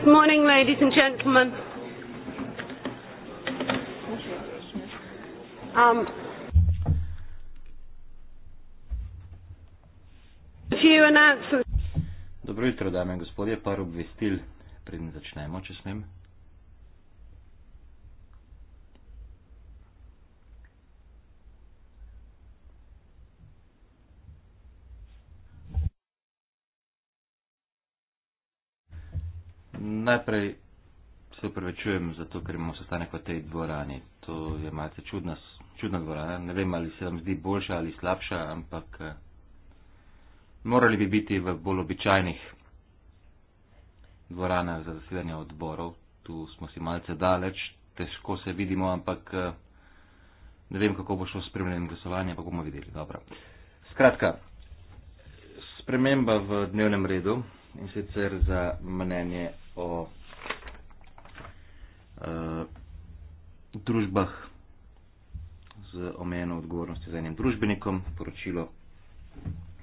Good morning, ladies and gentlemen. Um, a few announcements. Dobro jutro, dame in gospodje. Par obvestil, preden začnemo, če smem. Najprej se upravičujem za to, ker imamo sestanek v tej dvorani. To je malce čudna, čudna dvorana. Ne vem, ali se vam zdi boljša ali slabša, ampak eh, morali bi biti v bolj običajnih dvoranah za zasedanje odborov. Tu smo si malce daleč, težko se vidimo, ampak eh, ne vem, kako bo šlo s spremljanjem glasovanja, pa bomo videli. Dobro. Skratka, sprememba v dnevnem redu in sicer za mnenje o uh, družbah z omejeno odgovornostjo z enim družbenikom, poročilo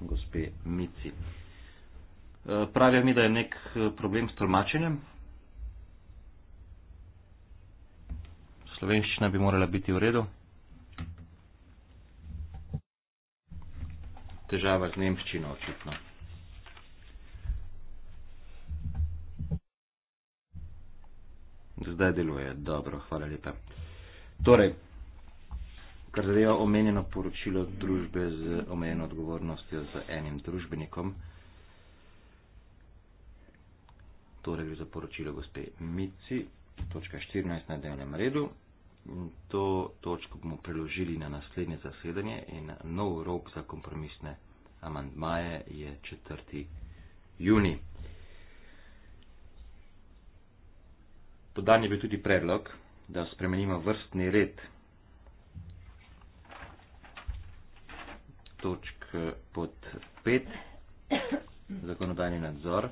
gospe Mici. E, pravijo mi, da je nek e, problem s tolmačenjem. Slovenščina bi morala biti v redu. Težava z nemščino očitno. zdaj deluje dobro, hvala lepa. Torej, kar zadeva omenjeno poročilo družbe z omenjeno odgovornostjo za enim družbenikom, torej gre za poročilo gospe Mici, točka 14 na dnevnem redu. In to točko bomo preložili na naslednje zasedanje in nov rok za kompromisne amandmaje je 4. juni. Podan je bil tudi predlog, da spremenimo vrstni red točk eh, pod 5, zakonodajni nadzor,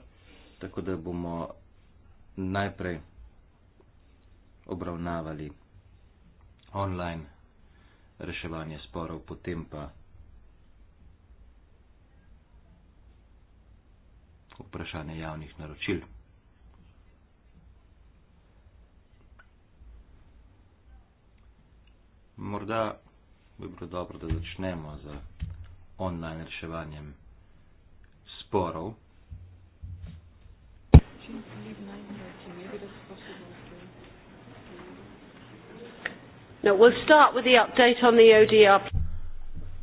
tako da bomo najprej obravnavali online reševanje sporov, potem pa vprašanje javnih naročil. Morda bi bilo dobro, da začnemo z online reševanjem sporov. Now we'll start with the update on the ODR.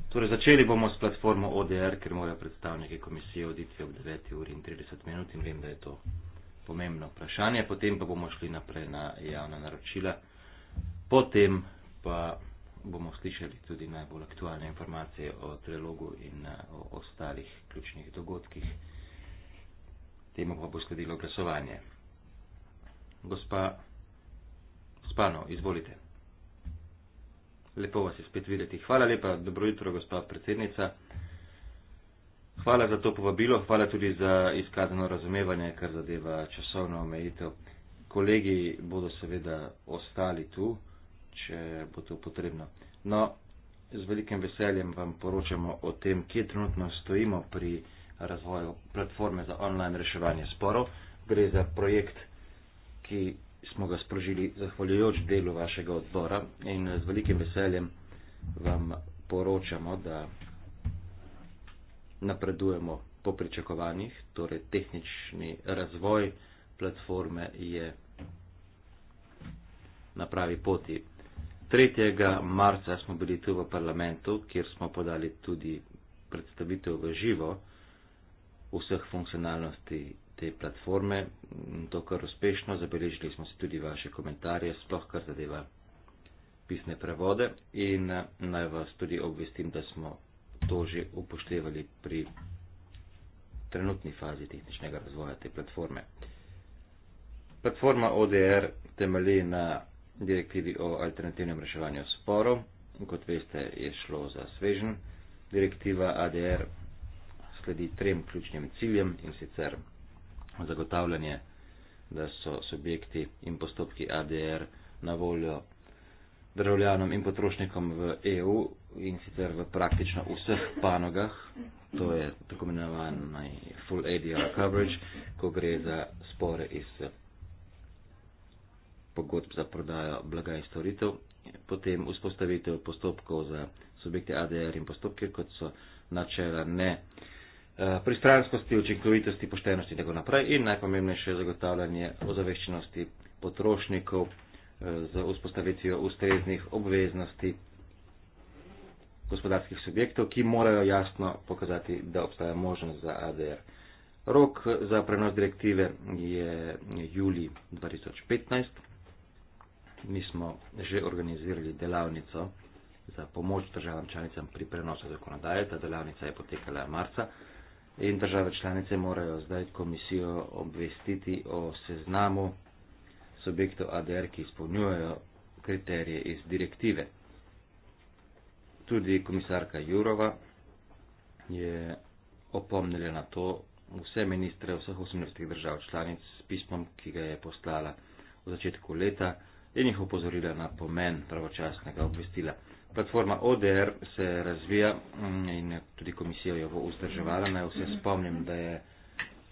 Torej začeli bomo s platformo ODR, ker morajo predstavniki komisije oditi ob 9 uri in 30 minut in vem, da je to pomembno vprašanje. Potem pa bomo šli naprej na javna naročila. Potem pa bomo slišali tudi najbolj aktualne informacije o trilogu in eh, o ostalih ključnih dogodkih. Temu pa bo sledilo glasovanje. Gospa Spano, izvolite. Lepo vas je spet videti. Hvala lepa, dobro jutro, gospa predsednica. Hvala za to povabilo, hvala tudi za izkazano razumevanje, kar zadeva časovno omejitev. Kolegi bodo seveda ostali tu če bo to potrebno. No, z velikim veseljem vam poročamo o tem, kje trenutno stojimo pri razvoju platforme za online reševanje sporov. Gre za projekt, ki smo ga sprožili zahvaljujoč delu vašega odbora in z velikim veseljem vam poročamo, da napredujemo po pričakovanjih, torej tehnični razvoj platforme je na pravi poti. 3. marca smo bili tu v parlamentu, kjer smo podali tudi predstavitev v živo vseh funkcionalnosti te platforme. To kar uspešno, zabeležili smo si tudi vaše komentarje, sploh kar zadeva pisne prevode in eh, naj vas tudi obvestim, da smo to že upoštevali pri trenutni fazi tehničnega razvoja te platforme. Platforma ODR temelji na direktivi o alternativnem reševanju sporov, kot veste, je šlo za svežen. Direktiva ADR sledi trem ključnim ciljem in sicer zagotavljanje, da so subjekti in postopki ADR na voljo državljanom in potrošnikom v EU in sicer v praktično vseh panogah, to je tako imenovani full ADR coverage, ko gre za spore iz pogodb za prodajo blaga in storitev, potem vzpostavitev postopkov za subjekte ADR in postopke, kot so načela ne eh, pristranskosti, učinkovitosti, poštenosti in tako naprej in najpomembnejše je zagotavljanje ozaveščenosti potrošnikov eh, z vzpostavitvijo ustreznih obveznosti gospodarskih subjektov, ki morajo jasno pokazati, da obstaja možnost za ADR. Rok za prenos direktive je julij 2015 mi smo že organizirali delavnico za pomoč državam članicam pri prenosu zakonodaje. Ta delavnica je potekala marca in države članice morajo zdaj komisijo obvestiti o seznamu subjektov ADR, ki izpolnjujejo kriterije iz direktive. Tudi komisarka Jurova je opomnila na to vse ministre vseh 18 držav članic s pismom, ki ga je poslala v začetku leta in jih opozorila na pomen pravočasnega obvestila. Platforma ODR se razvija mm, in tudi komisija jo bo vzdrževala. Naj vse spomnim, da je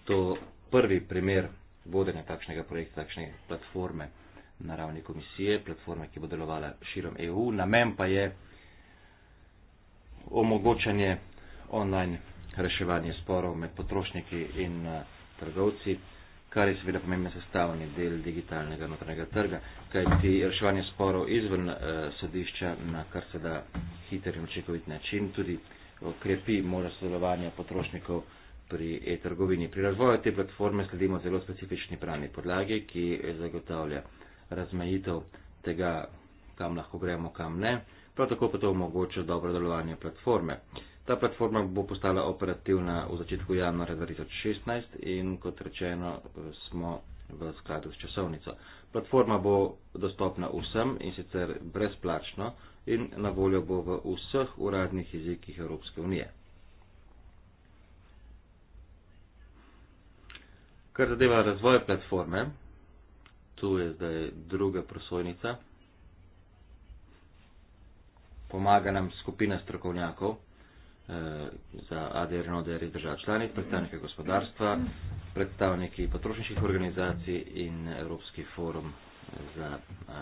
to prvi primer vodenja takšnega projekta, takšne platforme na ravni komisije, platforme, ki bo delovala širom EU. Namen pa je omogočanje online reševanje sporov med potrošniki in eh, trgovci, kar je seveda pomembno sestavljanje del digitalnega notranjega trga, kajti reševanje sporov izven eh, sodišča na kar se da hiter in očekovit način tudi okrepi možnost sodelovanja potrošnikov pri e-trgovini. Pri razvoju te platforme sledimo zelo specifični pravni podlagi, ki zagotavlja razmejitev tega, kam lahko gremo, kam ne, prav tako pa to omogoča dobro delovanje platforme. Eh, Ta platforma bo postala operativna v začetku januarja 2016 in kot rečeno smo v skladu s časovnico. Platforma bo dostopna vsem in sicer brezplačno in na voljo bo v vseh uradnih jezikih Evropske unije. Kar zadeva razvoj platforme, tu je zdaj druga prosojnica, pomaga nam skupina strokovnjakov, Eh, za ADR in ODR iz držav članic, predstavnike gospodarstva, predstavniki potrošniških organizacij in Evropski forum za uh,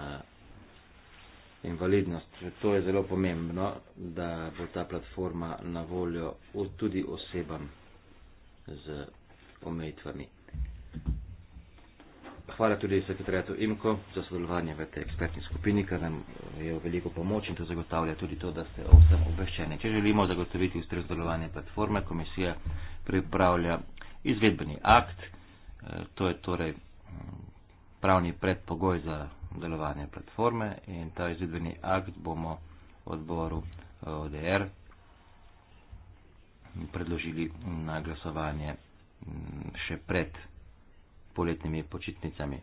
invalidnost. To je zelo pomembno, da bo ta platforma na voljo tudi osebam z omejitvami hvala tudi sekretarjatu IMKO za sodelovanje v tej ekspertni skupini, ker nam je v veliko pomoč in to zagotavlja tudi to, da ste vsem obveščeni. Če želimo zagotoviti ustrezno delovanje platforme, komisija pripravlja izvedbeni akt, eh, to je torej mm, pravni predpogoj za delovanje platforme in ta izvedbeni akt bomo odboru eh, ODR predložili na glasovanje mm, še pred poletnimi počitnicami.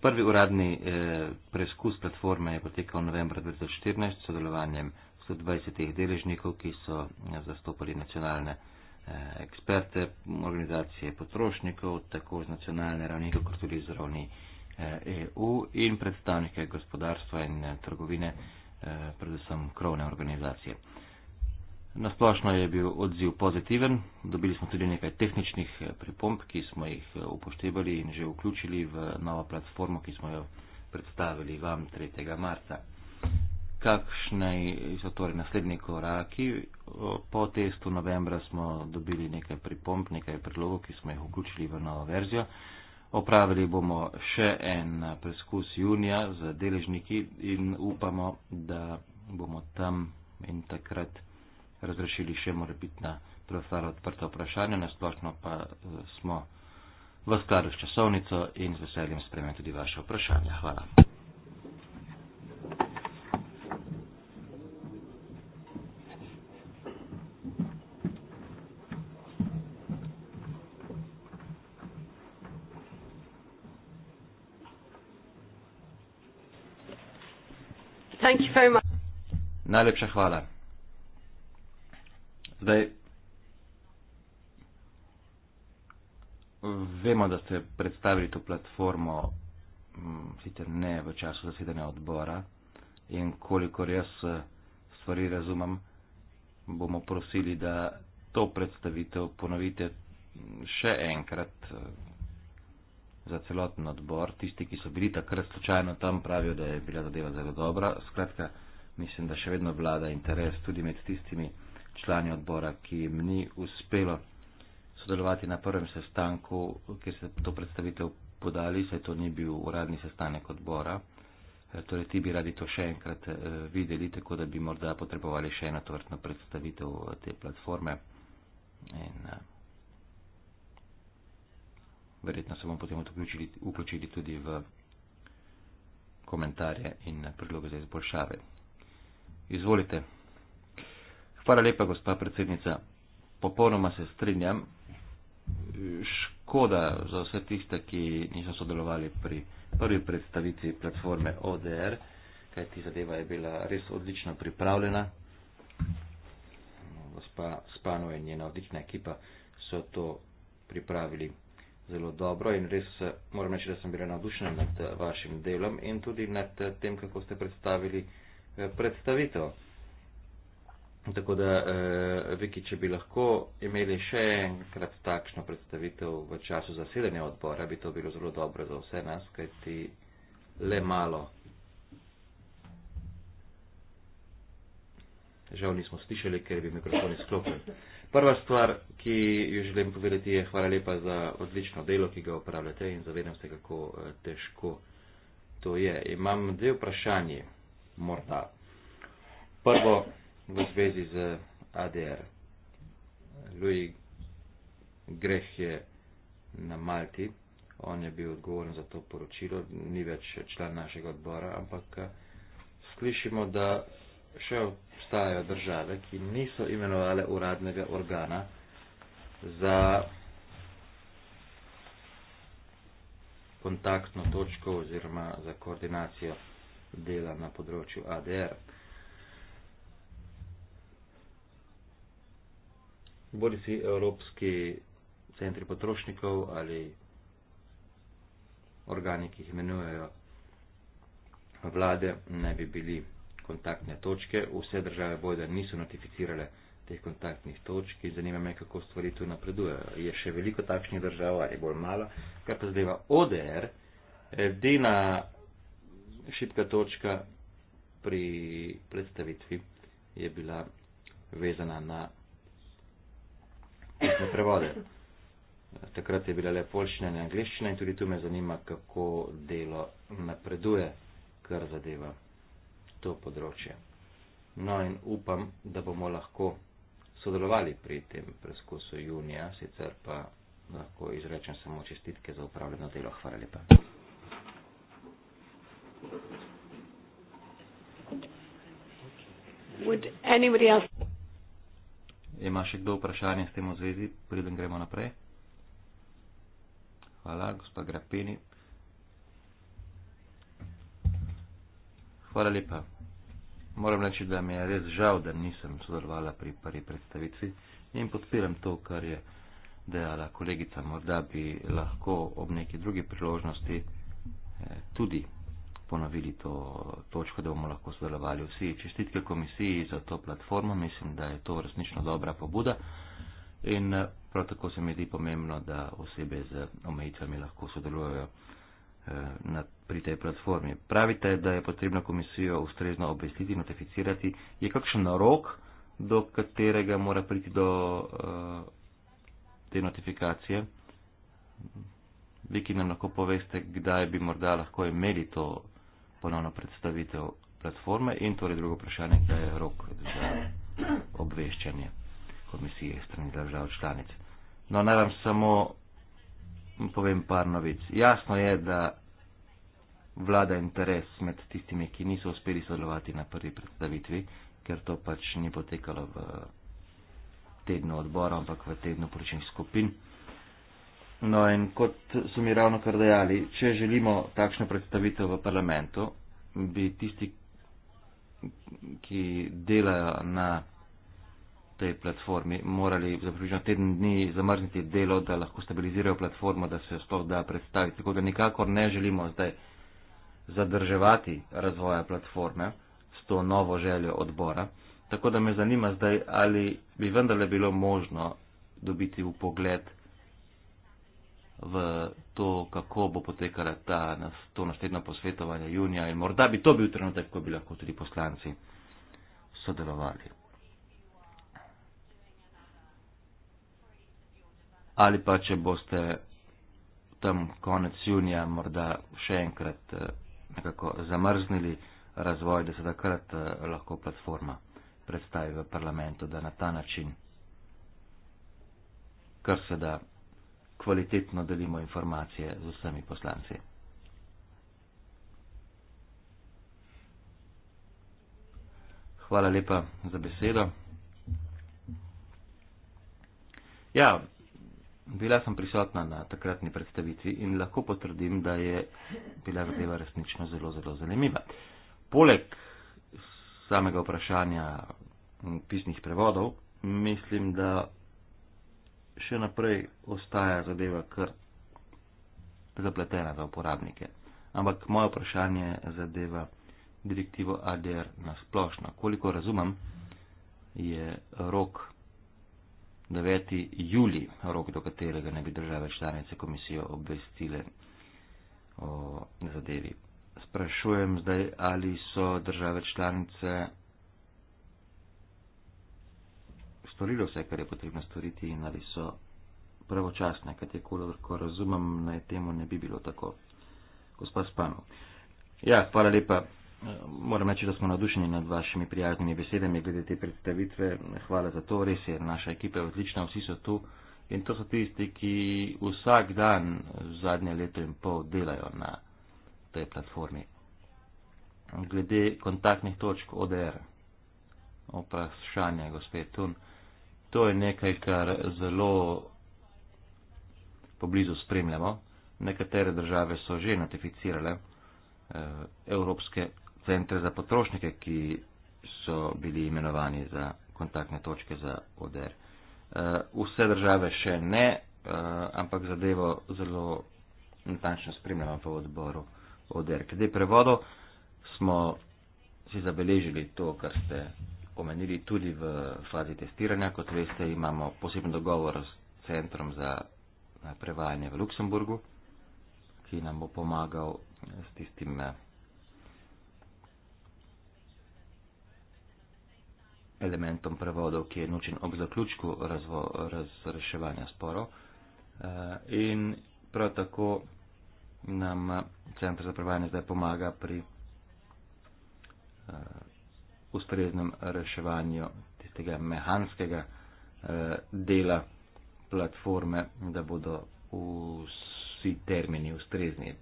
Prvi uradni eh, preskus platforme je potekal novembra 2014 s sodelovanjem 120 deležnikov, ki so eh, zastopali nacionalne eh, eksperte, organizacije potrošnikov, tako z nacionalne ravni, kot tudi z ravni eh, EU in predstavnike gospodarstva in eh, trgovine, eh, predvsem krovne organizacije. Eh, Nasplošno je bil odziv pozitiven, dobili smo tudi nekaj tehničnih eh, pripomb, ki smo jih eh, upoštevali in že vključili v novo platformo, ki smo jo predstavili vam 3. marca. Kakšne so torej naslednji koraki? Po testu novembra smo dobili nekaj pripomb, nekaj predlogov, ki smo jih vključili v novo verzijo. Opravili bomo še en eh, preskus junija z deležniki in upamo, da bomo tam in takrat razrešili še morebitna preostala odprta vprašanja, nasplošno pa eh, smo v skladu s časovnico in z veseljem spremem tudi vaše vprašanja. Hvala. Najlepša hvala. Zdaj, vemo, da ste predstavili to platformo, mm, sicer ne v času zasedanja odbora in kolikor jaz eh, stvari razumem, bomo prosili, da to predstavitev ponovite mm, še enkrat eh, za celoten odbor. Tisti, ki so bili takrat slučajno tam, pravijo, da je bila zadeva zelo dobra. Skratka, mislim, da še vedno vlada interes tudi med tistimi, člani odbora, ki jim ni uspelo sodelovati na prvem sestanku, kjer se to predstavitev podali, saj to ni bil uradni sestanek odbora. E, torej, ti bi radi to še enkrat e, videli, tako da bi morda potrebovali še eno tovrtno predstavitev e, te platforme. In, verjetno se bomo potem vključili, vključili tudi v komentarje in predloge za izboljšave. Izvolite. Hvala lepa, gospa predsednica. Popolnoma se strinjam. Škoda za vse tiste, ki niso sodelovali pri prvi predstavitvi platforme ODR, kaj ti zadeva je bila res odlično pripravljena. Gospa Spano in njena odlična ekipa so to pripravili zelo dobro in res eh, moram reči, da sem bila navdušena nad eh, vašim delom in tudi nad eh, tem, kako ste predstavili predstavitev. Tako da, eh, Viki, če bi lahko imeli še enkrat takšno predstavitev v času zasedanja odbora, bi to bilo zelo dobro za vse nas, kajti le malo. Žal nismo slišali, ker bi mikrofon izklopil. Prva stvar, ki jo želim povedati, je hvala lepa za odlično delo, ki ga upravljate in zavedam se, kako eh, težko to je. Imam dve vprašanje, morda. Prvo v zvezi z ADR. Lui greh je na Malti, on je bil odgovoren za to poročilo, ni več član našega odbora, ampak eh, slišimo, da še obstajajo države, ki niso imenovali uradnega organa za kontaktno točko oziroma za koordinacijo dela na področju ADR. bodi si evropski centri potrošnikov ali organi, ki jih imenujejo vlade, ne bi bili kontaktne točke. Vse države bojda niso notificirale teh kontaktnih točk in zanima me, kako stvari tu napredujejo. Je še veliko takšnih držav ali bolj malo, kar pa zadeva ODR, edina šibka točka pri predstavitvi je bila vezana na te prevode. Takrat je bila le polščina in angliščina in tudi tu me zanima, kako delo napreduje, kar zadeva to področje. No in upam, da bomo lahko sodelovali pri tem preskusu junija, sicer pa lahko izrečem samo čestitke za upravljeno delo. Hvala lepa. Would anybody else? Ima še kdo vprašanje s tem v zvezi, preden gremo naprej? Hvala, gospod Grapeni. Hvala lepa. Moram reči, da mi je res žal, da nisem sodelovala pri prvi predstavitvi in podpiram to, kar je dejala kolegica. Morda bi lahko ob neki drugi priložnosti eh, tudi ponovili to točko, da bomo lahko sodelovali vsi. Čestitke komisiji za to platformo, mislim, da je to resnično dobra pobuda in eh, prav tako se mi zdi pomembno, da osebe z omejitvami lahko sodelujejo eh, na, pri tej platformi. Pravite, da je potrebno komisijo ustrezno obvestiti, notificirati. Je kakšen rok, do katerega mora priti do eh, te notifikacije? Vi, ki nam lahko poveste, kdaj bi morda lahko imeli to ponovno predstavitev platforme in torej drugo vprašanje, kaj je rok za obveščanje komisije strani držav članic. No, naj vam samo povem par novic. Jasno je, da vlada interes med tistimi, ki niso uspeli sodelovati na prvi predstavitvi, ker to pač ni potekalo v tednu odbora, ampak v tednu poročnih skupin. No in kot so mi ravno kar dejali, če želimo takšno predstavitev v parlamentu, bi tisti, ki delajo na tej platformi, morali za približno teden dni zamrzniti delo, da lahko stabilizirajo platformo, da se sploh da predstaviti. Tako da nikakor ne želimo zdaj zadrževati razvoja platforme s to novo željo odbora. Tako da me zanima zdaj, ali bi vendarle bilo možno dobiti v pogled, v to, kako bo potekala ta, to naslednjo posvetovanje junija in morda bi to bil trenutek, ko bi lahko tudi poslanci sodelovali. Ali pa, če boste tam konec junija morda še enkrat eh, nekako zamrznili razvoj, da se takrat eh, lahko platforma predstavi v parlamentu, da na ta način, kar se da, kvalitetno delimo informacije z vsemi poslanci. Hvala lepa za besedo. Ja, bila sem prisotna na takratni predstavitvi in lahko potrdim, da je bila zadeva resnično zelo, zelo zanimiva. Poleg samega vprašanja pisnih prevodov, mislim, da še naprej ostaja zadeva kar zapletena za uporabnike. Ampak moje vprašanje zadeva direktivo ADR na splošno. Koliko razumem, je rok 9. juli, rok do katerega ne bi države članice komisijo obvestile o zadevi. Sprašujem zdaj, ali so države članice storili vse, kar je potrebno storiti in ali so pravočasne, katekolo lahko razumem, naj temu ne bi bilo tako. Gospa Spano. Ja, hvala lepa. Moram reči, da smo nadušeni nad vašimi prijaznimi besedami glede te predstavitve. Hvala za to, res je, naša ekipa je odlična, vsi so tu in to so tisti, ki vsak dan zadnje leto in pol delajo na tej platformi. Glede kontaktnih točk ODR, vprašanje gospe Tun. To je nekaj, kar zelo poblizu spremljamo. Nekatere države so že notificirale eh, evropske centre za potrošnike, ki so bili imenovani za kontaktne točke za ODR. Eh, vse države še ne, eh, ampak zadevo zelo natančno spremljamo v odboru ODR. Kdaj prevodo smo si zabeležili to, kar ste omenili tudi v fazi testiranja. Kot veste, imamo posebno dogovor s centrom za eh, prevajanje v Luksemburgu, ki nam bo pomagal eh, s tistim eh, elementom prevodov, ki je nučen ob zaključku razvo, razreševanja sporov. In prav tako nam centr za prevajanje zdaj pomaga pri ustreznem reševanju tistega mehanskega eh, dela platforme, da bodo vsi termini ustrezni.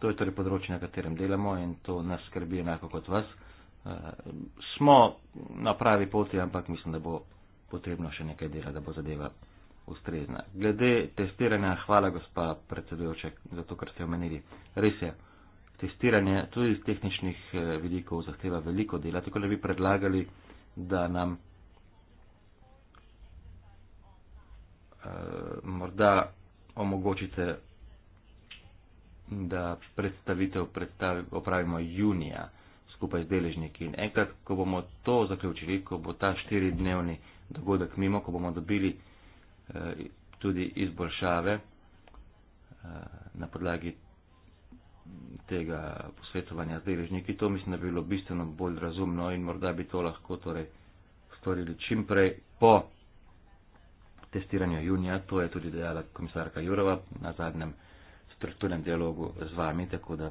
To je torej področje, na katerem delamo in to nas skrbi enako kot vas. Eh, smo na pravi poti, ampak mislim, da bo potrebno še nekaj dela, da bo zadeva ustrezna. Glede testiranja, hvala gospa predsedujoča za to, kar ste omenili. Res je testiranje tudi iz tehničnih eh, vidikov zahteva veliko dela, tako da bi predlagali, da nam eh, morda omogočite, da predstavitev predstav, opravimo junija skupaj z deležniki. In enkrat, ko bomo to zaključili, ko bo ta štiridnevni dogodek mimo, ko bomo dobili eh, tudi izboljšave na podlagi tega posvetovanja z deležniki. To mislim, da bi bilo bistveno bolj razumno in morda bi to lahko torej storili čim prej po testiranju junija. To je tudi dejala komisarka Jurova na zadnjem strukturnem dialogu z vami, tako da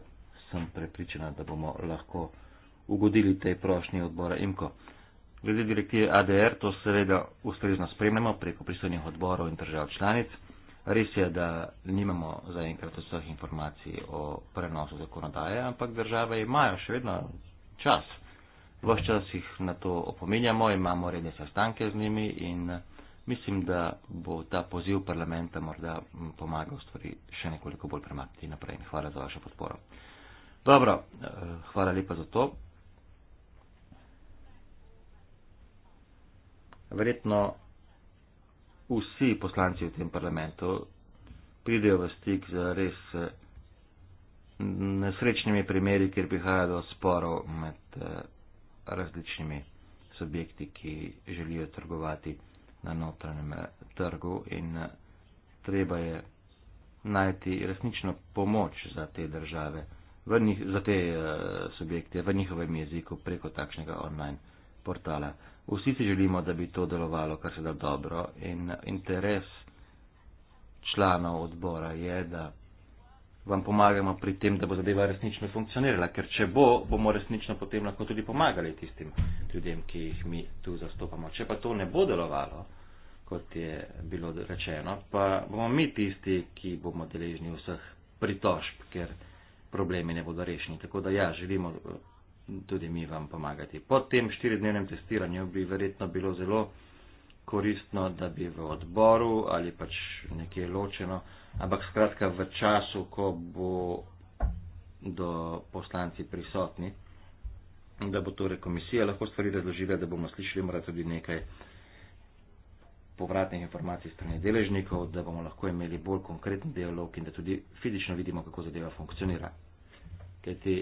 sem prepričana, da bomo lahko ugodili tej prošnji odbora IMKO. Glede direktive ADR, to seveda ustrezno spremljamo preko pristojnih odborov in držav članic. Res je, da nimamo zaenkrat vseh informacij o prenosu zakonodaje, ampak države imajo še vedno čas. Vse čas jih na to opominjamo, imamo redne sestanke z njimi in mislim, da bo ta poziv parlamenta morda pomagal stvari še nekoliko bolj premakniti naprej. Hvala za vašo podporo. Dobro, eh, hvala lepa za to. Verjetno vsi poslanci v tem parlamentu pridejo v stik z res eh, nesrečnimi primeri, kjer prihaja do sporov med eh, različnimi subjekti, ki želijo trgovati na notranjem eh, trgu in treba je najti resnično pomoč za te države, njih, za te subjekte v njihovem jeziku preko takšnega online portala. Vsi si želimo, da bi to delovalo kar se da dobro in interes članov odbora je, da vam pomagamo pri tem, da bo zadeva resnično funkcionirala, ker če bo, bomo resnično potem lahko tudi pomagali tistim ljudem, ki jih mi tu zastopamo. Če pa to ne bo delovalo, kot je bilo rečeno, pa bomo mi tisti, ki bomo deležni vseh pritožb, ker problemi ne bodo rešeni. Tako da ja, želimo tudi mi vam pomagati. Po tem štiridnevnem testiranju bi verjetno bilo zelo koristno, da bi v odboru ali pač nekje ločeno, ampak skratka v času, ko bo do poslanci prisotni, da bo torej komisija lahko stvari razložila, da bomo slišali mora tudi nekaj povratnih informacij strani deležnikov, da bomo lahko imeli bolj konkreten dialog in da tudi fizično vidimo, kako zadeva funkcionira. Kajti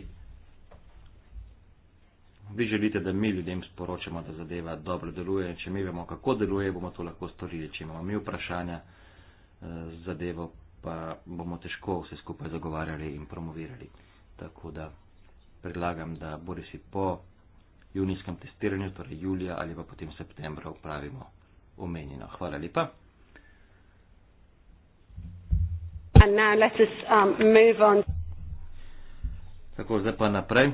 Vi želite, da mi ljudem sporočamo, da zadeva dobro deluje in če mi vemo, kako deluje, bomo to lahko storili. Če imamo mi vprašanja z eh, zadevo, pa bomo težko vse skupaj zagovarjali in promovirali. Tako da predlagam, da bori si po junijskem testiranju, torej julija ali pa potem septembra upravimo omenjeno. Hvala lepa. Um, Tako, zdaj pa naprej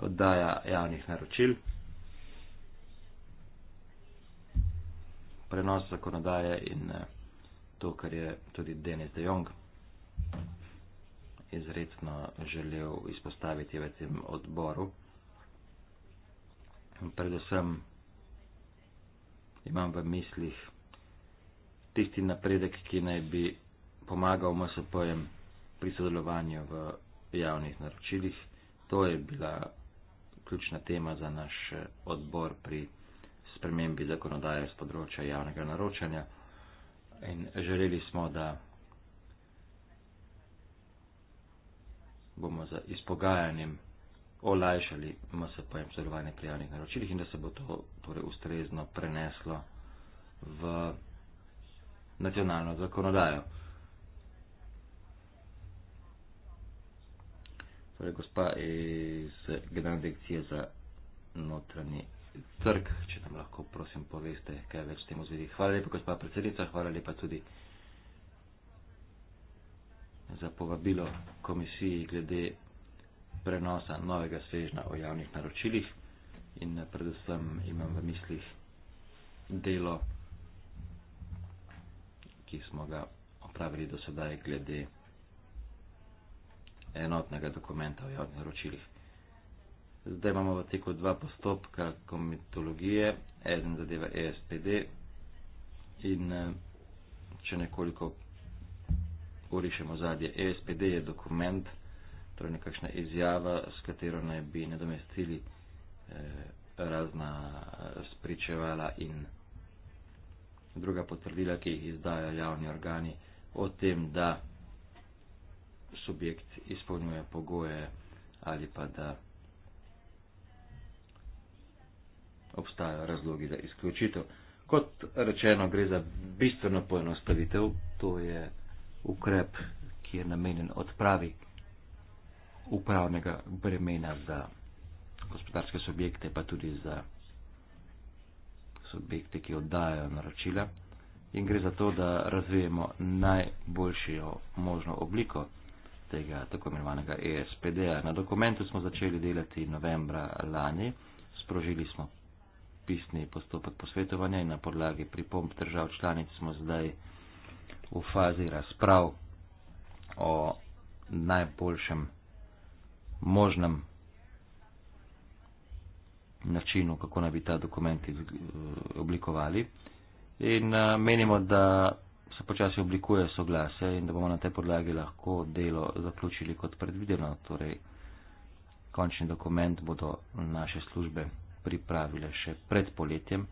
oddaja javnih naročil, prenos zakonodaje in eh, to, kar je tudi Denis de Jong izredno želel izpostaviti v tem odboru. Predvsem imam v mislih tisti napredek, ki naj bi pomagal MSP-jem pri sodelovanju v javnih naročilih. To je bila ključna tema za naš eh, odbor pri spremembi zakonodaje z področja javnega naročanja. In želeli smo, da bomo za izpogajanjem olajšali MSP in sodelovanje pri javnih naročilih in da se bo to torej ustrezno preneslo v nacionalno zakonodajo. Torej, gospa iz Generalne direkcije za notranji trg, če nam lahko, prosim, poveste, kaj več temu zvedi. Hvala lepa, gospa predsednica, hvala lepa tudi za povabilo komisiji glede prenosa novega svežna o javnih naročilih in eh, predvsem imam v mislih delo, ki smo ga opravili do sedaj glede enotnega dokumenta o javnih naročilih. Zdaj imamo v teku dva postopka komitologije, eden zadeva ESPD in če eh, nekoliko orišemo zadje, ESPD je dokument, torej nekakšna izjava, s katero naj bi nadomestili eh, razna eh, spričevala in druga potrdila, ki jih izdajo javni organi o tem, da subjekt izpolnjuje pogoje ali pa da obstajajo razlogi za izključitev. Kot rečeno, gre za bistveno poenostavitev, to je ukrep, ki je namenjen odpravi upravnega bremena za gospodarske subjekte, pa tudi za subjekte, ki oddajajo naročila. In gre za to, da razvijemo najboljšo možno obliko tega tako imenovanega ESPD-ja. Na dokumentu smo začeli delati novembra lani, sprožili smo pisni postopek posvetovanja in na podlagi pripomp držav članic smo zdaj v fazi razprav o najboljšem možnem načinu, kako naj bi ta dokument oblikovali. In a, eh, menimo, da se počasi oblikuje soglase in da bomo na tej podlagi lahko delo zaključili kot predvideno. Torej, končni dokument bodo naše službe pripravile še pred poletjem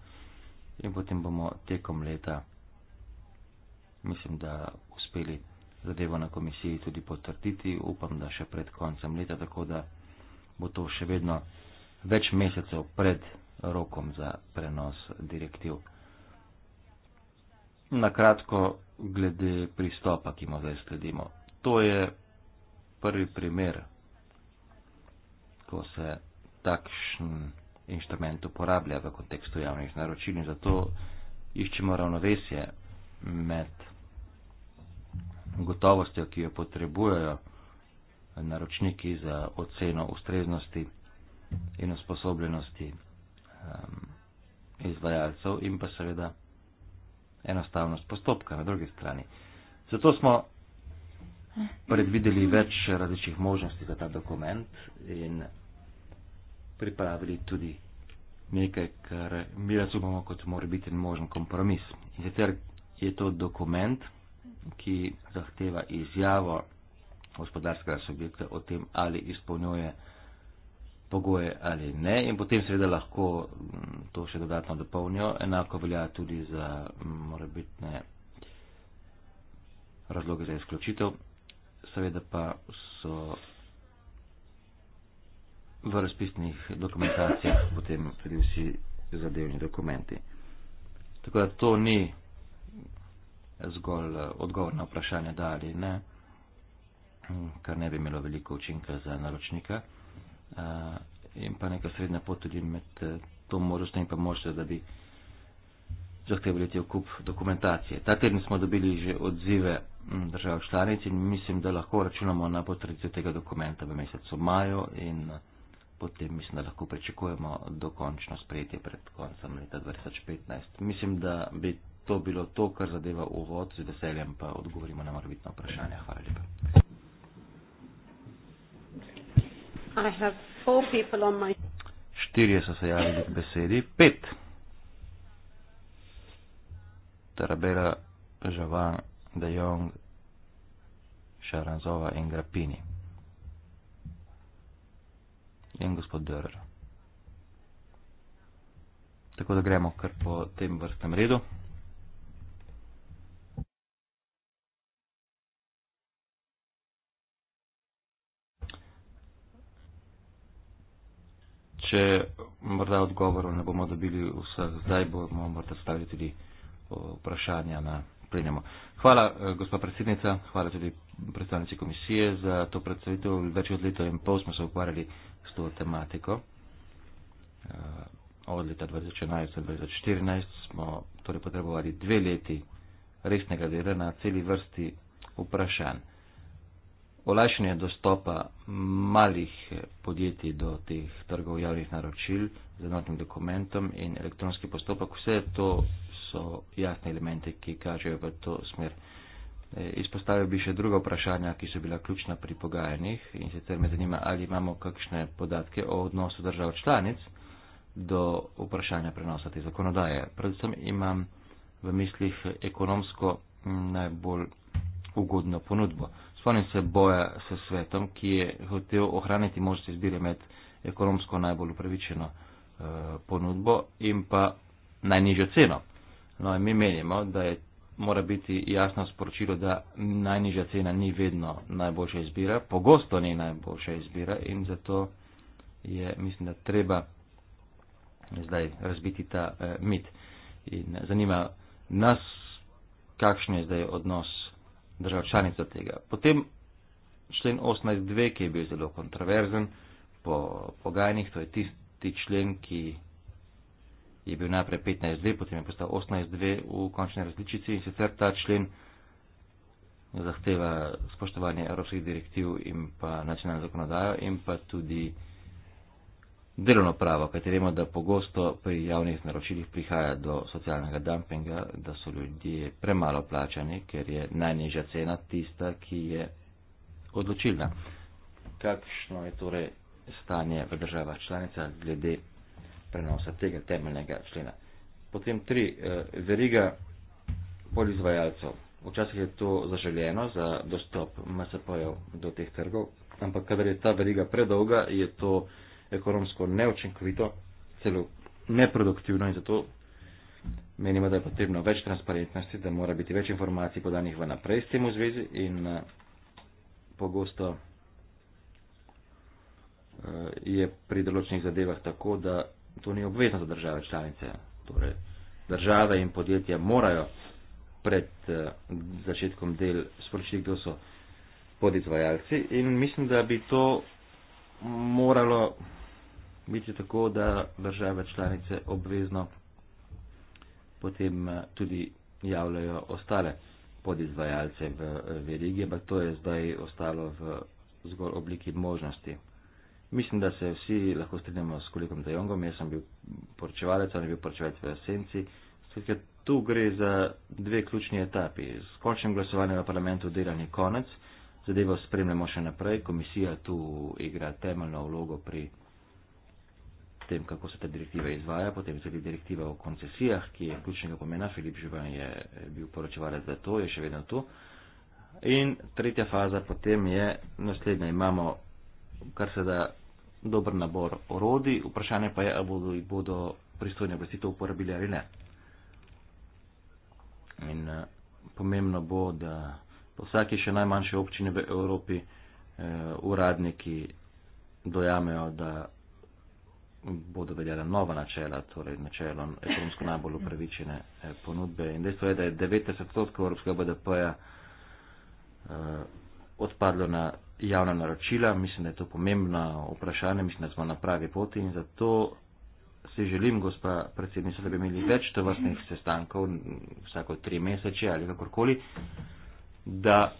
in potem bomo tekom leta, mislim, da uspeli zadevo na komisiji tudi potrditi, upam, da še pred koncem leta, tako da bo to še vedno več mesecev pred rokom za prenos direktiv na kratko glede pristopa, ki mu zdaj sledimo. To je prvi primer, ko se takšen inštrument uporablja v kontekstu javnih naročil in zato iščemo ravnovesje med gotovostjo, ki jo potrebujejo naročniki za oceno ustreznosti in usposobljenosti um, izvajalcev in pa seveda enostavnost postopka na drugi strani. Zato smo predvideli več različnih možnosti za ta dokument in pripravili tudi nekaj, kar mi razumemo kot mora biti en možen kompromis. In sicer je to dokument, ki zahteva izjavo gospodarskega subjekta o tem, ali izpolnjuje pogoje ali ne in potem seveda lahko mm, to še dodatno dopolnijo. Enako velja tudi za mm, morebitne razloge za izključitev. Seveda pa so v razpisnih dokumentacijah potem tudi vsi zadevni dokumenti. Tako da to ni zgolj eh, odgovor na vprašanje da ali ne, kar ne bi imelo veliko učinka za naročnika in pa neka srednja pot tudi med eh, to možnostjo in pa možnostjo, da bi zahtevali te okup dokumentacije. Ta teden smo dobili že odzive držav članic in mislim, da lahko računamo na potrditev tega dokumenta v mesecu maju in eh, potem mislim, da lahko pričakujemo dokončno sprejetje pred koncem leta 2015. Mislim, da bi to bilo to, kar zadeva uvod, z veseljem pa odgovorimo na morbitno vprašanje. Hvala lepa. Štirje so se javili k besedi, pet. Tarabela, Žavan, De Jong, Šaranzova in Grapini. In gospod Dörr. Tako da gremo kar po tem vrstnem redu. Če morda odgovorov ne bomo dobili vseh, zdaj bomo morda stavili tudi vprašanja na plenjamo. Hvala, eh, gospod predsednica, hvala tudi predstavnici komisije za to predstavitev. Več od leta in pol smo se ukvarjali s to tematiko. Eh, od leta 2011 do 2014 smo torej potrebovali dve leti resnega dela na celi vrsti vprašanj olajšanje dostopa malih podjetij do teh trgov javnih naročil z enotnim dokumentom in elektronski postopek, vse to so jasne elemente, ki kažejo v to smer. E, izpostavil bi še druga vprašanja, ki so bila ključna pri pogajanjih in sicer me zanima, ali imamo kakšne podatke o odnosu držav članic do vprašanja prenosa te zakonodaje. Predvsem imam v mislih ekonomsko najbolj ugodno ponudbo stvarno se boja sa svetom ki je hotel ohraniti možnost izbire med ekonomsko najbolj upravičeno e, ponudbo in pa najnižjo ceno. No in mi menimo, da je, mora biti jasno sporočilo, da najnižja cena ni vedno najboljša izbira, pogosto ni najboljša izbira in zato je, mislim, da treba zdaj razbiti ta e, mit. In eh, zanima nas, kakšen je zdaj odnos držav članica tega. Potem člen 18.2, ki je bil zelo kontroverzen po pogajnih, to je tisti člen, ki je bil najprej 15.2, potem je postal 18.2 v končni različici in sicer ta člen zahteva spoštovanje evropskih direktiv in pa nacionalno zakonodajo in pa tudi delovno pravo, kajte vemo, da pogosto pri javnih naročilih prihaja do socialnega dumpinga, da so ljudje premalo plačani, ker je najnižja cena tista, ki je odločilna. Kakšno je torej stanje v državah članica glede prenosa tega temeljnega člena? Potem tri, eh, veriga polizvajalcev. Včasih je to zaželjeno za dostop MSP-jev do teh trgov, ampak kadar je ta veriga predolga, je to ekonomsko neučinkovito, celo neproduktivno in zato menimo, da je potrebno več transparentnosti, da mora biti več informacij podanih vnaprej s tem v zvezi in eh, pogosto eh, je pri določenih zadevah tako, da to ni obvezno za države članice. Torej, države in podjetja morajo pred eh, začetkom del sporočiti, kdo so podizvajalci in mislim, da bi to moralo biti tako, da države članice obvezno potem eh, tudi javljajo ostale podizvajalce v eh, verigi, ampak to je zdaj ostalo v zgolj obliki možnosti. Mislim, da se vsi lahko strinjamo s kolikom Dajongom, jaz sem bil poročevalec, on je bil poročevalec v Asenci. Skratka, tu gre za dve ključni etapi. S končnim glasovanjem v parlamentu delani konec, zadevo spremljamo še naprej, komisija tu igra temeljno vlogo pri tem, kako se ta direktiva izvaja, potem sledi direktiva o koncesijah, ki je ključnega pomena. Filip Žuban je eh, bil poročevalec za to, je še vedno tu. In tretja faza potem je naslednja. Imamo kar se da dober nabor orodi, vprašanje pa je, ali bodo, bodo pristojne oblasti to uporabili ali ne. In eh, pomembno bo, da po vsaki še najmanjši občini v Evropi eh, uradniki dojamejo, da bodo veljala nova načela, torej načelo ekonomsko najbolj upravičene eh, ponudbe. In dejstvo je, da je 90 odstotkov evropskega BDP-ja eh, odpadlo na javna naročila. Mislim, da je to pomembno vprašanje, mislim, da smo na pravi poti in zato si želim, gospa predsednica, da bi imeli več tovrstnih sestankov vsako tri meseče ali kakorkoli, da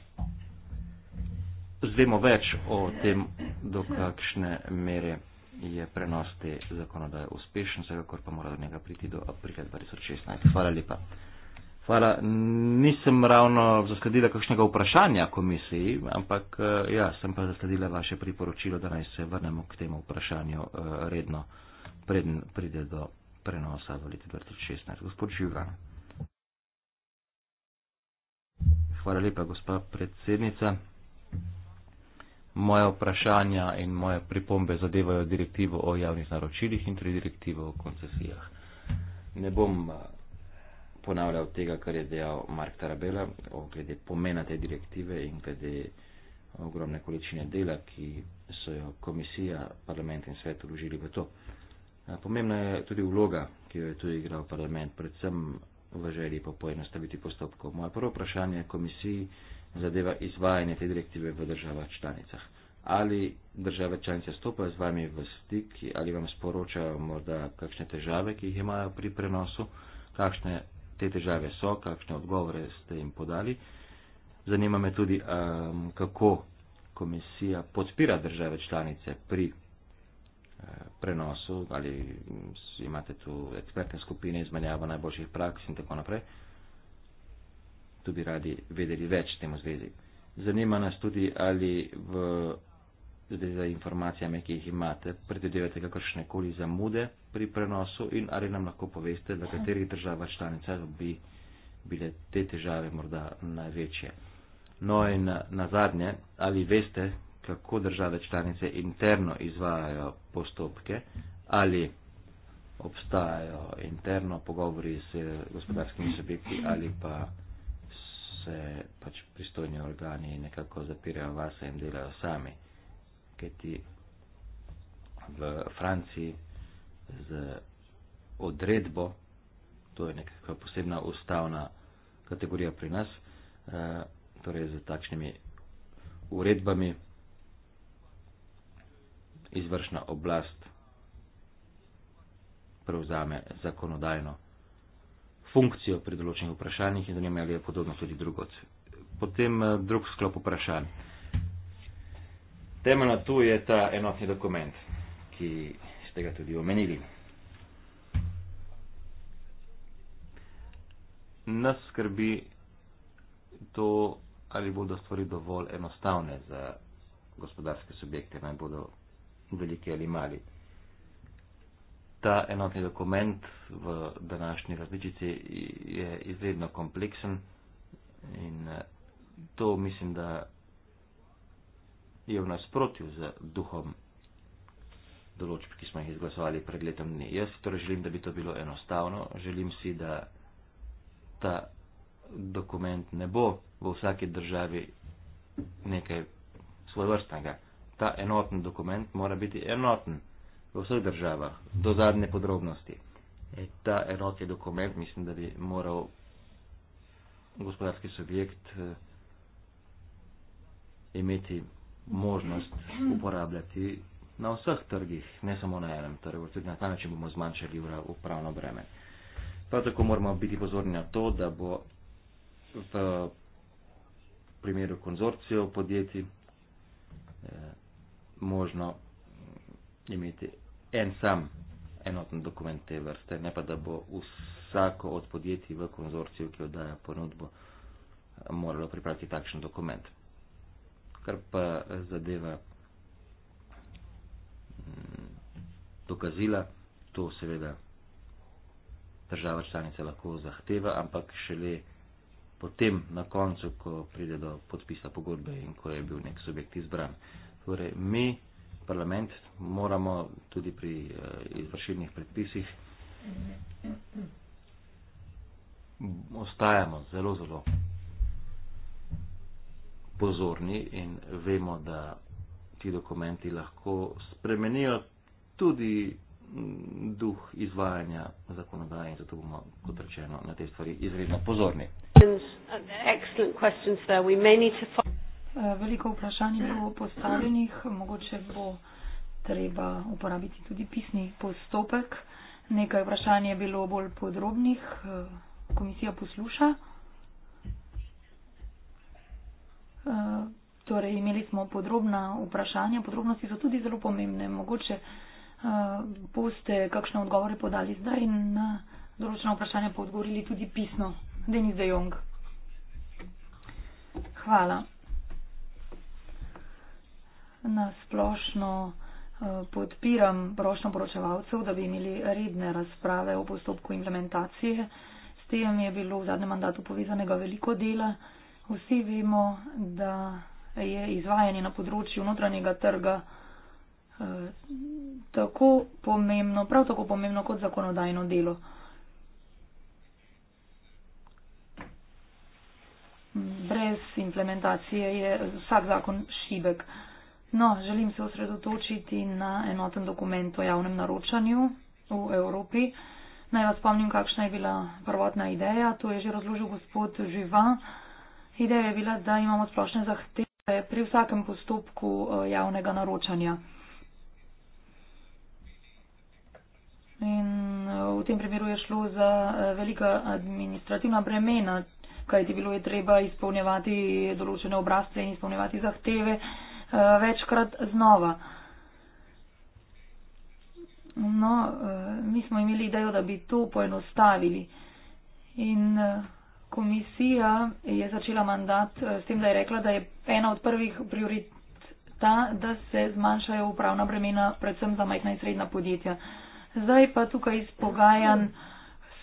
zvemo več o tem, do kakšne mere je prenos te zakonodaje uspešen, vsekakor pa mora do njega priti do aprila 2016. Hvala lepa. Hvala. Nisem ravno zasledila kakšnega vprašanja komisiji, ampak eh, ja, sem pa zasledila vaše priporočilo, da naj se vrnemo k temu vprašanju uh, redno, preden pride do prenosa v letu 2016. Gospod Živan. Hvala lepa, gospa predsednica moje vprašanja in moje pripombe zadevajo direktivo o javnih naročilih in tudi direktivo o koncesijah. Ne bom eh, ponavljal tega, kar je dejal Mark Tarabela, glede pomena te direktive in glede ogromne količine dela, ki so jo komisija, parlament in svet vložili v to. Eh, pomembna je tudi vloga, ki jo je tu igral parlament, predvsem v želji po poenostaviti postopkov. Moje prvo vprašanje komisiji je, zadeva izvajanje te direktive v državah članicah. Ali države članice stopajo z vami v stik ali vam sporočajo morda kakšne težave, ki jih imajo pri prenosu, kakšne te težave so, kakšne odgovore ste jim podali. Zanima me tudi, um, kako komisija podpira države članice pri eh, prenosu, ali imate tu ekspertne skupine izmenjava najboljših praks in tako naprej. Uh, tu bi radi vedeli več v tem zvezi. Zanima nas tudi, ali v zvezi z informacijami, ki jih imate, predvidevate kakršne koli zamude pri prenosu in ali nam lahko poveste, v katerih državah članicah bi bile te težave morda največje. No in na zadnje, ali veste, kako države članice interno izvajajo postopke, ali obstajajo interno pogovori s gospodarskimi subjekti ali pa se pač pristojni organi nekako zapirajo vase in delajo sami. Kaj ti v Franciji z odredbo, to je nekakva posebna ustavna kategorija pri nas, eh, torej z takšnimi uredbami izvršna oblast prevzame zakonodajno funkcijo pri določenih vprašanjih in zanimali je podobno tudi drugot. Potem eh, drug sklop vprašanj. Temeljna tu je ta enotni dokument, ki ste ga tudi omenili. Nas skrbi to, ali bodo stvari dovolj enostavne za gospodarske subjekte, naj bodo veliki ali mali. Ta enotni dokument v današnji različici je izredno kompleksen in eh, to mislim, da je v nasprotju z duhom določb, ki smo jih izglasovali pred letom dni. Jaz si torej želim, da bi to bilo enostavno, želim si, da ta dokument ne bo v vsaki državi nekaj svojvrstnega. Ta enoten dokument mora biti enoten v vseh državah, do zadnje podrobnosti. E, ta enotni dokument mislim, da bi moral gospodarski subjekt e, imeti možnost uporabljati na vseh trgih, ne samo na enem trgu. Tudi na ta način bomo zmanjšali upravno breme. Prav tako moramo biti pozorni na to, da bo v primeru konzorcijev podjetij e, možno imeti en sam enoten dokument te vrste, ne pa da bo vsako od podjetij v konzorciju, ki oddaja ponudbo, moralo pripraviti takšen dokument. Kar pa zadeva mm, dokazila, to seveda država članica lahko zahteva, ampak šele potem na koncu, ko pride do podpisa pogodbe in ko je bil nek subjekt izbran. Torej, mi parlament, moramo tudi pri uh, izvršilnih predpisih. Ostajamo zelo, zelo pozorni in vemo, da ti dokumenti lahko spremenijo tudi mm, duh izvajanja zakonodaje in zato bomo, kot rečeno, na te stvari izredno pozorni. Excellent questions there. We may need to follow. Eh, veliko vprašanj bo postavljenih, mogoče bo treba uporabiti tudi pisni postopek. Nekaj vprašanj je bilo bolj podrobnih. Eh, komisija posluša. Eh, torej, imeli smo podrobna vprašanja. Podrobnosti so tudi zelo pomembne. Mogoče boste kakšne odgovore podali zdaj in na določena vprašanja pa odgovorili tudi pisno. Denis de Jong. Hvala na splošno eh, podpiram prošnjo poročevalcev, da bi imeli redne razprave o postopku implementacije. S tem je bilo v zadnjem mandatu povezanega veliko dela. Vsi vemo, da je izvajanje na področju notranjega trga eh, tako pomembno, prav tako pomembno kot zakonodajno delo. Brez implementacije je vsak zakon šibek. No, želim se osredotočiti na enoten dokument o javnem naročanju v Evropi. Naj vas spomnim, kakšna je bila prvotna ideja. To je že razložil gospod Živan. Ideja je bila, da imamo splošne zahteve pri vsakem postopku eh, javnega naročanja. In eh, v tem primeru je šlo za eh, velika administrativna bremena, kaj ti bilo je treba izpolnjevati določene obrazce in izpolnjevati zahteve. Eh, večkrat znova. No, eh, mi smo imeli idejo, da bi to poenostavili. In eh, komisija je začela mandat s tem, da je rekla, da je ena od prvih prioritet ta, da se zmanjšajo upravna bremena, predvsem za majhna in srednja podjetja. Zdaj pa tukaj iz pogajan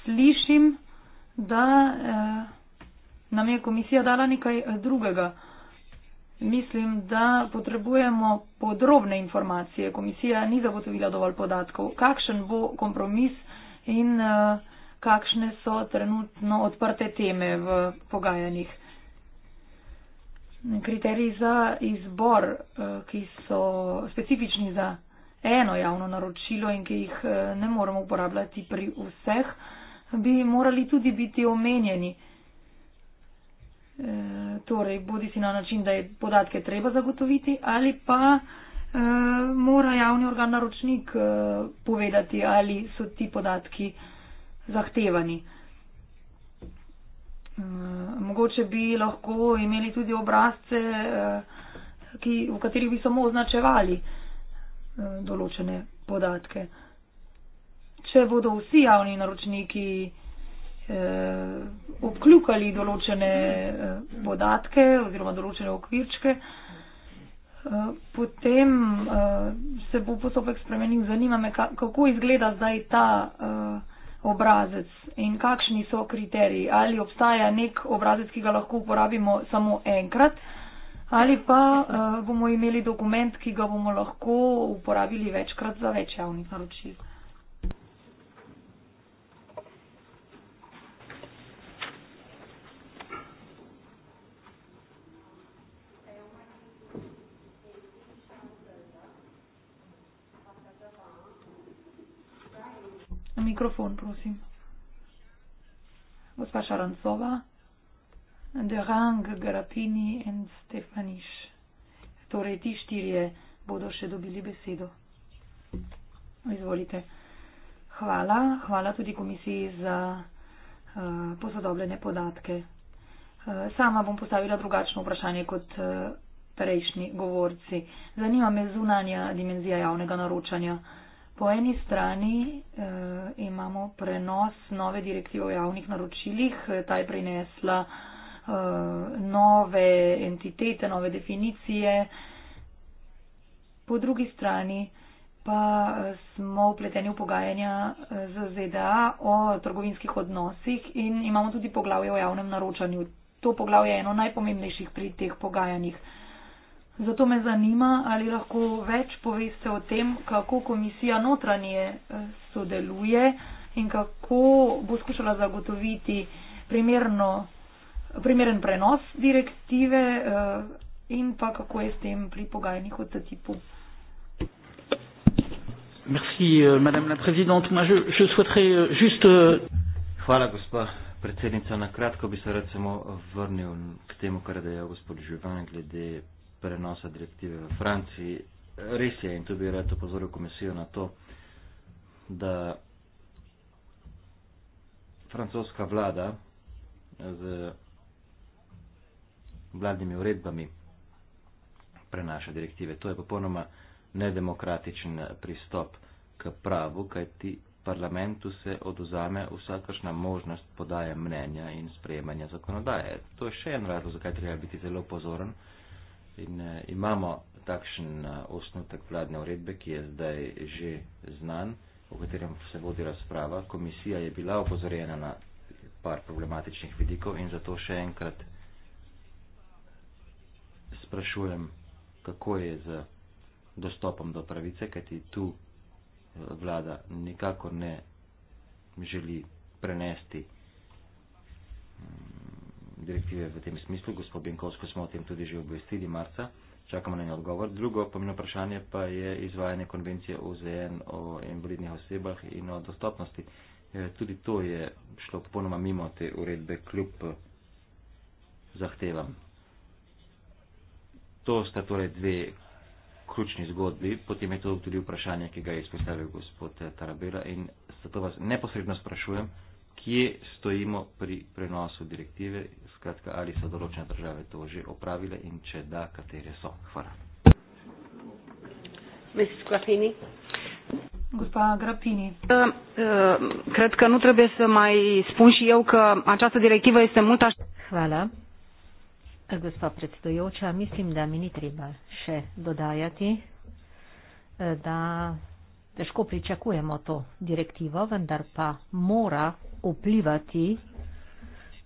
slišim, da eh, nam je komisija dala nekaj drugega. Mislim, da potrebujemo podrobne informacije. Komisija ni zagotovila dovolj podatkov, kakšen bo kompromis in uh, kakšne so trenutno odprte teme v pogajanjih. Kriteriji za izbor, uh, ki so specifični za eno javno naročilo in ki jih uh, ne moremo uporabljati pri vseh, bi morali tudi biti omenjeni. Uh, Eh, torej bodi si na način, da je podatke treba zagotoviti ali pa eh, mora javni organ naročnik eh, povedati, ali so ti podatki zahtevani. Mogoče bi lahko imeli tudi obrazce, ki, v katerih bi samo označevali določene podatke. Če bodo vsi javni naročniki eh, obkljukali določene eh, podatke oziroma določene okvirčke. Eh, potem uh, se bo postopek spremenil. Zanima me, ka kako izgleda zdaj ta uh, obrazec in kakšni so kriteriji. Ali obstaja nek obrazec, ki ga lahko uporabimo samo enkrat, ali pa uh, bomo imeli dokument, ki ga bomo lahko uporabili večkrat za več javnih naročil. Mikrofon, prosim. Gospa Šarancova, De Rang, Grapini in Stefaniš. Torej, ti štirje bodo še dobili besedo. Izvolite. Hvala. Hvala tudi komisiji za uh, posodobljene podatke. Uh, sama bom postavila drugačno vprašanje kot uh, prejšnji govorci. Zanima me zunanja dimenzija javnega naročanja. Uh, Po eni strani eh, imamo prenos nove direktive o javnih naročilih, eh, ta je prinesla eh, nove entitete, nove definicije. Po drugi strani pa eh, smo vpleteni v pogajanja eh, z ZDA o trgovinskih odnosih in imamo tudi poglavje o javnem naročanju. To poglavje je eno najpomembnejših pri teh pogajanjih. Zato me zanima, ali lahko več poveste o tem, kako komisija notranje eh, sodeluje in kako bo skušala zagotoviti primerno, primeren prenos direktive eh, in pa kako je s tem pri pogajanjih o TTIP-u. Merci, euh, madame la présidente. Moi, je, je souhaiterais euh, juste. Euh, Hvala, gospa predsednica. Na kratko bi se rad samo vrnil k temu, kar je dejal gospod Živan glede prenosa direktive v Franciji. Res je, in tu bi rad opozoril komisijo na to, da francoska vlada eh, z vladnimi uredbami prenaša direktive. To je popolnoma nedemokratičen pristop k pravu, kajti parlamentu se oduzame vsakršna možnost podaje mnenja in sprejemanja zakonodaje. To je še en razlog, zakaj treba biti zelo pozoren. In uh, imamo takšen uh, osnutek vladne uredbe, ki je zdaj že znan, o katerem se vodi razprava. Komisija je bila opozorjena na par problematičnih vidikov in zato še enkrat sprašujem, kako je z dostopom do pravice, kajti tu eh, vlada nikakor ne želi prenesti. Um, direktive v tem smislu. Gospod Benkovsko smo o tem tudi že obvestili marca. Čakamo na en odgovor. Drugo pomeno vprašanje pa je izvajanje konvencije OZN o invalidnih osebah in o dostopnosti. Eh, tudi to je šlo popolnoma mimo te uredbe kljub eh, zahtevam. To sta torej dve ključni zgodbi, potem je to tudi vprašanje, ki ga je izpostavil gospod eh, Tarabela in zato vas neposredno sprašujem, kje stojimo pri prenosu direktive, skratka, ali so določene države to že opravile in če da, katere so. Hvala. Gospa Grapini. Eh, cred că nu trebuie să mai spun și eu că această directivă este mult așa. Hvala. Gospa predstojoča, mislim, da mi ni treba še dodajati, eh, da težko pričakujemo to direktivo, vendar pa mora vplivati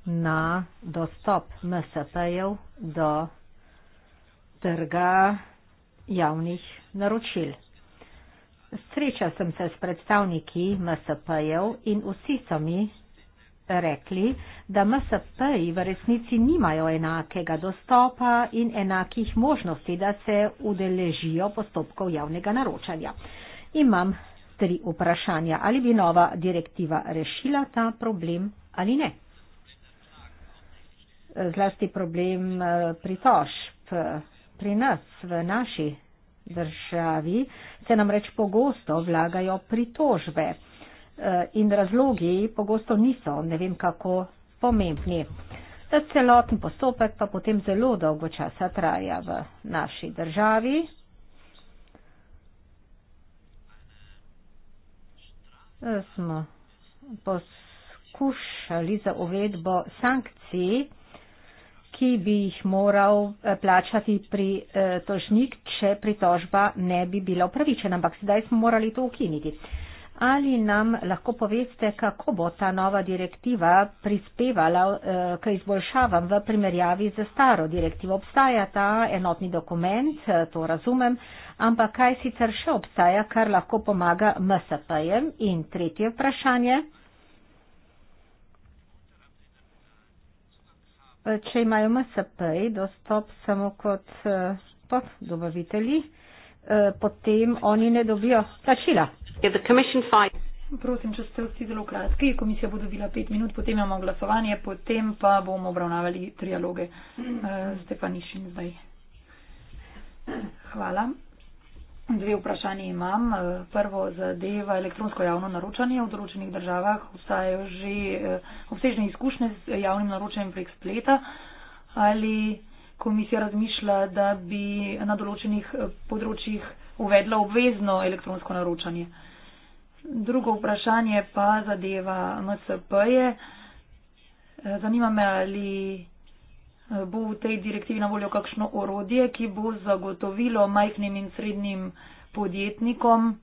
na dostop MSP-jev do trga javnih naročil. Srečal sem se s predstavniki MSP-jev in vsi so mi rekli, da MSP-ji v resnici nimajo enakega dostopa in enakih možnosti, da se udeležijo postopkov javnega naročanja. Imam tri vprašanja. Ali bi nova direktiva rešila ta problem ali ne? Zlasti problem eh, pritožb eh, pri nas, v naši državi, se nam reč pogosto vlagajo pritožbe eh, in razlogi pogosto niso, ne vem kako, pomembni. Ta celoten postopek pa potem zelo dolgo časa traja v naši državi, smo poskušali za uvedbo sankcij, ki bi jih moral eh, plačati pri eh, tožnik, če pritožba ne bi bila upravičena, ampak sedaj smo morali to ukiniti. Ali nam lahko poveste, kako bo ta nova direktiva prispevala eh, k izboljšavam v primerjavi z staro direktivo? Obstaja ta enotni dokument, eh, to razumem, ampak kaj sicer še obstaja, kar lahko pomaga MSP-jem? In tretje vprašanje. Eh, če imajo MSP dostop samo kot poddobavitelji, Eh, potem oni ne dobijo plačila. Prosim, če ste vsi zelo kratki, komisija bo dobila pet minut, potem imamo glasovanje, potem pa bomo obravnavali trialoge. Eh, Stepanišin zdaj. Hvala. Dve vprašanje imam. Eh, prvo zadeva elektronsko javno naročanje. V določenih državah obstajajo že obsežne izkušnje z javnim naročanjem prek spleta. Ali komisija razmišlja, da bi na določenih eh, področjih uvedla obvezno elektronsko naročanje. Drugo vprašanje pa zadeva MCP-je. Eh, zanima me, ali eh, bo v tej direktivi na voljo kakšno orodje, ki bo zagotovilo majhnim in srednjim podjetnikom,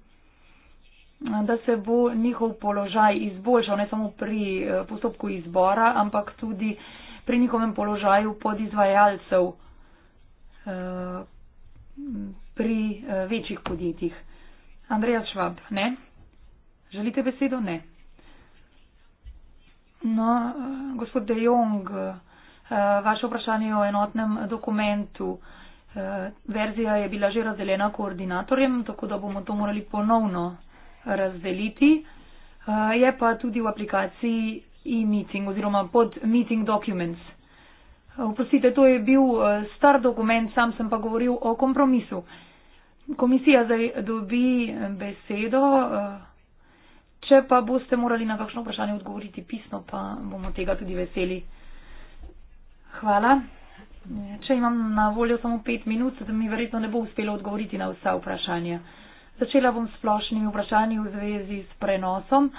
da se bo njihov položaj izboljšal ne samo pri postopku izbora, ampak tudi pri pri njihovem položaju podizvajalcev eh, pri eh, večjih podjetjih. Andreja Švab, ne? Želite besedo? Ne. No, eh, gospod De Jong, vaše vprašanje je o enotnem dokumentu. Verzija je bila že razdeljena koordinatorjem, tako da bomo to morali ponovno razdeliti. Je pa tudi v aplikaciji e-meeting oziroma pod meeting documents. Vprostite, to je bil eh, star dokument, sam sem pa govoril o kompromisu. Komisija zdaj dobi eh, besedo, eh, če pa boste morali na kakšno vprašanje odgovoriti pisno, pa bomo tega tudi veseli. Hvala. Če imam na voljo samo pet minut, da mi verjetno ne bo uspelo odgovoriti na vsa vprašanja. Začela bom s splošnimi vprašanji v zvezi s prenosom. Uh,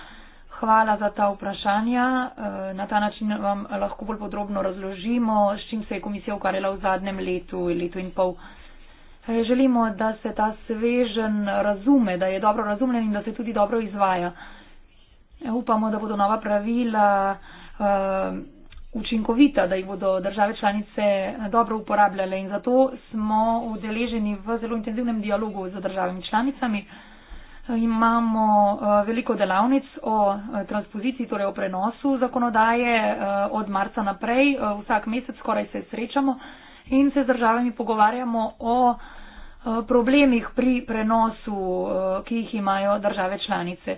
hvala za ta vprašanja. Eh, na ta način vam lahko bolj podrobno razložimo, s čim se je komisija ukvarjala v zadnjem letu, letu in pol. Eh, želimo, da se ta svežen razume, da je dobro razumljen in da se tudi dobro izvaja. Eh, upamo, da bodo nova pravila učinkovita, da jih bodo države članice dobro uporabljale in zato smo udeleženi v zelo intenzivnem dialogu z državami članicami imamo eh, veliko delavnic o eh, transpoziciji, torej o prenosu zakonodaje eh, od marca naprej. Vsak mesec skoraj se srečamo in se z državami pogovarjamo o problemih pri prenosu, ki jih imajo države članice.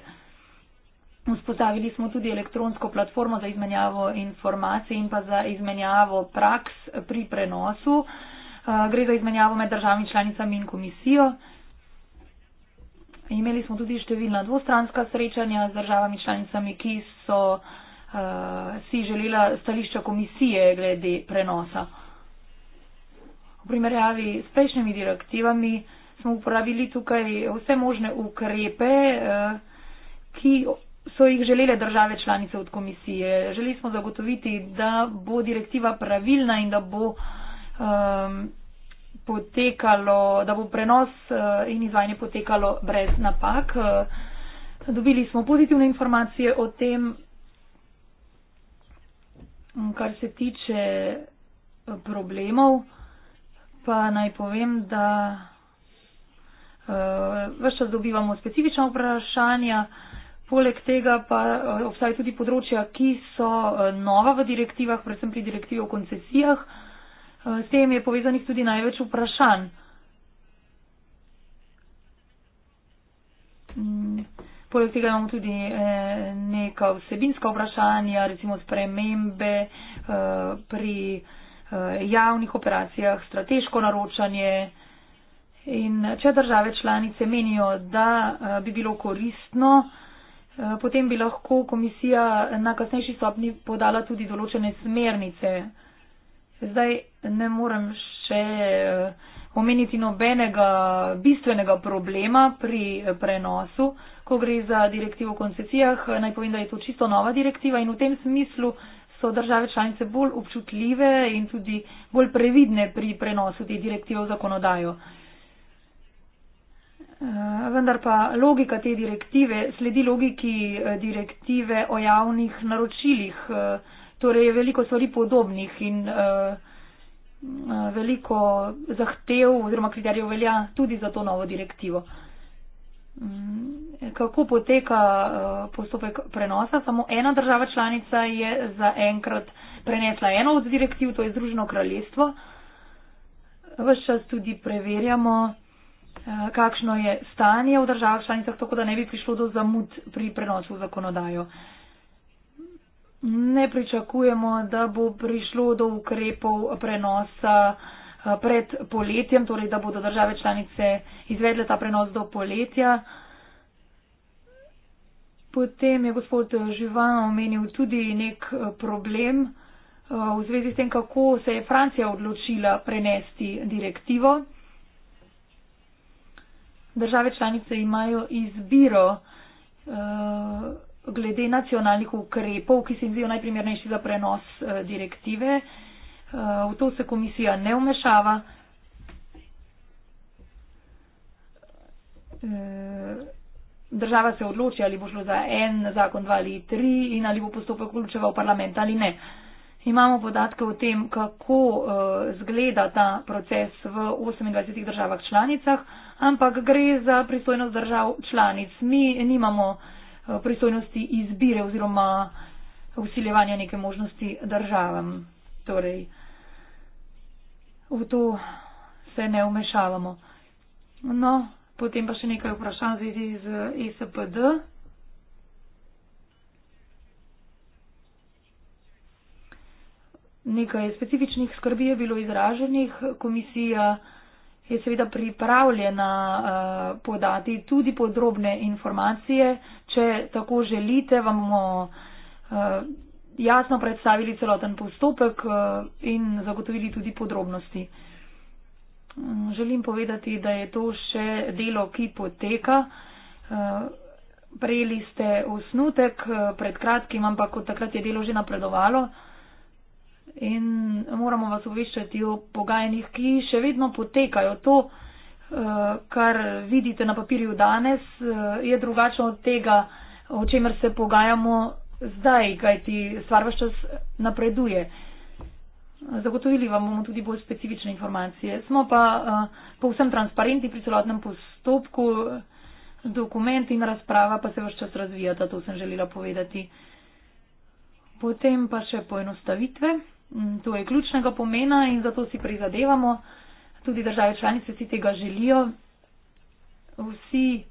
Vzpostavili smo tudi elektronsko platformo za izmenjavo informacij in pa za izmenjavo praks pri prenosu. Gre za izmenjavo med državami članicami in komisijo. Imeli smo tudi številna dvostranska srečanja z državami članicami, ki so uh, si želela stališča komisije glede prenosa. V primerjavi s prejšnjimi direktivami smo uporabili tukaj vse možne ukrepe, uh, ki so jih želele države članice od komisije. Želeli smo zagotoviti, da bo direktiva pravilna in da bo. Um, potekalo, da bo prenos eh, in izvajanje potekalo brez napak. Eh, dobili smo pozitivne informacije o tem, kar se tiče eh, problemov, pa naj povem, da vse čas dobivamo specifična vprašanja, poleg tega pa obstajajo tudi področja, ki so nova v direktivah, predvsem pri direktivi o koncesijah. Eh, s tem je povezanih tudi največ vprašanj. Mm, poleg tega imamo tudi eh, neka vsebinska vprašanja, recimo spremembe eh, pri javnih operacijah, strateško naročanje. In če države članice menijo, da bi bilo koristno, potem bi lahko komisija na kasnejši stopni podala tudi določene smernice. Zdaj, ne morem še eh, omeniti nobenega bistvenega problema pri eh, prenosu. Ko gre za direktivo o koncesijah, eh, naj povem, da je to čisto nova direktiva in v tem smislu so države članice bolj občutljive in tudi bolj previdne pri prenosu te direktive v zakonodajo. Vendar pa logika te direktive sledi logiki direktive o javnih naročilih, torej je veliko stvari podobnih in uh, Eh, veliko zahtev oziroma kriterijev velja tudi za to novo direktivo. Mm, kako poteka eh, postopek prenosa? Samo ena država članica je zaenkrat prenesla eno od direktiv, to je Združeno kraljestvo. Ves čas tudi preverjamo, eh, kakšno je stanje v državah članicah, tako da ne bi prišlo do zamud pri prenosu zakonodajo ne pričakujemo, da bo prišlo do ukrepov prenosa eh, pred poletjem, torej da bodo države članice izvedle ta prenos do poletja. Potem je gospod Živan omenil tudi nek eh, problem eh, v zvezi s tem, kako se je Francija odločila prenesti direktivo. Države članice imajo izbiro glede nacionalnih ukrepov, ki se zdijo najprimernejši za prenos eh, direktive. Eh, v to se komisija ne umešava. Eh, država se odloči, ali bo šlo za en zakon, dva ali tri in ali bo postopek vključeval parlament ali ne. Imamo podatke o tem, kako zgleda ta proces v 28 državah članicah, ampak gre za pristojnost držav članic. Mi nimamo. Eh, pristojnosti izbire oziroma usiljevanja neke možnosti državam. Torej, v to se ne umešavamo. No, potem pa še nekaj vprašanj v zvezi z ESPD. Nekaj specifičnih skrbi je bilo izraženih. Komisija je seveda pripravljena uh, podati tudi podrobne informacije. Če tako želite, vam bomo uh, jasno predstavili celoten postopek uh, in zagotovili tudi podrobnosti. Um, želim povedati, da je to še delo, ki poteka. Uh, prejeli ste osnutek uh, pred kratkim, ampak od takrat je delo že napredovalo. Uh, in moramo vas obveščati o pogajanjih, ki še vedno potekajo. To, eh, kar vidite na papirju danes, eh, je drugačno od tega, o čemer se pogajamo zdaj, kajti stvar vaš čas napreduje. Zagotovili vam bomo tudi bolj specifične informacije. Smo pa eh, povsem transparenti pri celotnem postopku, dokument in razprava pa se vaš čas razvijata, to sem želela povedati. Potem pa še poenostavitve. Mm, to je ključnega pomena in zato si prizadevamo. Tudi države članice si tega želijo. Vsi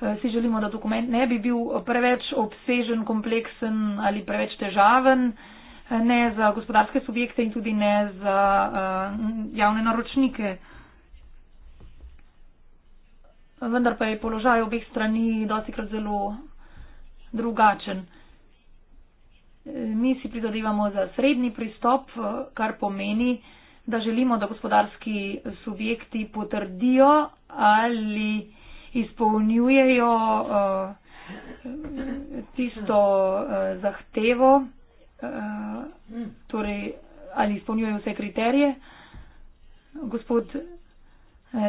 eh, si želimo, da dokument ne bi bil preveč obsežen, kompleksen ali preveč težaven, eh, ne za gospodarske subjekte in tudi ne za eh, javne naročnike. Vendar pa je položaj obeh strani dosti krat zelo drugačen. Mi si prizadevamo za srednji pristop, kar pomeni, da želimo, da gospodarski subjekti potrdijo ali izpolnjujejo eh, tisto eh, zahtevo, eh, torej ali izpolnjujejo vse kriterije. Gospod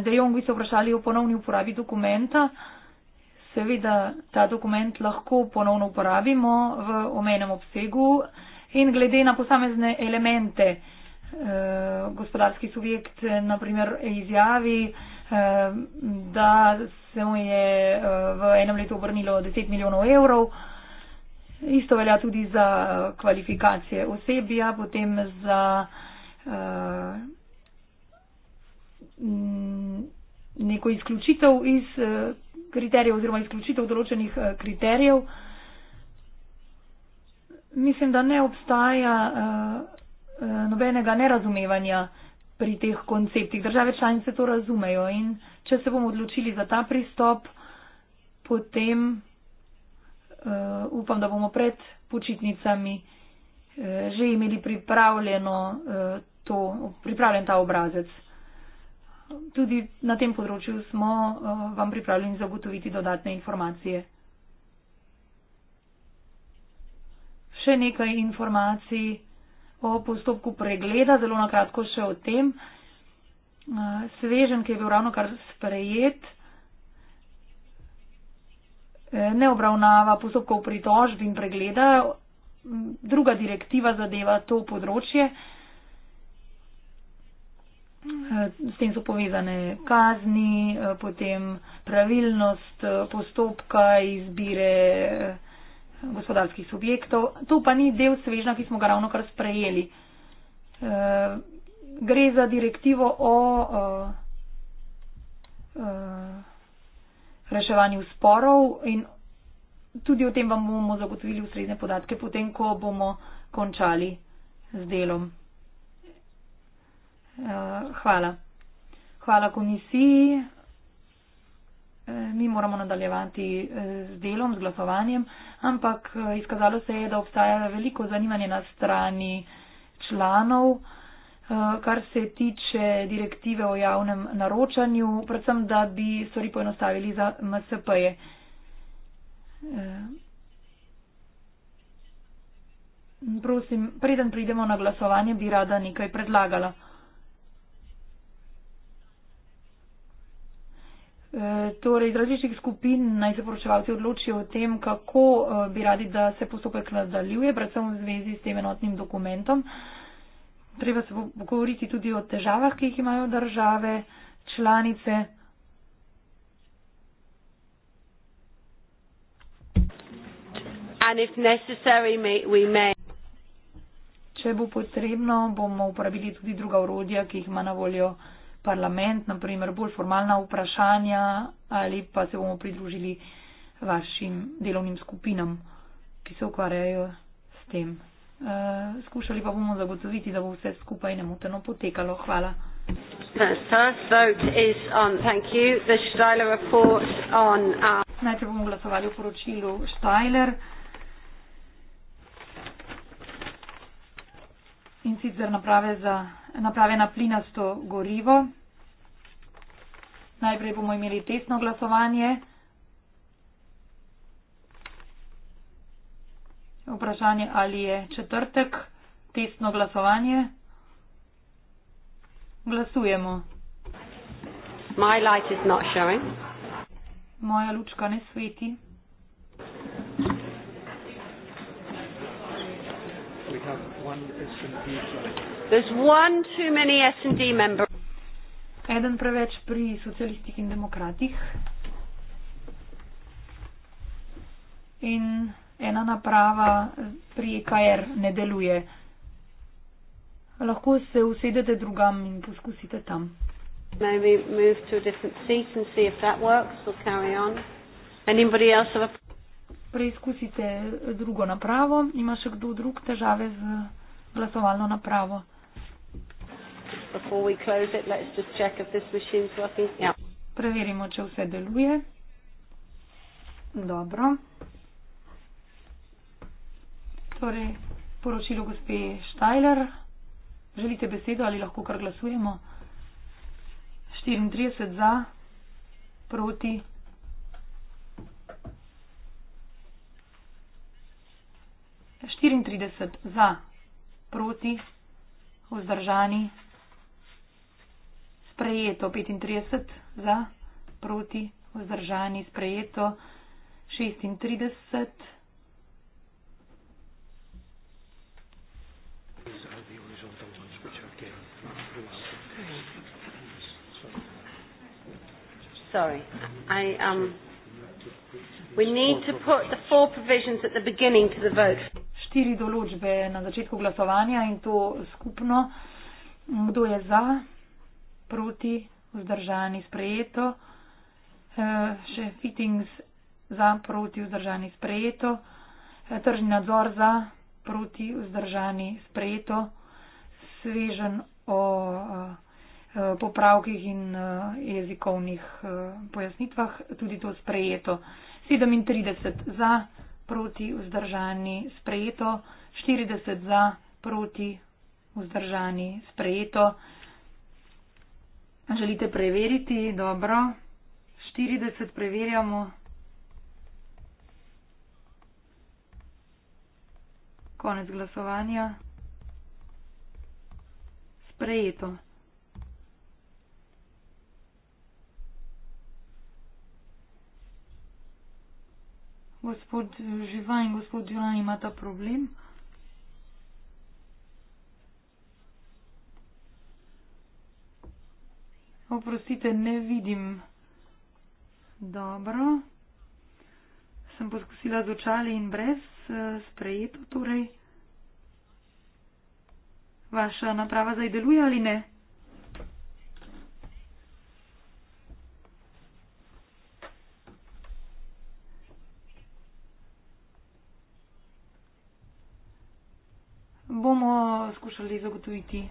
De Jong, vi ste vprašali o ponovni uporabi dokumenta seveda ta dokument lahko ponovno uporabimo v omenem obsegu in glede na posamezne elemente eh, gospodarski subjekt, naprimer, izjavi, eh, da se mu je eh, v enem letu obrnilo 10 milijonov evrov. Isto velja tudi za kvalifikacije osebja, potem za neko izključitev iz kriterijev oziroma izključitev določenih eh, kriterijev. Mislim, da ne obstaja eh, eh, nobenega nerazumevanja pri teh konceptih. Države članice to razumejo in če se bomo odločili za ta pristop, potem upam, da bomo pred počitnicami že imeli pripravljeno to, pripravljen ta obrazec tudi na tem področju smo eh, vam pripravljeni zagotoviti dodatne informacije. Še nekaj informacij o postopku pregleda, zelo na kratko še o tem. Eh, Svežen, ki je bil ravno kar sprejet, eh, ne obravnava postopkov pritožb in pregleda. Druga direktiva zadeva to področje s tem so povezane kazni, potem pravilnost postopka izbire eh, gospodarskih subjektov. To pa ni del svežna, ki smo ga ravno kar sprejeli. Eh, gre za direktivo o eh, reševanju sporov in tudi o tem vam bomo zagotovili ustrezne podatke, potem ko bomo končali z delom. Eh, hvala. Hvala komisiji. Eh, mi moramo nadaljevati eh, z delom, z glasovanjem, ampak izkazalo se je, da obstaja veliko zanimanje na strani članov, kar se tiče direktive o javnem naročanju, predvsem, da bi stvari poenostavili za MSP-je. Prosim, preden pridemo na glasovanje, bi rada nekaj predlagala. Eh, torej, iz različnih skupin naj se poročevalci odločijo o tem, kako eh, bi radi, da se postopek nadaljuje, predvsem v zvezi s tem enotnim dokumentom. Treba se pogovoriti tudi o težavah, ki jih imajo države, članice. Če bo potrebno, bomo uporabili tudi druga orodja, ki jih ima na voljo parlament, naprimer bolj formalna vprašanja ali pa se bomo pridružili vašim delovnim skupinam, ki se ukvarjajo s tem. E, skušali pa bomo zagotoviti, da bo vse skupaj nemoteno potekalo. Hvala. Uh, Najprej bomo glasovali o poročilu Štajler. In sicer naprave, za, naprave na plinasto gorivo. Najprej bomo imeli testno glasovanje. Vprašanje, ali je četrtek testno glasovanje. Glasujemo. My light is not showing. Moja lučka ne sveti. There's one too many S&D members eden preveč pri socialistih in demokratih. In ena naprava pri EKR ne deluje. Lahko se usedete drugam in poskusite tam. Preizkusite drugo napravo. Ima še kdo drug težave z glasovalno napravo? before we close it, let's just check if this machine's working. Ja. Yeah. Preverimo, če vse deluje. Dobro. Torej, poročilo gospe Štajler. Želite besedo ali lahko kar glasujemo? 34 za, proti. Za, proti, vzdržani sprejeto 35 za, proti, vzdržani, sprejeto 36. Sorry, I, um, we need to put the four provisions at the beginning to the vote. Štiri določbe na začetku glasovanja in to skupno. Kdo je za? proti, vzdržani, sprejeto, e, še fittings za, proti, vzdržani, sprejeto, e, tržni nadzor za, proti, vzdržani, sprejeto, svežen o e, popravkih in jezikovnih pojasnitvah, tudi to sprejeto. 37 za, proti, vzdržani, sprejeto, 40 za, proti, vzdržani, sprejeto. Želite preveriti? Dobro. 40 preverjamo. Konec glasovanja. Sprejeto. Gospod Živa in gospod Juran imata problem. Oprostite, ne vidim. Dobro. Sem poskusila z očali in brez eh, sprejeto torej. Vaša naprava zdaj deluje ali ne? Bomo skušali zagotoviti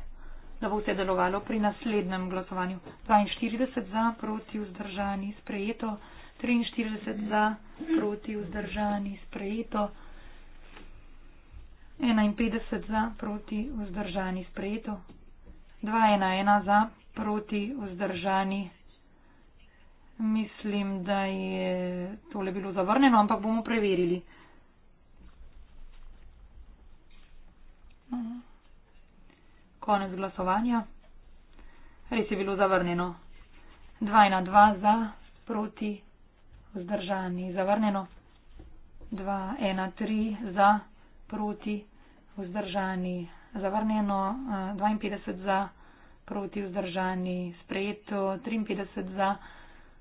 da bo vse delovalo pri naslednjem glasovanju. 42 za, proti vzdržani, sprejeto. 43 za, proti vzdržani, sprejeto. 51 za, proti vzdržani, sprejeto. 211 za, proti vzdržani. Mislim, da je tole bilo zavrnjeno, ampak bomo preverili. Konec glasovanja. Res je bilo zavrnjeno. 2 na 2 za, proti, vzdržani. Zavrnjeno. 2 na 3 za, proti, vzdržani. Zavrnjeno. 52 za, proti, vzdržani. Sprejeto. 53 za,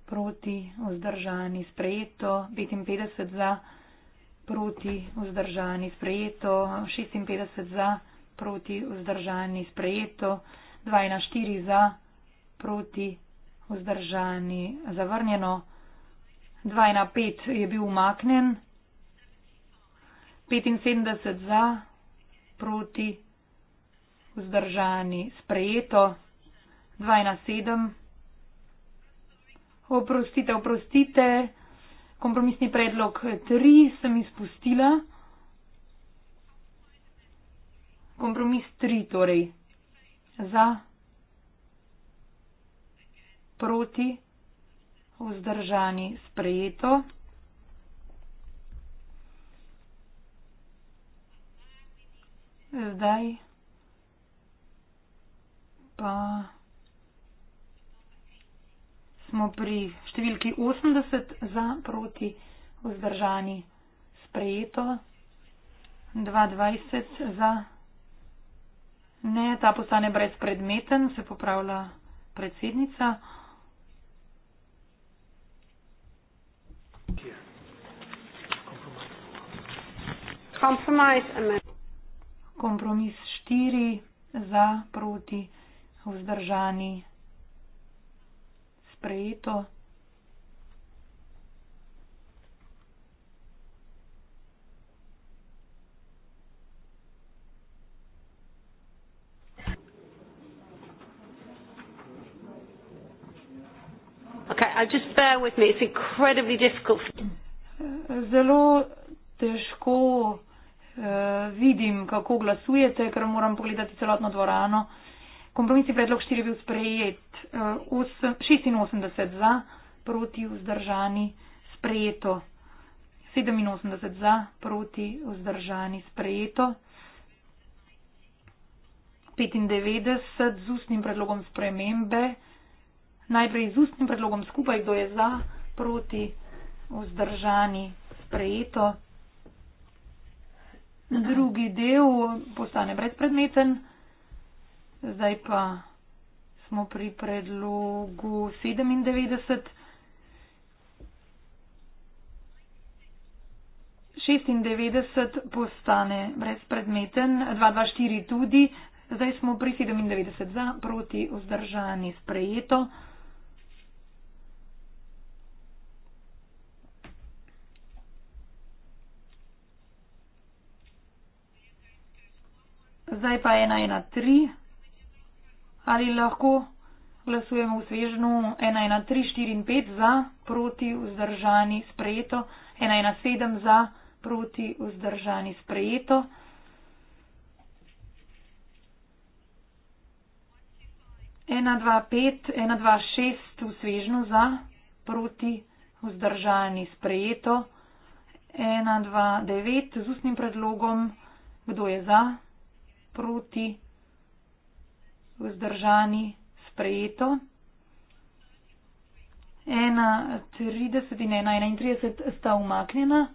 proti, vzdržani. Sprejeto. 55 za, proti, vzdržani. Sprejeto. 56 za, proti, vzdržani proti vzdržani sprejeto, 2 na 4 za, proti vzdržani zavrnjeno, 2 na 5 je bil umaknen, 75 za, proti vzdržani sprejeto, 2 na 7. Oprostite, oprostite, kompromisni predlog 3 sem izpustila kompromis tri, torej za, proti, vzdržani, sprejeto. Zdaj pa smo pri številki 80 za, proti, vzdržani, sprejeto. 2,20 za. Ne, ta postane brezpredmeten, se popravlja predsednica. Kompromis štiri za, proti, vzdržani, sprejeto. just bear with me. It's incredibly difficult. Zelo težko uh, vidim, kako glasujete, ker moram pogledati celotno dvorano. Kompromisni predlog 4 je bil sprejet. Uh, osem, 86 za, proti vzdržani, sprejeto. 87 za, proti vzdržani, sprejeto. 95 z ustnim predlogom spremembe najprej z ustnim predlogom skupaj, kdo je za, proti, vzdržani, sprejeto. Drugi del postane brezpredmeten. Zdaj pa smo pri predlogu 97. 96 postane brezpredmeten, 224 tudi, zdaj smo pri 97 za, proti vzdržani sprejeto. Zdaj pa 1-1-3. Ali lahko glasujemo v svežnu 1-1-3-4-5 za, proti, vzdržani, sprejeto. 1-1-7 za, proti, vzdržani, sprejeto. Ena, dva, pet, ena, dva, šest v svežnu za, proti, vzdržani, sprejeto. Ena, dva, devet z ustnim predlogom, kdo je za, proti, vzdržani, sprejeto. 31 in 31 sta umaknjena.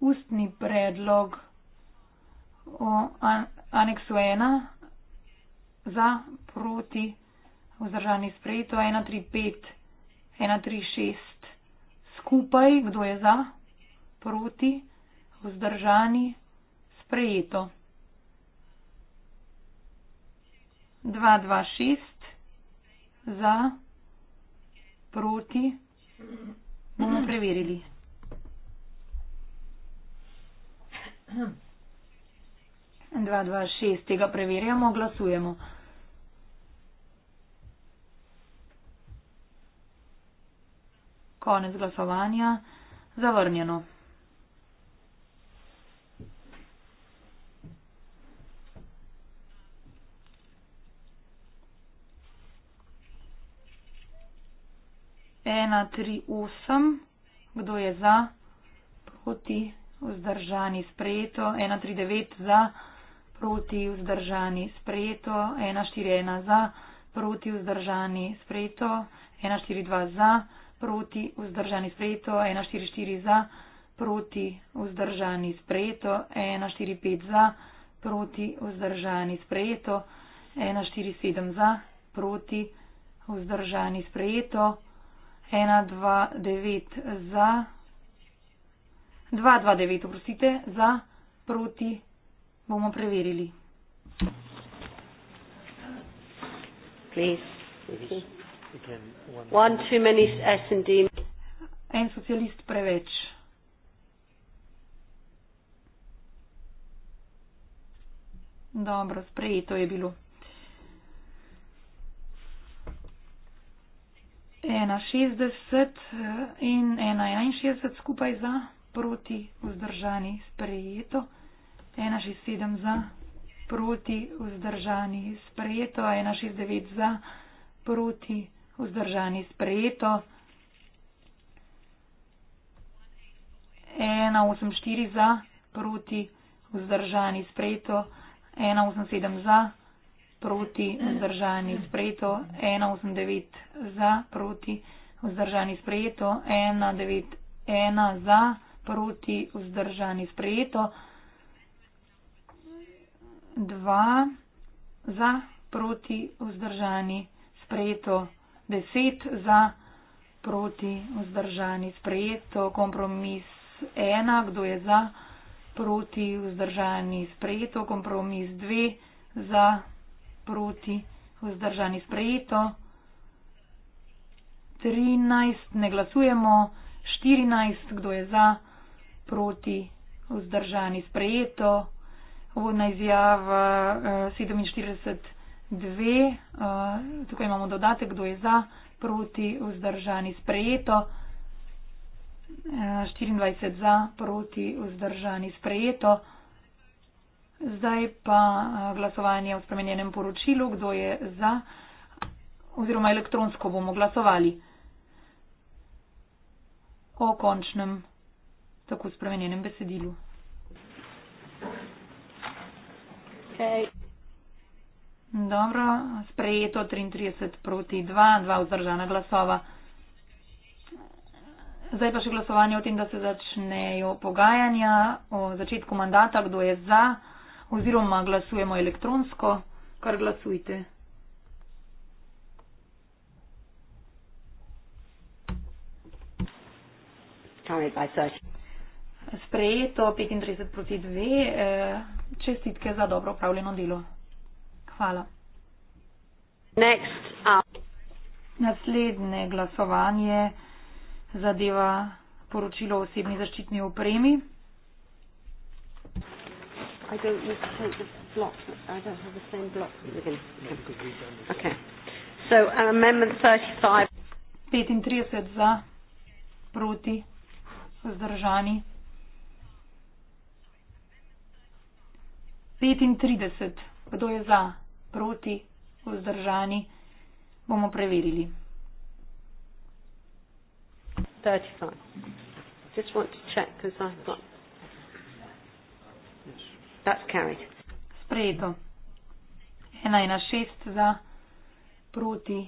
Ustni predlog o aneksu 1 za, proti, vzdržani, sprejeto. 135, 136 skupaj, kdo je za, proti, vzdržani, sprejeto. 226 za, proti, bomo preverili. Dva, dva, šest, tega preverjamo, glasujemo. Konec glasovanja, zavrnjeno. ena, tri, osem. Kdo je za? Proti, vzdržani, sprejeto. Ena, tri, devet, za. Proti, vzdržani, sprejeto. Ena, štiri, ena, za. Proti, vzdržani, sprejeto. Ena, štiri, dva, za. Proti, vzdržani, sprejeto. Ena, štiri, štiri, za. Proti, vzdržani, sprejeto. Ena, štiri, pet, za. Proti, vzdržani, sprejeto. Ena, štiri, sedem, za. Proti, vzdržani, sprejeto. 1, 2, 9 za, 2, 2, 9, oprostite, za, proti, bomo preverili. En socialist preveč. Dobro, sprejeto je bilo. 1,60 eh, in 1,61 skupaj za, proti vzdržani sprejeto, 1,67 za, proti vzdržani sprejeto, 1,69 za, proti vzdržani sprejeto, 1,84 za, proti vzdržani sprejeto, 1,87 za, proti, vzdržani sprejeto, 189 za, proti, vzdržani sprejeto, 191 za, proti, vzdržani sprejeto, 2 za, proti, vzdržani sprejeto, 10 za, proti, vzdržani sprejeto, kompromis 1, kdo je za, proti, vzdržani sprejeto, kompromis 2, za, proti, vzdržani sprejeto. 13, ne glasujemo. 14, kdo je za, proti, vzdržani sprejeto. Vodna izjava 47, eh, 2, eh, tukaj imamo dodatek, kdo je za, proti, vzdržani sprejeto. 24 eh, za, proti, vzdržani sprejeto. Zdaj pa eh, glasovanje o spremenjenem poročilu, kdo je za oziroma elektronsko bomo glasovali o končnem tako spremenjenem besedilu. Okay. Dobro, sprejeto 33 proti 2, 2 vzdržana glasova. Zdaj pa še glasovanje o tem, da se začnejo pogajanja o začetku mandata, kdo je za oziroma glasujemo elektronsko, kar glasujte. Sprejeto 35 proti 2. Eh, čestitke za dobro upravljeno delo. Hvala. Next, uh... Naslednje glasovanje zadeva poročilo o osebni zaščitni opremi. I don't need to take the block. I don't have the same block. Okay. So an uh, amendment 35. 35 za, proti, vzdržani. 35. Kdo je za, proti, vzdržani, bomo preverili. 35. Just want to check because I've got That's carried. Sprejeto. 1 na 6 za proti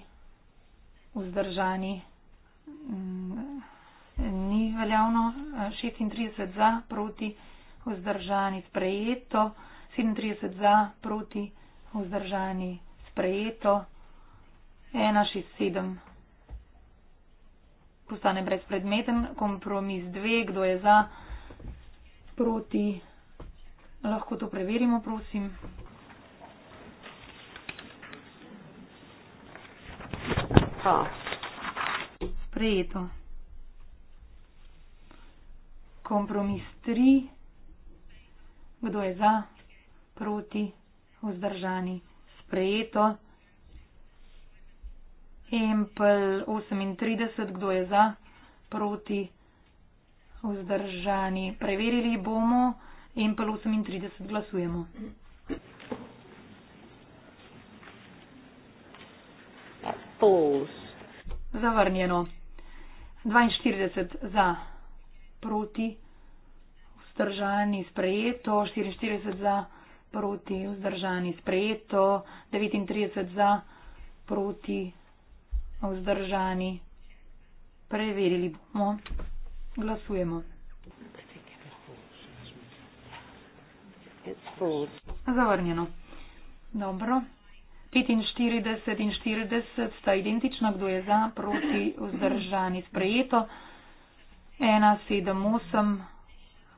vzdržani. Mm, ni veljavno 36 za proti vzdržani sprejeto. 37 za proti vzdržani sprejeto. 1 6 7 postane brezpredmeten. Kompromis 2, kdo je za proti vzdržani. Lahko to preverimo, prosim. Pa. Sprejeto. Kompromis 3. Kdo je za, proti, vzdržani? Sprejeto. Empel 38. Kdo je za, proti, vzdržani? Preverili bomo in pa 38 glasujemo. Pause. Zavrnjeno. 42 za proti, vzdržani sprejeto, 44 za proti, vzdržani sprejeto, 39 za proti, vzdržani. Preverili bomo. Glasujemo. Zavrnjeno. Dobro. 45 in 40 sta identična, kdo je za, proti, vzdržani, sprejeto. 1, 7, 8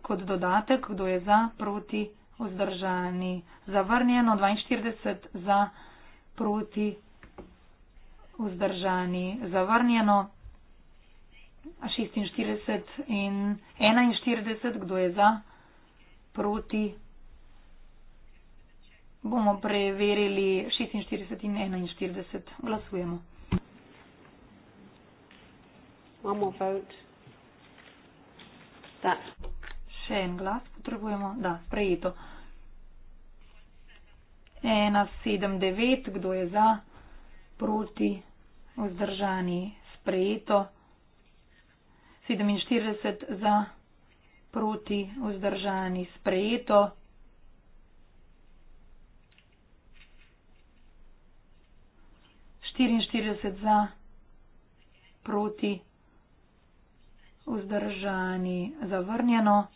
kot dodatek, kdo je za, proti, vzdržani, zavrnjeno. 42 za, proti, vzdržani, zavrnjeno. 46 in 41, kdo je za, proti, vzdržani bomo preverili 46 in 41. Glasujemo. One more vote. Da. Še en glas potrebujemo. Da, sprejeto. 1, 7, 9. Kdo je za? Proti? Vzdržani? Sprejeto. 47 za? Proti? Vzdržani? Sprejeto. 44 za, proti, vzdržani, zavrnjeno.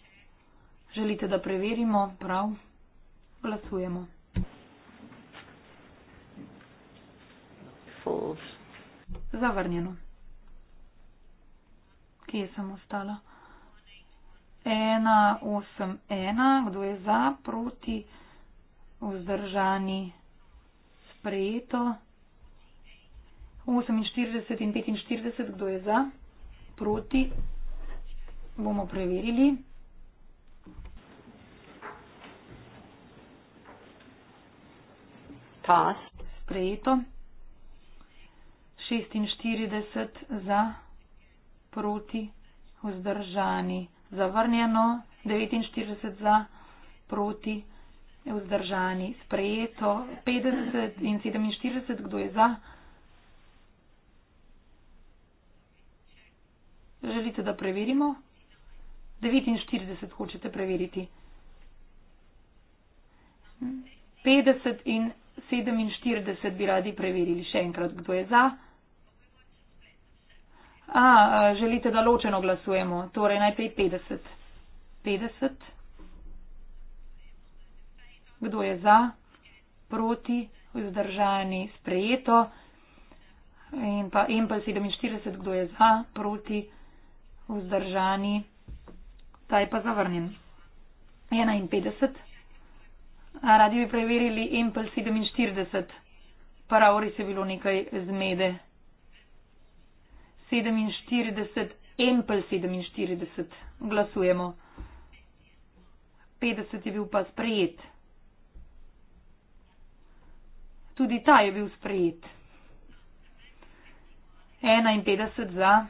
Želite, da preverimo? Prav. Glasujemo. False. Zavrnjeno. Kje sem ostala? 1, 8, 1. Kdo je za, proti, vzdržani, sprejeto? 48 in 45, kdo je za, proti, bomo preverili. Pas. Sprejeto. 46 za, proti, vzdržani. Zavrnjeno. 49 za, proti, vzdržani. Sprejeto. 50 in 47, kdo je za. Želite, da preverimo? 49 hočete preveriti. 50 in 47 bi radi preverili še enkrat, kdo je za. A, želite, da ločeno glasujemo, torej najprej 50. 50. Kdo je za, proti, vzdržani, sprejeto. In pa, in pa 47, kdo je za, proti, vzdržani vzdržani, ta je pa zavrnjen. 51. Radi bi preverili Empel 47. Parauris je bilo nekaj zmede. 47, Empel 47. Glasujemo. 50 je bil pa sprejet. Tudi ta je bil sprejet. 51 za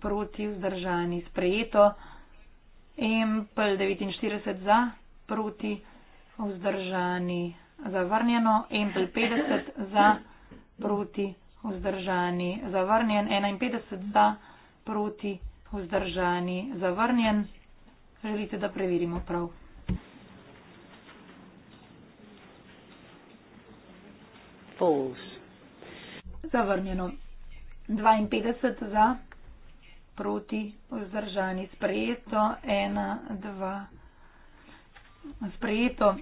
proti vzdržani sprejeto. MPL 49 za, proti vzdržani zavrnjeno. MPL 50 za, proti vzdržani zavrnjen. 51 za, proti vzdržani zavrnjen. Želite, da preverimo prav. False. Zavrnjeno. 52 za, proti, vzdržani, sprejeto, ena, dva, sprejeto,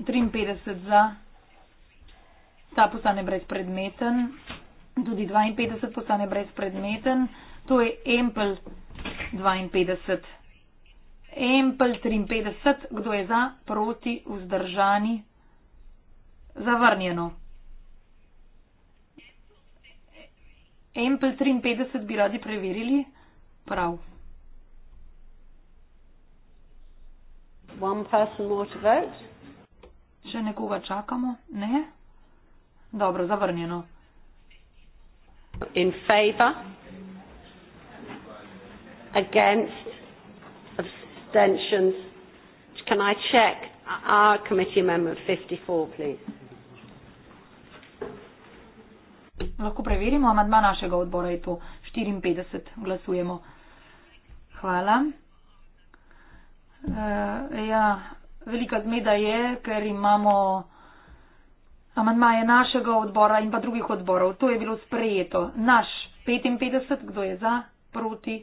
53 za, ta postane brezpredmeten, tudi 52 postane brezpredmeten, to je empel 52. Empel 53, kdo je za, proti, vzdržani, zavrnjeno. Empel 53 bi radi preverili prav. Še nekoga čakamo? Ne? Dobro, zavrnjeno. In favor. Against abstentions. Can I check our committee amendment 54, please? Lahko preverimo, amadma našega odbora je to 54, glasujemo hvala. Uh, ja, velika zmeda je, ker imamo amantmaje našega odbora in pa drugih odborov. To je bilo sprejeto. Naš 55, kdo je za, proti,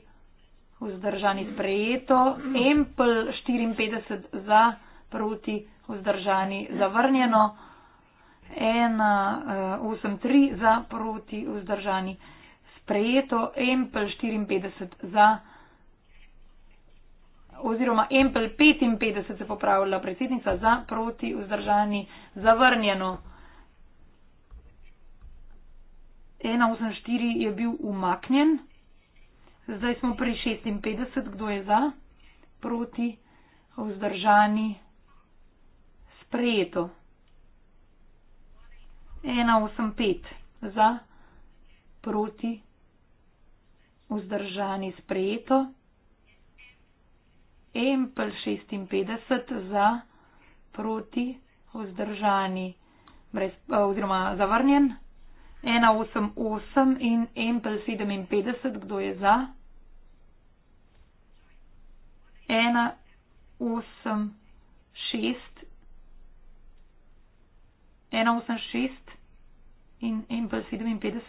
vzdržani sprejeto. Empl 54 za, proti, vzdržani zavrnjeno. 1, 8, 3 za, proti, vzdržani sprejeto. Empl 54 za, proti oziroma Empel 55 se popravila predsednica za proti vzdržani zavrnjeno. 184 je bil umaknjen. Zdaj smo pri 56, kdo je za, proti, vzdržani, sprejeto. 185 za, proti, vzdržani, sprejeto. Empl 56 za proti vzdržani, brez, eh, oziroma zavrnjen. 188 in Empl 57, kdo je za? 186. 186 in Empl 57.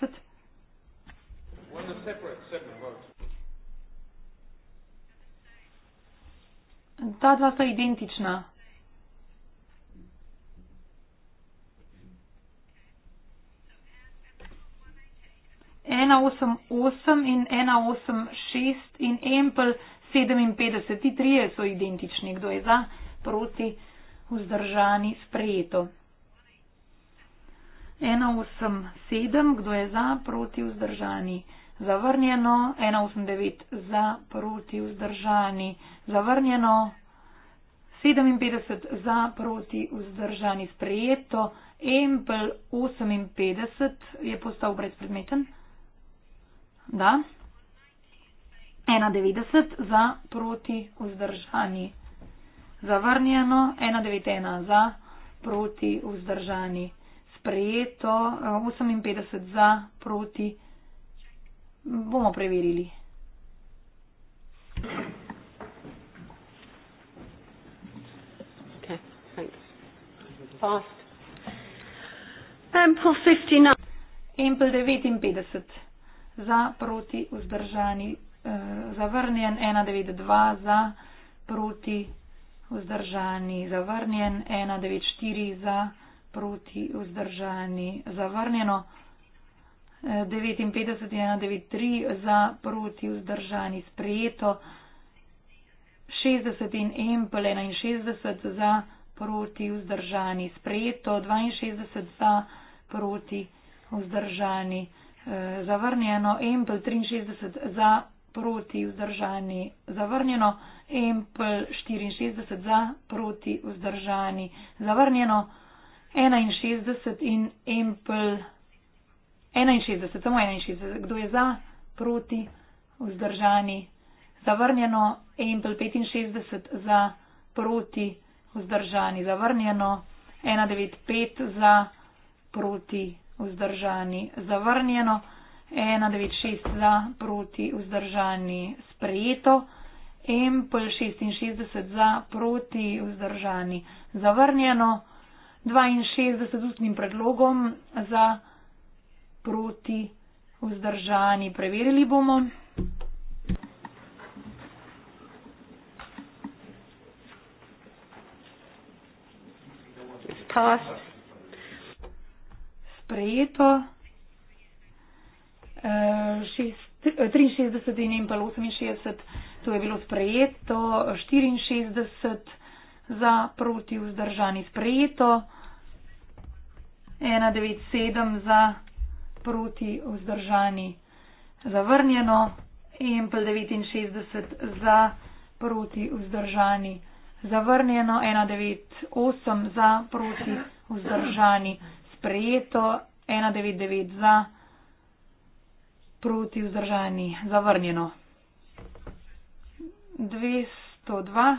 Ta dva sta identična. Ena osem osem in ena osem šest in empel sedeminpetdeset. Ti trije so identični. Kdo je za, proti, vzdržani, sprejeto. Ena osem sedem, kdo je za, proti, vzdržani, sprejeto zavrnjeno, 189 za, proti vzdržani, zavrnjeno, 57 za, proti vzdržani, sprejeto, empel 58 je postal brezpredmeten, da, 190 za, proti vzdržani, zavrnjeno, 191 za, proti vzdržani, sprejeto, 58 za, proti vzdržani. Bomo preverili. Ampel 59 za proti vzdržani, uh, zavrnjen 192 za proti vzdržani, zavrnjen 194 za proti vzdržani, zavrnjeno. 59.193 za, proti, vzdržani, sprejeto. 60 in Empel 61 za, proti, vzdržani, sprejeto. 62 eh, za, proti, vzdržani, zavrnjeno. Empel 63 za, proti, vzdržani, zavrnjeno. Empel 64 za, proti, vzdržani, zavrnjeno. 61 in Empel 63. 61, samo 61. Kdo je za, proti, vzdržani, zavrnjeno, Ample 65 za, proti, vzdržani, zavrnjeno, 195 za, proti, vzdržani, zavrnjeno, 196 za, proti, vzdržani, sprejeto, Ample 66 za, proti, vzdržani, zavrnjeno, 62 z ustnim predlogom za, proti, vzdržani, proti vzdržani. Preverili bomo. Past. Sprejeto. E, eh, 63 eh, in pa 68, to je bilo sprejeto. 64 za proti vzdržani. Sprejeto. 197 za proti vzdržani zavrnjeno, EMPL 69 za proti vzdržani zavrnjeno, 198 za proti vzdržani sprejeto, 199 za proti vzdržani zavrnjeno. 202 uh,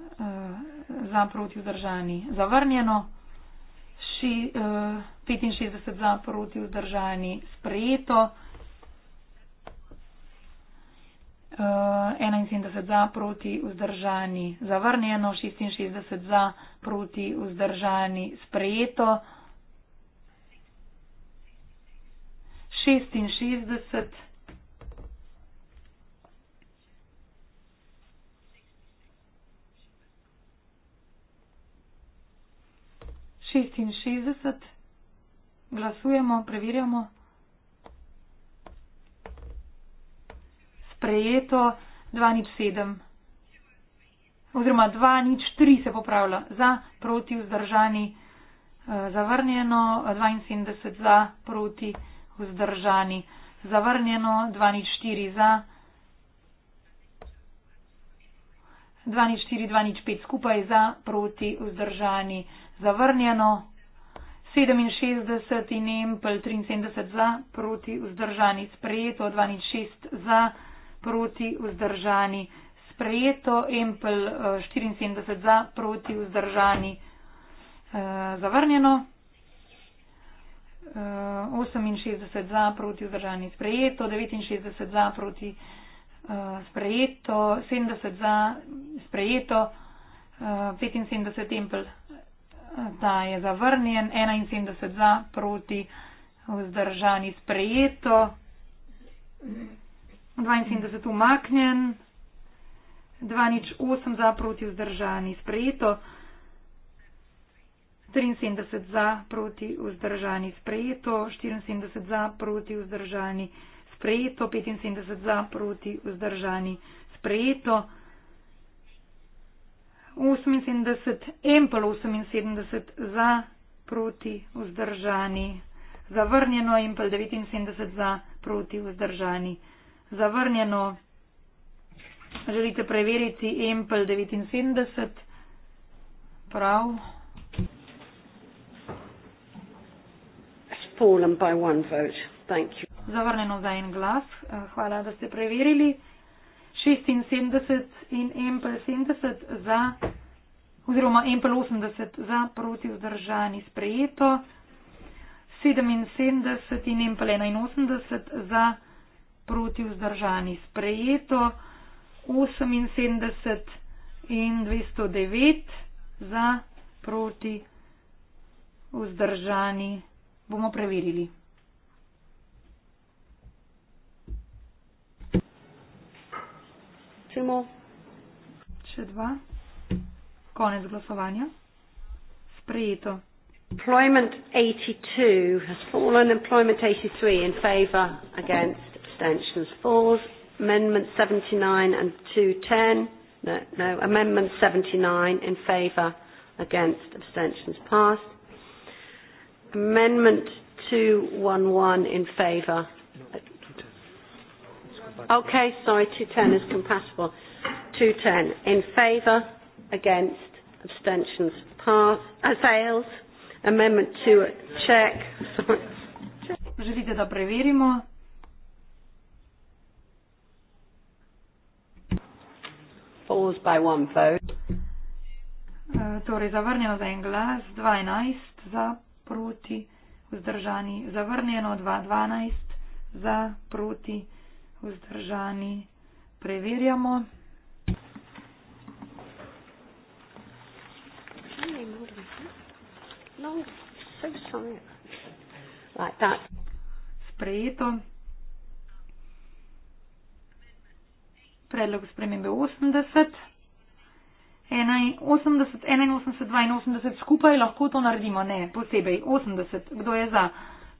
eh, za proti vzdržani zavrnjeno. Ši, uh, eh, 65 za, proti vzdržani, sprejeto. Uh, eh, 71 za, proti vzdržani, zavrnjeno. 66 za, proti vzdržani, sprejeto. 66. Šestinšestdeset. Glasujemo, preverjamo. Sprejeto 207. Oziroma 203 se popravlja za, proti, vzdržani, eh, zavrnjeno 72 za, proti, vzdržani, zavrnjeno 204 za. 204, 205 skupaj za, proti, vzdržani, zavrnjeno. 67 in Empel 73 za, proti vzdržani sprejeto, 26 za, proti vzdržani sprejeto, Empel 74 eh, za, proti vzdržani eh, zavrnjeno. 68 eh, za, proti vzdržani sprejeto, 69 za, proti sprejeto, 70 za, sprejeto, 75 Empel da je zavrnjen, 71 za, proti, vzdržani, sprejeto, 72 umaknjen, 28 za, proti, vzdržani, sprejeto, 73 za, proti, vzdržani, sprejeto, 74 za, proti, vzdržani, sprejeto, 75 za, proti, vzdržani, sprejeto. 78, en pol 78 za, proti, vzdržani, zavrnjeno, en pol 79 za, proti, vzdržani, zavrnjeno. Želite preveriti en pol 79? Prav. Zavrnjeno za en glas. Hvala, da ste preverili. 76 in MPL 70 za, oziroma MPL 80 za proti vzdržani sprejeto, 77 in MPL 81 za proti vzdržani sprejeto, 78 in 209 za proti vzdržani bomo preverili. Odločimo. Še dva. Konec glasovanja. Sprejeto. Employment 82 has fallen. Employment 83 in favour against abstentions. Falls. Amendment 79 and 210. No, no. Amendment 79 in favour against abstentions. Passed. Amendment 211 in favour Okay, sorry, 210 is compatible. 210 in favour, against, abstentions, pass, uh, fails, amendment to a check. Želite, da preverimo? Falls by one vote. Eh, torej, zavrnjeno za en glas, 12 za, proti, vzdržani, zavrnjeno, 212 za, proti, vzdržani vzdržani. Preverjamo. Sprejeto. Predlog spremembe 80. 81, 81, 82 skupaj lahko to naredimo, ne posebej. 80, kdo je za?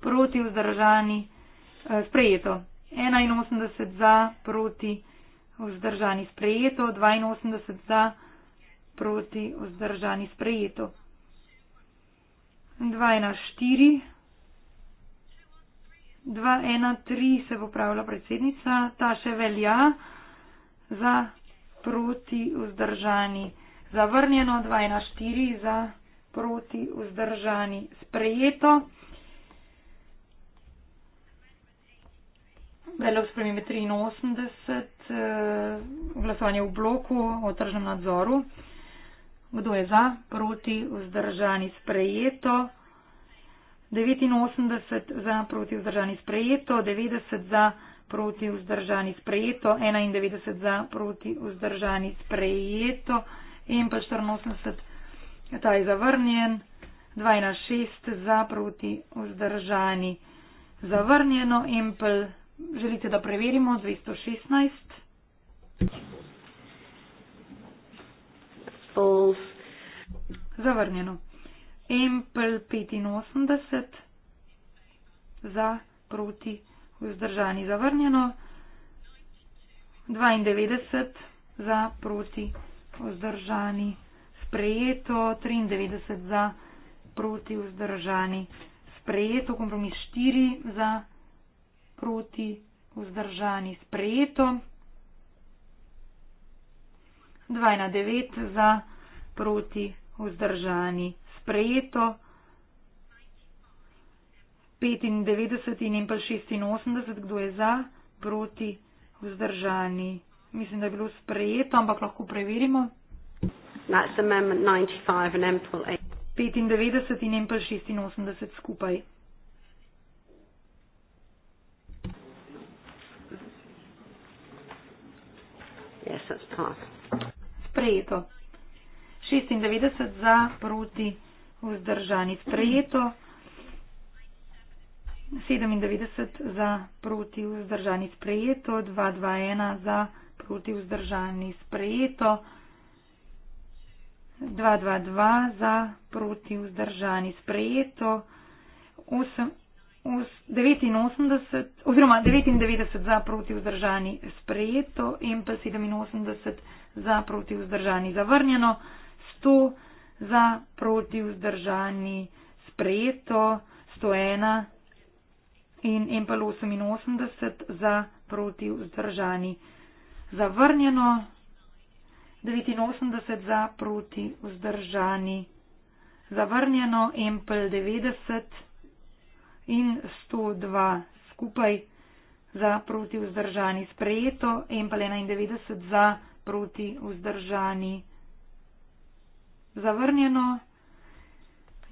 Proti vzdržani. Eh, sprejeto. 81 za, proti, vzdržani sprejeto, 82 za, proti, vzdržani sprejeto. 2 na 4, 2 na 3 se bo pravila predsednica, ta še velja za, proti, vzdržani zavrnjeno, 2 na 4 za, proti, vzdržani sprejeto. predlog spremembe 83, eh, glasovanje v bloku o tržnem nadzoru. Kdo je za, proti, vzdržani, sprejeto? 89 za, proti, vzdržani, sprejeto. 90 za, proti, vzdržani, sprejeto. 91 za, proti, vzdržani, sprejeto. In pa 84, ta je zavrnjen. 2 na 6 za, proti, vzdržani, zavrnjeno. Empel Želite, da preverimo 216? False. Zavrnjeno. Empel 85. Za, proti, vzdržani. Zavrnjeno. 92. Za, proti, vzdržani. Sprejeto. 93. Za, proti, vzdržani. Sprejeto. Kompromis 4. Za, proti, vzdržani proti, vzdržani, sprejeto. 2 na 9 za, proti, vzdržani, sprejeto. 95 in pa 86, kdo je za, proti, vzdržani. Mislim, da je bilo sprejeto, ampak lahko preverimo. 95 in pa 86 skupaj. Yes, that's passed. Sprejeto. 96 za, proti, vzdržani. Sprejeto. 97 za, proti, vzdržani. Sprejeto. 221 za, proti, vzdržani. Sprejeto. 222 za, proti, vzdržani. Sprejeto. 8, 89, oziroma 99 za proti vzdržani sprejeto in pa 87 za proti vzdržani zavrnjeno, 100 za proti vzdržani sprejeto, 101 in, in pa 88 za proti vzdržani zavrnjeno, 89 za proti vzdržani zavrnjeno in pa 90 za proti vzdržani in 102 skupaj za proti vzdržani sprejeto, MPL 91 za proti vzdržani zavrnjeno,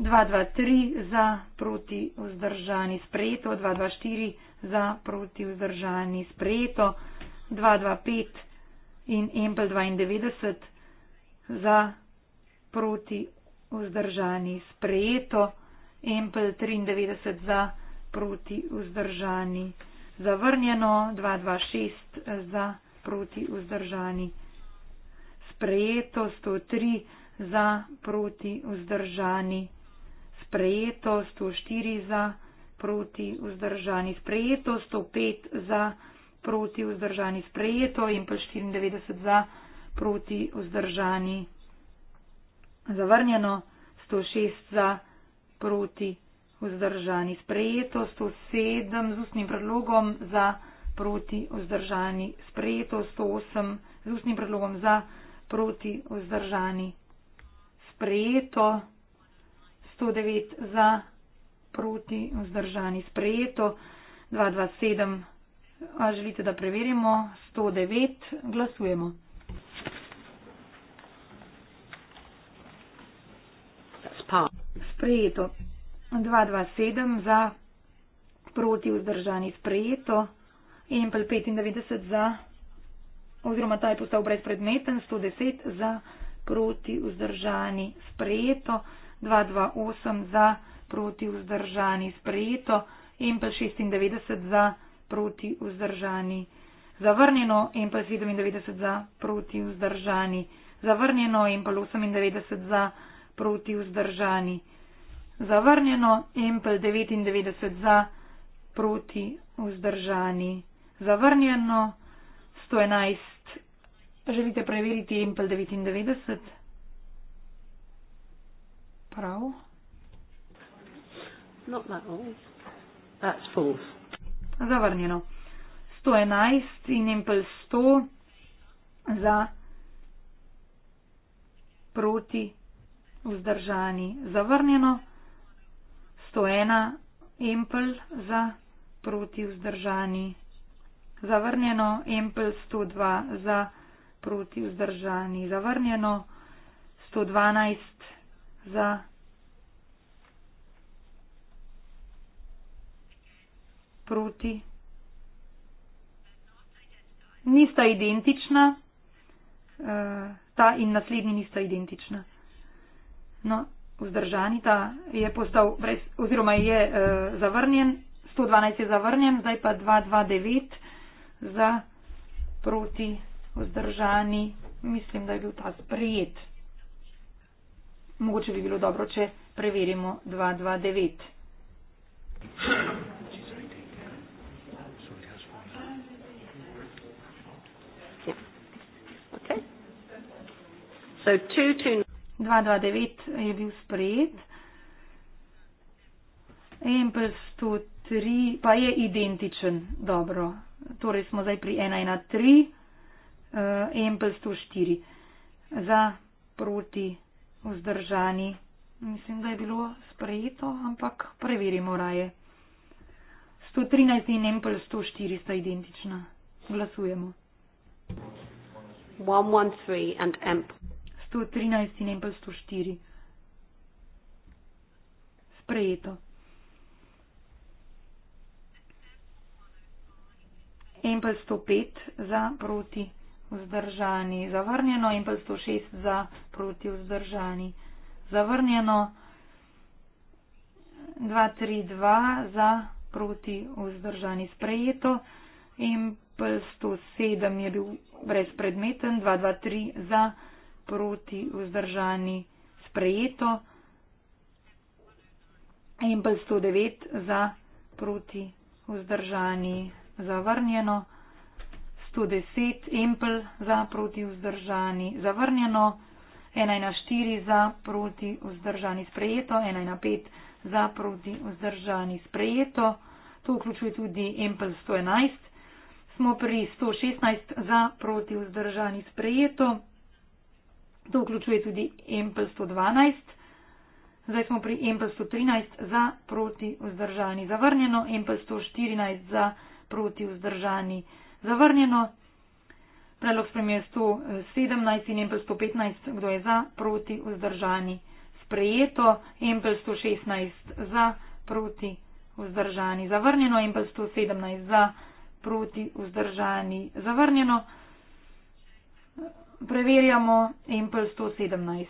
223 za proti vzdržani sprejeto, 224 za proti vzdržani sprejeto, 225 in MPL 92 za proti vzdržani sprejeto. Empel 93 za, proti vzdržani. Zavrnjeno 226 za, proti vzdržani. Sprejeto 103 za, proti vzdržani. Sprejeto 104 za, proti vzdržani. Sprejeto 105 za, proti vzdržani. Sprejeto Empel 94 za, proti vzdržani. Zavrnjeno 106 za, proti vzdržani proti vzdržani. Sprejeto 107 z ustnim predlogom za proti vzdržani. Sprejeto 108 z ustnim predlogom za proti vzdržani. Sprejeto 109 za proti vzdržani. Sprejeto 227. A želite, da preverimo? 109 glasujemo. sprejeto. 227 za, proti vzdržani sprejeto. Empel 95 za, oziroma ta je postal brezpredmeten, 110 za, proti vzdržani sprejeto. 228 za, proti vzdržani sprejeto. Empel 96 za, proti vzdržani zavrnjeno. Empel 97 za, proti vzdržani zavrnjeno. Empel 98 za, proti vzdržani zavrnjeno zavrnjeno, Empel 99 za, proti vzdržani, zavrnjeno, 111. Želite preveriti Empel 99? Prav. Not that old. That's false. Zavrnjeno. 111 in Empel 100 za, proti vzdržani, zavrnjeno. 101 empl za proti vzdržani. Zavrnjeno empl 102 za proti vzdržani. Zavrnjeno 112 za. Proti. Nista identična, uh, ta in naslednji nista identična. No, vzdržanita, je postal brez, oziroma je uh, zavrnjen, 112 je zavrnjen, zdaj pa 229 za proti vzdržani. Mislim, da je bil ta sprejet. Mogoče bi bilo dobro, če preverimo 229. So two two 229 je bil sprejet. Empel 103 pa je identičen. Dobro, torej smo zdaj pri 113, eh, Empel 104 za proti vzdržani. Mislim, da je bilo sprejeto, ampak preverimo raje. 113 in Empel 104 sta identična. Glasujemo. 113 and Empel. 113 in pa 104. Sprejeto. En pa 105 za proti vzdržani, zavrnjeno, en pa 106 za proti vzdržani, zavrnjeno, 232 za proti vzdržani, sprejeto, en pa 107 je bil brezpredmeten, 223 za proti, vzdržani, sprejeto. Empel 109 za, proti, vzdržani, zavrnjeno. 110 Empel za, proti, vzdržani, zavrnjeno. 1 na 4 za, proti, vzdržani, sprejeto. 1 na 5 za, proti, vzdržani, sprejeto. To vključuje tudi Empel 111. Smo pri 116 za, proti, vzdržani, sprejeto. To vključuje tudi Empel 112. Zdaj smo pri Empel 113 za proti vzdržani zavrnjeno, Empel 114 za proti vzdržani zavrnjeno. Predlog spremije 117 in Empel 115, kdo je za proti vzdržani sprejeto, Empel 116 za proti vzdržani zavrnjeno, Empel 117 za proti vzdržani zavrnjeno preverjamo Impel 117.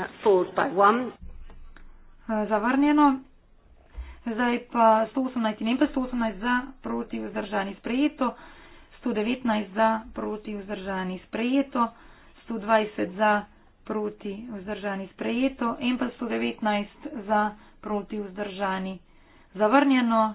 Uh, uh, zavrnjeno. Zdaj pa 118 in Impel 118 za proti vzdržani sprejeto, 119 za proti vzdržani sprejeto, 120 za proti vzdržani sprejeto, Impel 119 za proti vzdržani. Zavrnjeno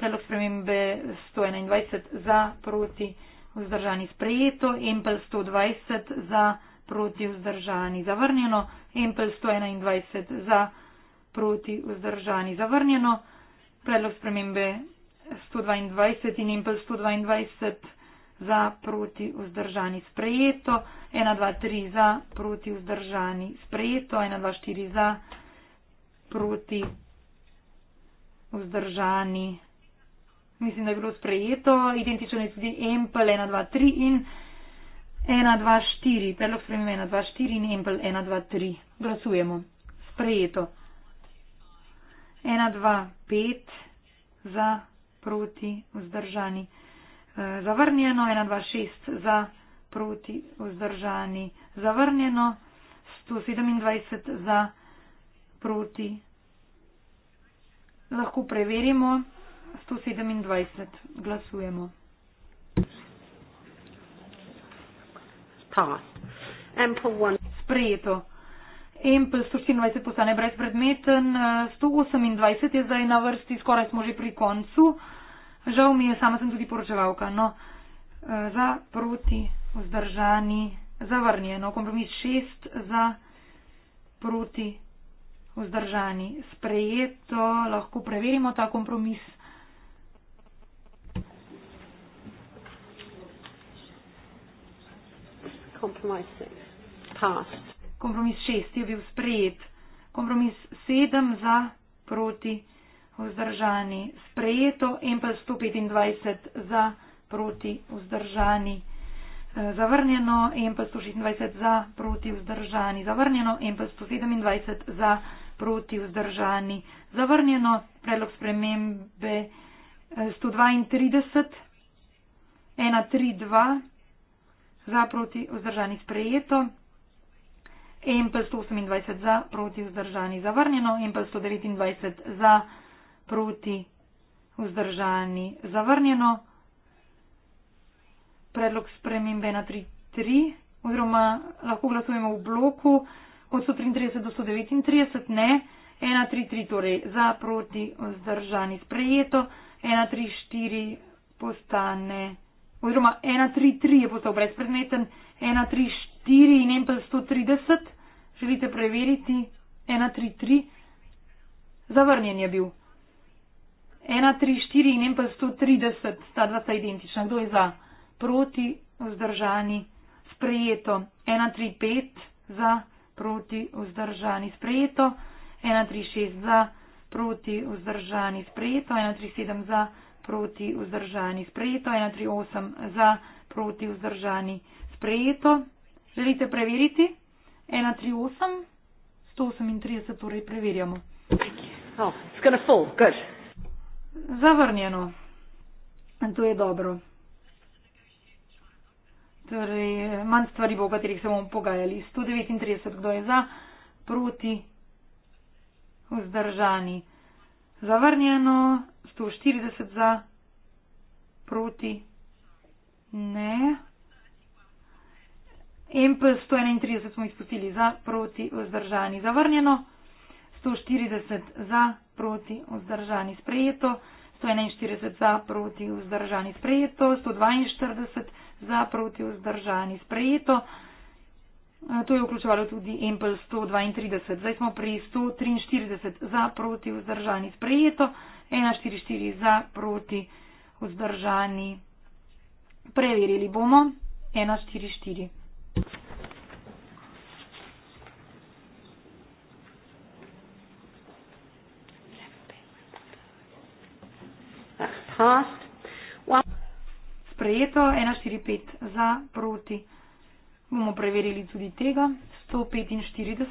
predlog spremembe 121 za proti vzdržani sprejeto, empel 120 za proti vzdržani zavrnjeno, empel 121 za proti vzdržani zavrnjeno, predlog spremembe 122 in empel 122 za proti vzdržani sprejeto, 1, 2, 3 za proti vzdržani sprejeto, 1, 2, 4 za proti vzdržani sprejeto mislim, da je bilo sprejeto, identično je tudi Empel 1, 2, 3 in 1, 2, 4. Predlog spremembe 1, 2, 4 in Empel 1, 2, 3. Glasujemo. Sprejeto. 1, 2, 5 za, proti, vzdržani. Zavrnjeno. 1, 2, 6 za, proti, vzdržani. Zavrnjeno. 127 za, proti. Lahko preverimo, 127. Glasujemo. Sprejeto. Empel 124 postane brezpredmeten, 128 je zdaj na vrsti, skoraj smo že pri koncu. Žal mi je, sama sem tudi poročevalka. No, eh, za, proti, vzdržani, zavrnjeno. Kompromis 6 za, proti, vzdržani. Sprejeto, lahko preverimo ta kompromis. Kompromis šesti je bil sprejet. Kompromis sedem za, proti, vzdržani, sprejeto. En pa 125 za, proti, vzdržani, zavrnjeno. En pa 126 za, proti, vzdržani, zavrnjeno. En pa 127 za, proti, vzdržani, zavrnjeno. Predlog spremembe 132, eh, 132 za proti vzdržanih sprejeto, MP128 za proti vzdržanih zavrnjeno, MP129 za proti vzdržanih zavrnjeno. Predlog spremembe na 3.3 oziroma lahko glasujemo v bloku od 133 do 139 ne. 1.3.3 torej za proti vzdržanih sprejeto, 1.3.4 postane oziroma 1.3.3 je postal brezpredmeten, 1.3.4 in NPL 130, želite preveriti, 1.3.3, zavrnjen je bil. 1.3.4 in NPL 130, ta dva sta identična, kdo je za? Proti, vzdržani, sprejeto. 1.3.5 za, proti, vzdržani, sprejeto. 1.3.6 za, proti, vzdržani, sprejeto. 1.3.7 za, proti vzdržani. Sprejeto 138 za proti vzdržani. Sprejeto. Želite preveriti? 138. 138 torej preverjamo. Oh, Zavrnjeno. To je dobro. Torej, manj stvari bo, o katerih se bomo pogajali. 139, kdo je za, proti, vzdržani. Zavrnjeno, 140 za, proti, ne. MP 131 smo izpustili za, proti, vzdržani. Zavrnjeno, 140 za, proti, vzdržani. Sprejeto, 141 za, proti, vzdržani. Sprejeto, 142 za, proti, vzdržani. Sprejeto, 142 za, proti, vzdržani. Sprejeto. To je vključevalo tudi Empel 132. Zdaj smo pri 143 za, proti, vzdržani, sprejeto, 144 za, proti, vzdržani. Preverili bomo 144. Sprejeto 145 za proti. Bomo preverili tudi tega. 145.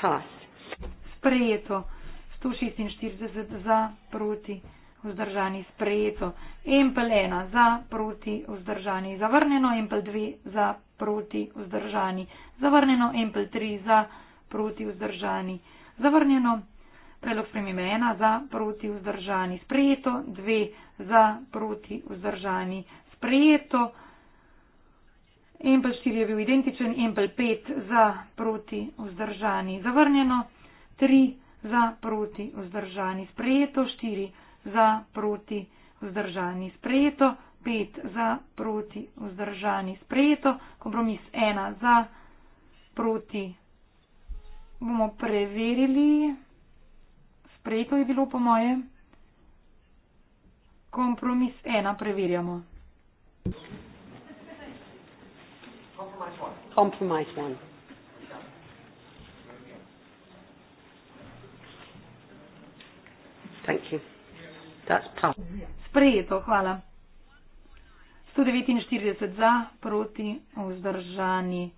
Pas. Sprejeto. 146 za, proti, vzdržani, sprejeto. Empel 1 za, proti, vzdržani, zavrnjeno. Empel 2 za, proti, vzdržani, zavrnjeno. Empel 3 za, proti, vzdržani, zavrnjeno predlog spremembe ena za proti vzdržani sprejeto, dve za proti vzdržani sprejeto, empel štiri je bil identičen, empel pet za proti vzdržani zavrnjeno, tri za proti vzdržani sprejeto, štiri za proti vzdržani sprejeto, pet za proti vzdržani sprejeto, kompromis ena za proti. Bomo preverili sprejeto je bilo po moje. Kompromis ena preverjamo. Kompromis ena. Sprejeto, hvala. 149 za, proti, vzdržani.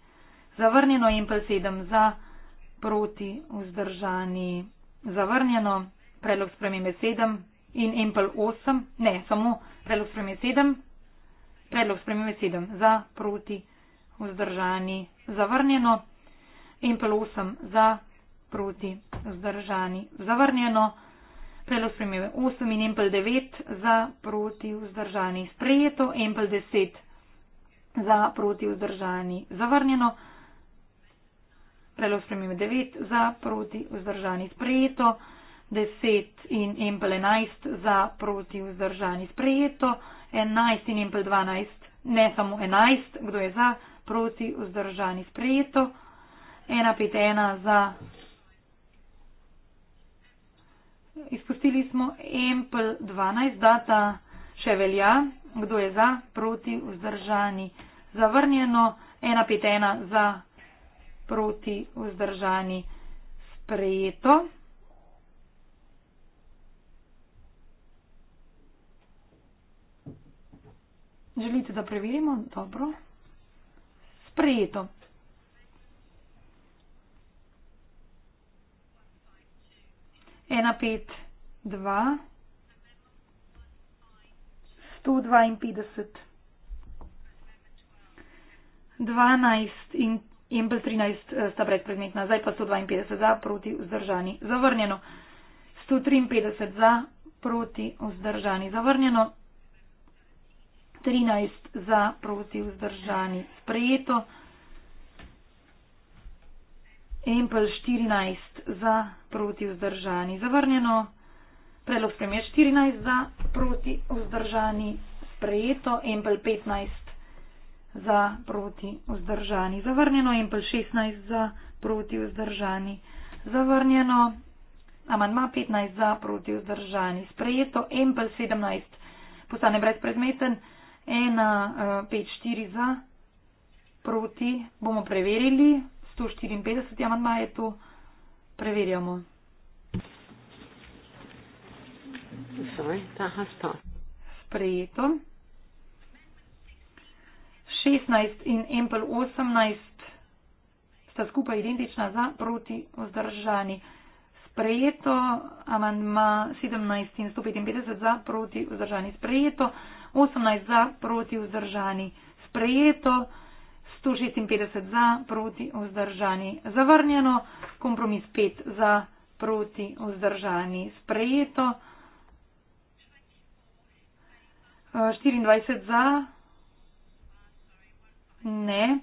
Zavrnjeno in pa 7 za, proti, vzdržani zavrnjeno, predlog spremembe 7 in Empel 8, ne, samo predlog spremembe 7, predlog spremembe 7 za, proti, vzdržani, zavrnjeno, Empel 8 za, proti, vzdržani, zavrnjeno, predlog spremembe 8 in Empel 9 za, proti, vzdržani, sprejeto, Empel 10 za, proti, vzdržani, zavrnjeno, Prelo spremim 9 za, proti, vzdržani, sprejeto. 10 in empel 11 za, proti, vzdržani, sprejeto. 11 in empel 12, ne samo 11, kdo je za, proti, vzdržani, sprejeto. 151 za. Izpustili smo empel 12, data še velja, kdo je za, proti, vzdržani, zavrnjeno. 151 za proti vzdržani sprejeto. Želite, da preverimo? Dobro. Sprejeto. Ena pet, dva, sto dvainpetdeset, dvanajst in in plus 13 eh, sta brezpredmetna, zdaj pa 152 za, proti vzdržani, zavrnjeno. 153 za, proti vzdržani, zavrnjeno. 13 za, proti vzdržani, sprejeto. Empel 14 za, proti vzdržani, zavrnjeno. Predlog spremje 14 za, proti vzdržani, sprejeto. Empel 15 za proti vzdržani. Zavrnjeno in pa 16 za proti vzdržani. Zavrnjeno. Amandma 15 za proti vzdržani. Sprejeto in pa 17 postane brezpredmeten. 1, 5, 4 za proti. Bomo preverili. 154 amandma je tu. Preverjamo. Sorry, Sprejeto. 16 in Empel 18 sta skupaj identična za proti vzdržani. Sprejeto, amandma 17 in 155 za proti vzdržani. Sprejeto, 18 za proti vzdržani. Sprejeto, 156 za proti vzdržani. Zavrnjeno, kompromis 5 za proti vzdržani. Sprejeto, 24 za. Ne.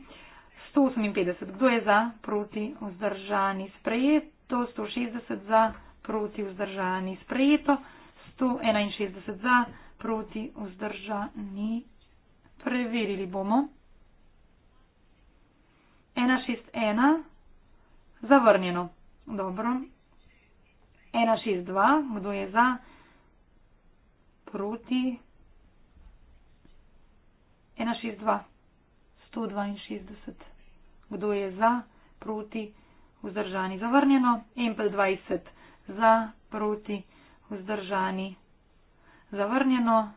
158. Kdo je za? Proti vzdržani. Sprejeto. 160 za. Proti vzdržani. Sprejeto. 161 za. Proti vzdržani. Preverili bomo. 161. Zavrnjeno. Dobro. 162. Kdo je za? Proti. 162. 162. Kdo je za, proti, vzdržani, zavrnjeno? Empel 20. Za, proti, vzdržani, zavrnjeno.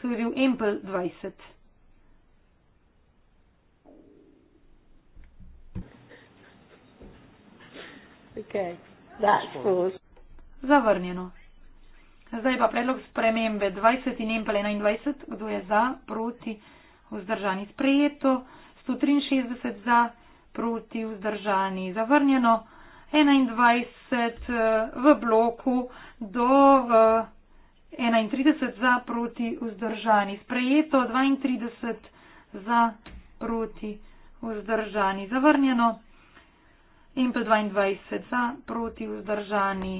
To je bil Empel 20. Okay. Zavrnjeno. Zdaj pa predlog spremembe 20 in empel 21. Kdo je za, proti, vzdržani? Sprejeto. 163 za, proti, vzdržani. Zavrnjeno. 21 eh, v bloku do 31 eh, za, proti, vzdržani. Sprejeto. 32 za, proti, vzdržani. Zavrnjeno. Empel 22 za, proti, vzdržani.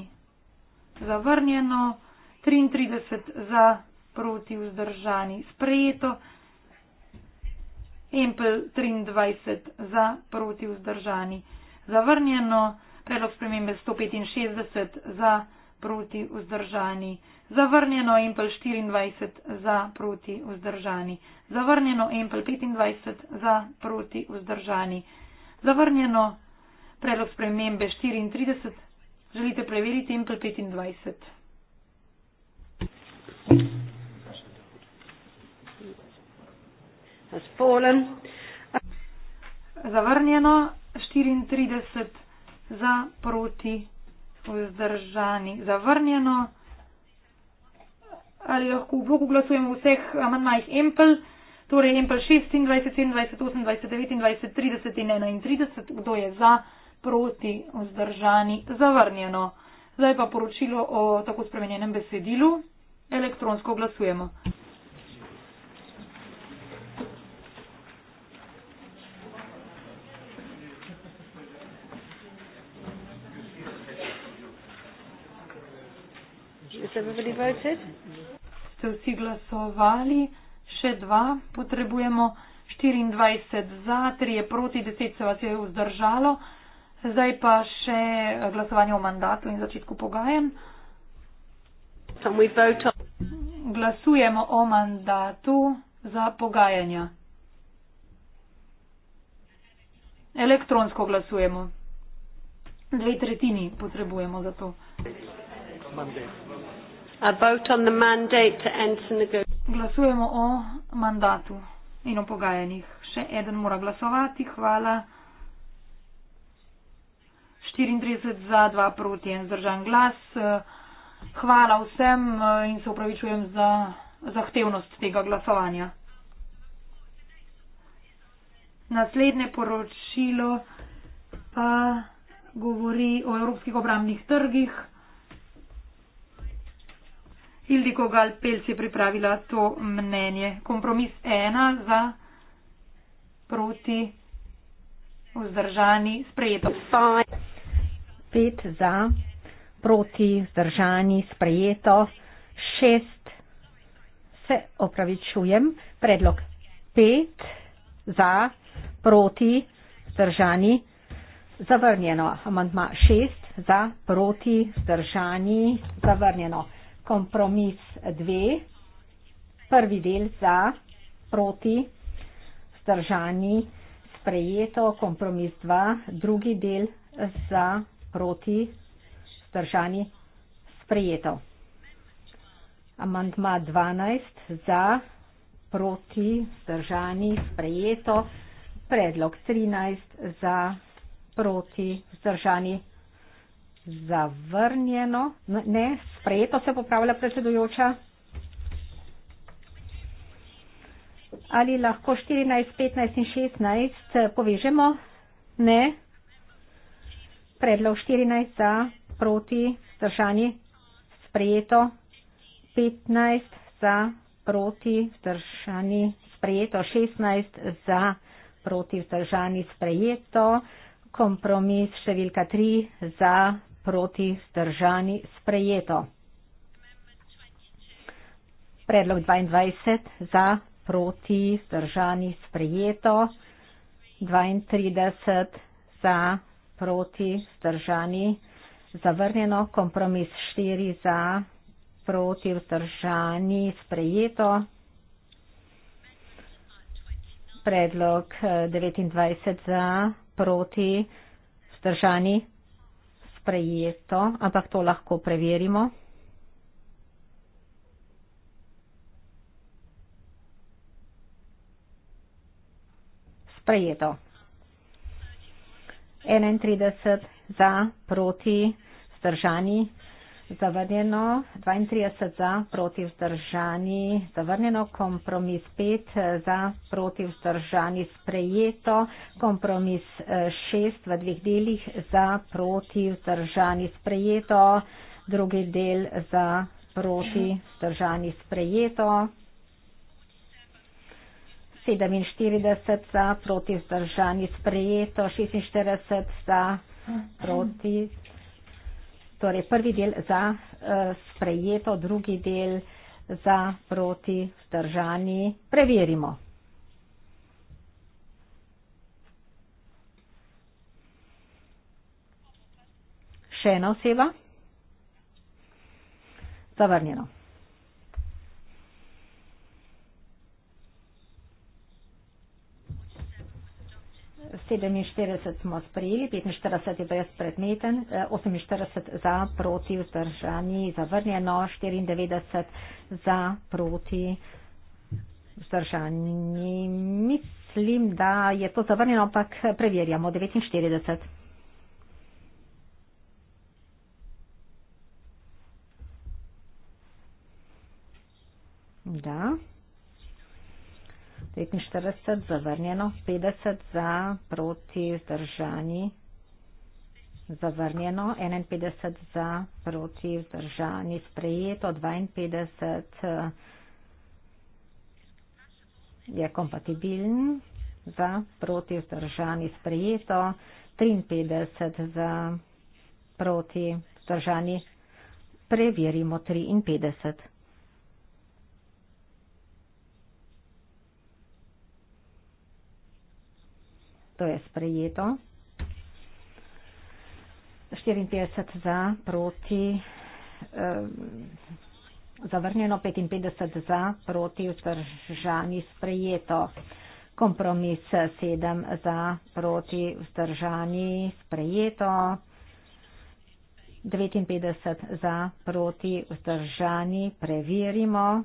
Zavrnjeno. 33 za proti vzdržani sprejeto, Empel 23 za proti vzdržani zavrnjeno, predlog spremembe 165 za proti vzdržani zavrnjeno, Empel 24 za proti vzdržani zavrnjeno, Empel 25 za proti vzdržani zavrnjeno, predlog spremembe 34 želite preveriti Empel 25. Has fallen. Zavrnjeno 34 za proti vzdržani. Zavrnjeno. Ali lahko v bloku glasujemo v vseh amandmajih Empel, torej Empel 26, 27, 28, 29, 30 in 31, kdo je za, proti, vzdržani, zavrnjeno. Zdaj pa poročilo o tako spremenjenem besedilu elektronsko glasujemo. Ste vsi glasovali? Še dva potrebujemo. 24 za, 3 je proti, 10 se vas je vzdržalo. Zdaj pa še glasovanje o mandatu in začetku pogajanj. Can we vote on? glasujemo o mandatu za pogajanja. Elektronsko glasujemo. Dve tretjini potrebujemo za to. Glasujemo o mandatu in o pogajanjih. Še eden mora glasovati. Hvala. 34 za, 2 proti, en zdržan glas. Uh, Hvala vsem eh, in se upravičujem za zahtevnost tega glasovanja. Naslednje poročilo pa govori o evropskih obramnih trgih. Ildiko Galpelc je pripravila to mnenje. Kompromis ena za proti vzdržani sprejeto. Pet za proti, zdržani, sprejeto, šest, se opravičujem, predlog pet, za, proti, zdržani, zavrnjeno. Amantma šest, za, proti, zdržani, zavrnjeno. Kompromis dve, prvi del za, proti, zdržani, sprejeto. Kompromis dva, drugi del za, proti, zdržani vzdržani. Sprejeto. Amantma 12 za, proti, vzdržani, sprejeto. Predlog 13 za, proti, vzdržani, zavrnjeno. Ne, sprejeto se popravlja predsedujoča. Ali lahko 14, 15 in 16 povežemo? Ne. Predlog 14 za, proti, vzdržani, sprejeto, 15 za, proti, vzdržani, sprejeto, 16 za, proti, vzdržani, sprejeto, kompromis številka 3 za, proti, vzdržani, sprejeto. Predlog 22 za, proti, vzdržani, sprejeto, 32 za, proti, vzdržani, sprejeto zavrnjeno, kompromis 4 za, proti vzdržani, sprejeto. Predlog 29 eh, za, proti vzdržani, sprejeto, ampak to lahko preverimo. Sprejeto. 31 za, proti, vzdržani, zavrnjeno, 32 za, proti, vzdržani, zavrnjeno, kompromis 5 za, proti, vzdržani, sprejeto, kompromis 6 eh, v dveh delih za, proti, vzdržani, sprejeto, drugi del za, proti, vzdržani, sprejeto. 47 za, proti vzdržani, sprejeto, 46 za, proti. Torej, prvi del za eh, sprejeto, drugi del za proti vzdržani. Preverimo. Še ena oseba? Zavrnjeno. 47 smo sprejeli, 45 je brezpredmeten, 48 eh, za, proti, vzdržani, zavrnjeno, 94 za, proti, vzdržani. Mislim, da je to zavrnjeno, ampak preverjamo, 49. Da. 45 zavrnjeno, 50 za proti vzdržani, zavrnjeno, 51 za proti vzdržani, sprejeto, 52 je kompatibiln za proti vzdržani, sprejeto, 53 za proti vzdržani, preverimo 53. To je sprejeto. 54 za, proti, eh, zavrnjeno 55 za, proti, vzdržani sprejeto. Kompromis 7 eh, za, proti, vzdržani sprejeto. 59 za, proti, vzdržani preverimo.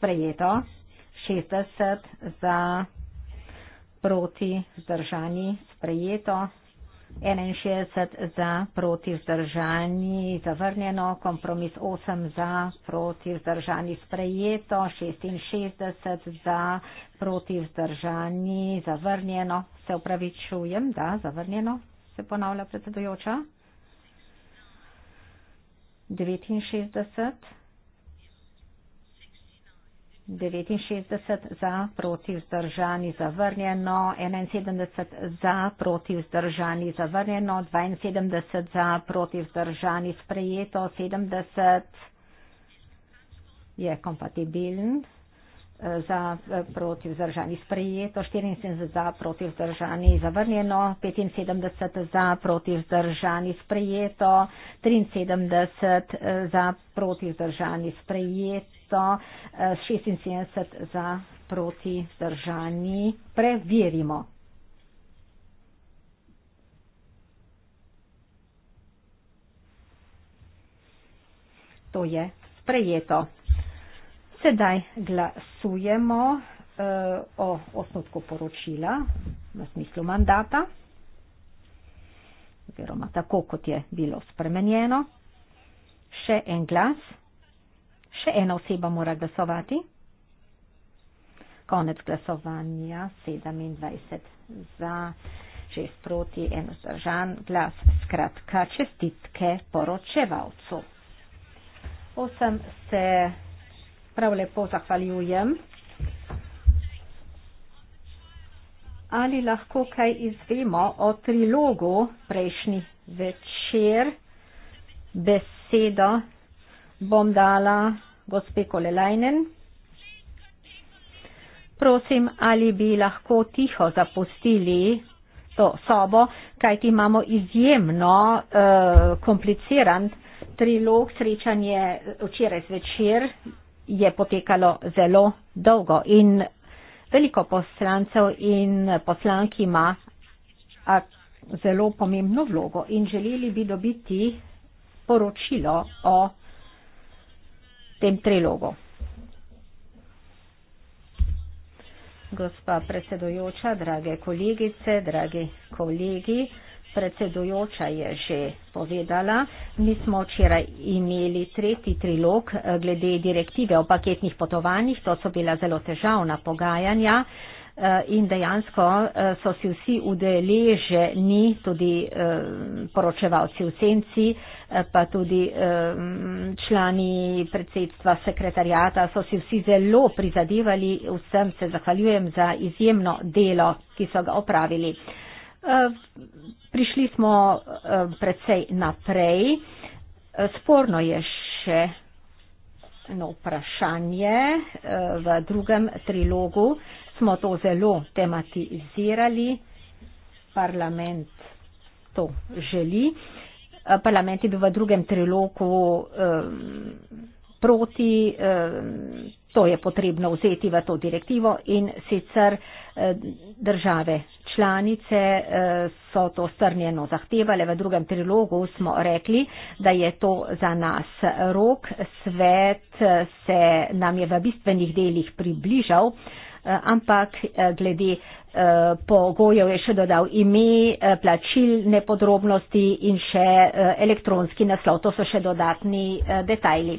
sprejeto, 60 za, proti vzdržani, sprejeto, 61 za, proti vzdržani, zavrnjeno, kompromis 8 za, proti vzdržani, sprejeto, 66 za, proti vzdržani, zavrnjeno, se upravičujem, da, zavrnjeno, se ponavlja predsedujoča. 69. 69 za, proti vzdržani zavrnjeno, 71 za, proti vzdržani zavrnjeno, 72 za, proti vzdržani sprejeto, 70 je kompatibilen za proti vzdržani sprejeto, 74 za proti vzdržani zavrnjeno, 75 za proti vzdržani sprejeto, 73 eh, za proti vzdržani sprejeto, 76 eh, za proti vzdržani preverimo. To je sprejeto. Sedaj glasujemo uh, o osnutku poročila v smislu mandata, oziroma tako, kot je bilo spremenjeno. Še en glas, še ena oseba mora glasovati. Konec glasovanja 27 za, 6 proti, 1 zdržan glas. Skratka, čestitke poročevalcu. Osem se prav lepo zahvaljujem. Ali lahko kaj izvemo o trilogu prejšnji večer? Besedo bom dala gospe Kolelajnen. Prosim, ali bi lahko tiho zapustili to sobo, kajti imamo izjemno uh, kompliciran trilog, srečanje eh, včeraj zvečer, je potekalo zelo dolgo in veliko poslancev in poslank ima zelo pomembno vlogo in želeli bi dobiti poročilo o tem trilogu. Gospa predsedujoča, drage kolegice, dragi kolegi, Predsedujoča je že povedala, mi smo včeraj imeli tretji trilog eh, glede direktive o paketnih potovanjih, to so bila zelo težavna pogajanja eh, in dejansko eh, so si vsi udeleženi, tudi poročevalci v senci, pa tudi člani predsedstva sekretarjata, so si vsi zelo prizadevali, vsem se zahvaljujem za izjemno delo, ki so ga opravili. Eh, prišli smo eh, precej naprej. Eh, sporno je še eno vprašanje. V drugem trilogu smo to zelo tematizirali. Parlament to želi. Parlament je bil v drugem trilogu. Um, proti, eh, to je potrebno vzeti v to direktivo in sicer eh, države članice eh, so to strnjeno zahtevale. V drugem trilogu smo rekli, da je to za nas rok, svet se nam je v bistvenih delih približal, ampak glede pogojev je še dodal ime, plačilne podrobnosti in še elektronski naslov. To so še dodatni detajli.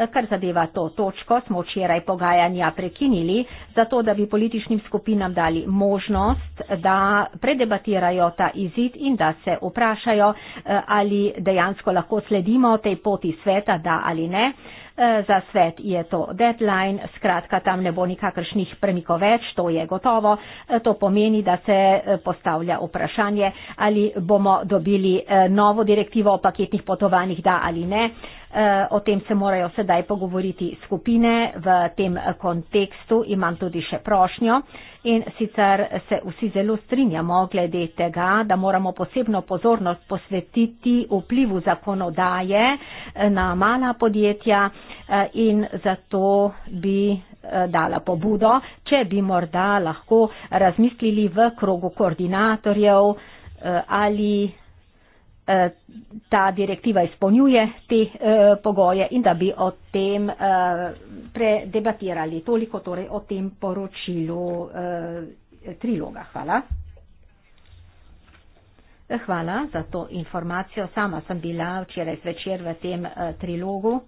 Eh, kar zadeva to točko, smo včeraj pogajanja prekinili, zato da bi političnim skupinam dali možnost, da predebatirajo ta izid in da se vprašajo, eh, ali dejansko lahko sledimo tej poti sveta, da ali ne. Eh, za svet je to deadline, skratka tam ne bo nikakršnih premikov več, to je gotovo. To pomeni, da se postavlja vprašanje, ali bomo dobili novo direktivo o paketnih potovanjih, da ali ne. Eh, o tem se morajo sedaj pogovoriti skupine, v tem kontekstu imam tudi še prošnjo in sicer se vsi zelo strinjamo glede tega, da moramo posebno pozornost posvetiti vplivu zakonodaje eh, na mala podjetja eh, in zato bi dala pobudo, če bi morda lahko razmislili v krogu koordinatorjev ali Eh, ta direktiva izpolnjuje te eh, pogoje in da bi o tem eh, predebatirali. Toliko torej o tem poročilu triloga. Hvala. Hvala za to informacijo. Sama sem bila včeraj zvečer v tem trilogu.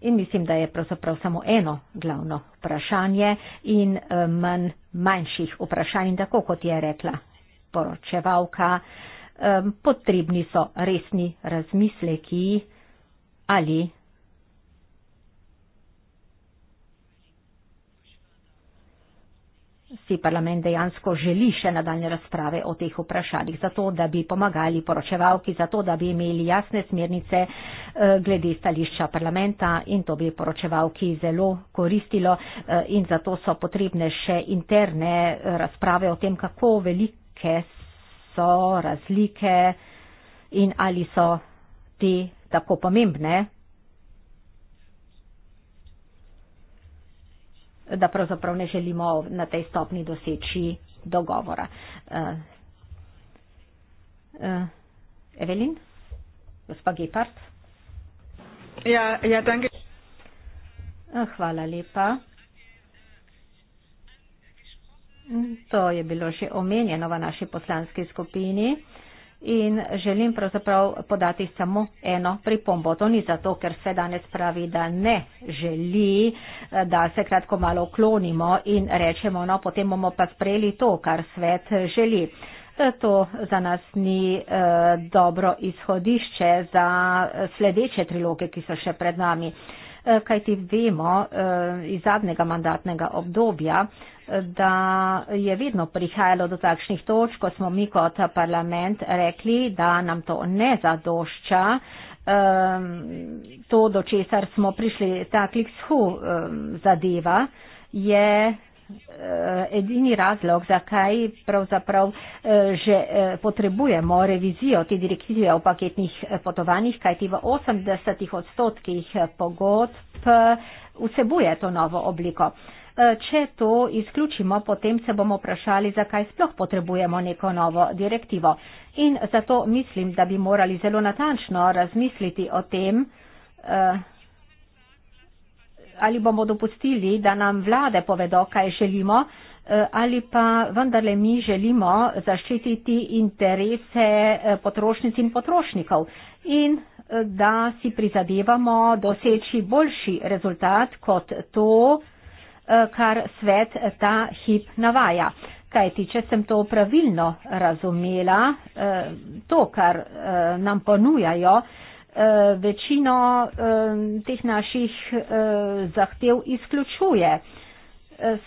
In mislim, da je pravzaprav samo eno glavno vprašanje in manj, manjših vprašanj, tako kot je rekla poročevalka. Potrebni so resni razmisleki ali si parlament dejansko želi še nadaljne razprave o teh vprašanjih, zato da bi pomagali poročevalki, zato da bi imeli jasne smernice eh, glede stališča parlamenta in to bi poročevalki zelo koristilo eh, in zato so potrebne še interne eh, razprave o tem, kako veliko kakšne so razlike in ali so te tako pomembne, da pravzaprav ne želimo na tej stopni doseči dogovora. Eh, eh, Evelin, gospa Gepard. Ja, ja, danke. Eh, hvala lepa. To je bilo že omenjeno v naši poslanski skupini in želim pravzaprav podati samo eno pripombo. To ni zato, ker se danes pravi, da ne želi, da se kratko malo klonimo in rečemo, no potem bomo pa sprejeli to, kar svet želi. To za nas ni eh, dobro izhodišče za sledeče triloge, ki so še pred nami. Eh, Eh, kajti vemo eh, iz zadnjega mandatnega obdobja, eh, da je vedno prihajalo do takšnih točk, ko smo mi kot parlament rekli, da nam to ne zadošča ehm, to, do česar smo prišli, ta klikshu ehm, zadeva je Eh, edini razlog, zakaj pravzaprav eh, že eh, potrebujemo revizijo te direktive o paketnih potovanjih, kajti v 80 odstotkih pogodb vsebuje to novo obliko. Če to izključimo, potem se bomo vprašali, zakaj sploh potrebujemo neko novo direktivo. In zato mislim, da bi morali zelo natančno razmisliti o tem, ali bomo dopustili, da nam vlade povedo, kaj želimo, eh, ali pa vendarle mi želimo zaščititi interese eh, potrošnic in potrošnikov in eh, da si prizadevamo doseči boljši rezultat kot to, kar svet ta hip navaja. Kaj ti, če sem to pravilno razumela, to, kar nam ponujajo, Eh, večino eh, teh naših eh, zahtev izključuje.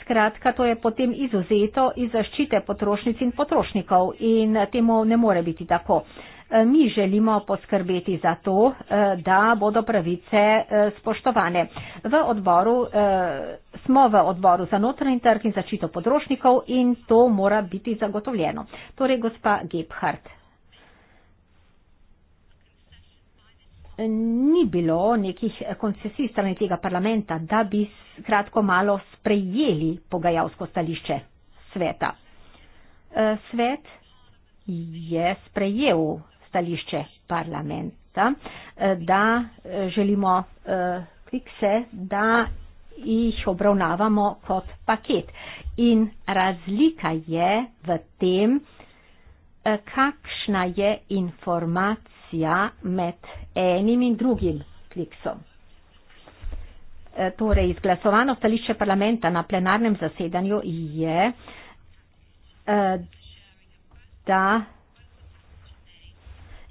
Skratka, to je potem izuzeto iz zaščite potrošnic in potrošnikov in temu ne more biti tako. Mi želimo poskrbeti za to, da bodo pravice spoštovane. V odboru, smo v odboru za notranji trg in zaščito potrošnikov in to mora biti zagotovljeno. Torej, gospa Gebhardt. ni bilo nekih koncesij strani tega parlamenta, da bi kratko malo sprejeli pogajalsko stališče sveta. Eh, svet je sprejel stališče parlamenta, eh, da eh, želimo klikse, da jih obravnavamo kot paket. In razlika je v tem, kakšna je informacija, tja med enim in drugim kliksom. E, torej, izglasovano stališče parlamenta na plenarnem zasedanju je, e, da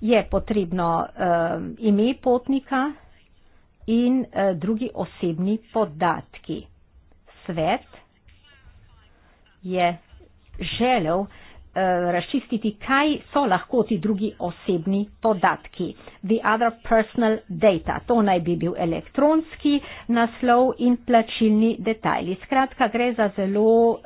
je potrebno e, ime potnika in e, drugi osebni podatki. Svet je želel, Eh, razčistiti, kaj so lahko ti drugi osebni podatki. The other personal data. To naj bi bil elektronski naslov in plačilni detajli. Skratka, gre za zelo uh,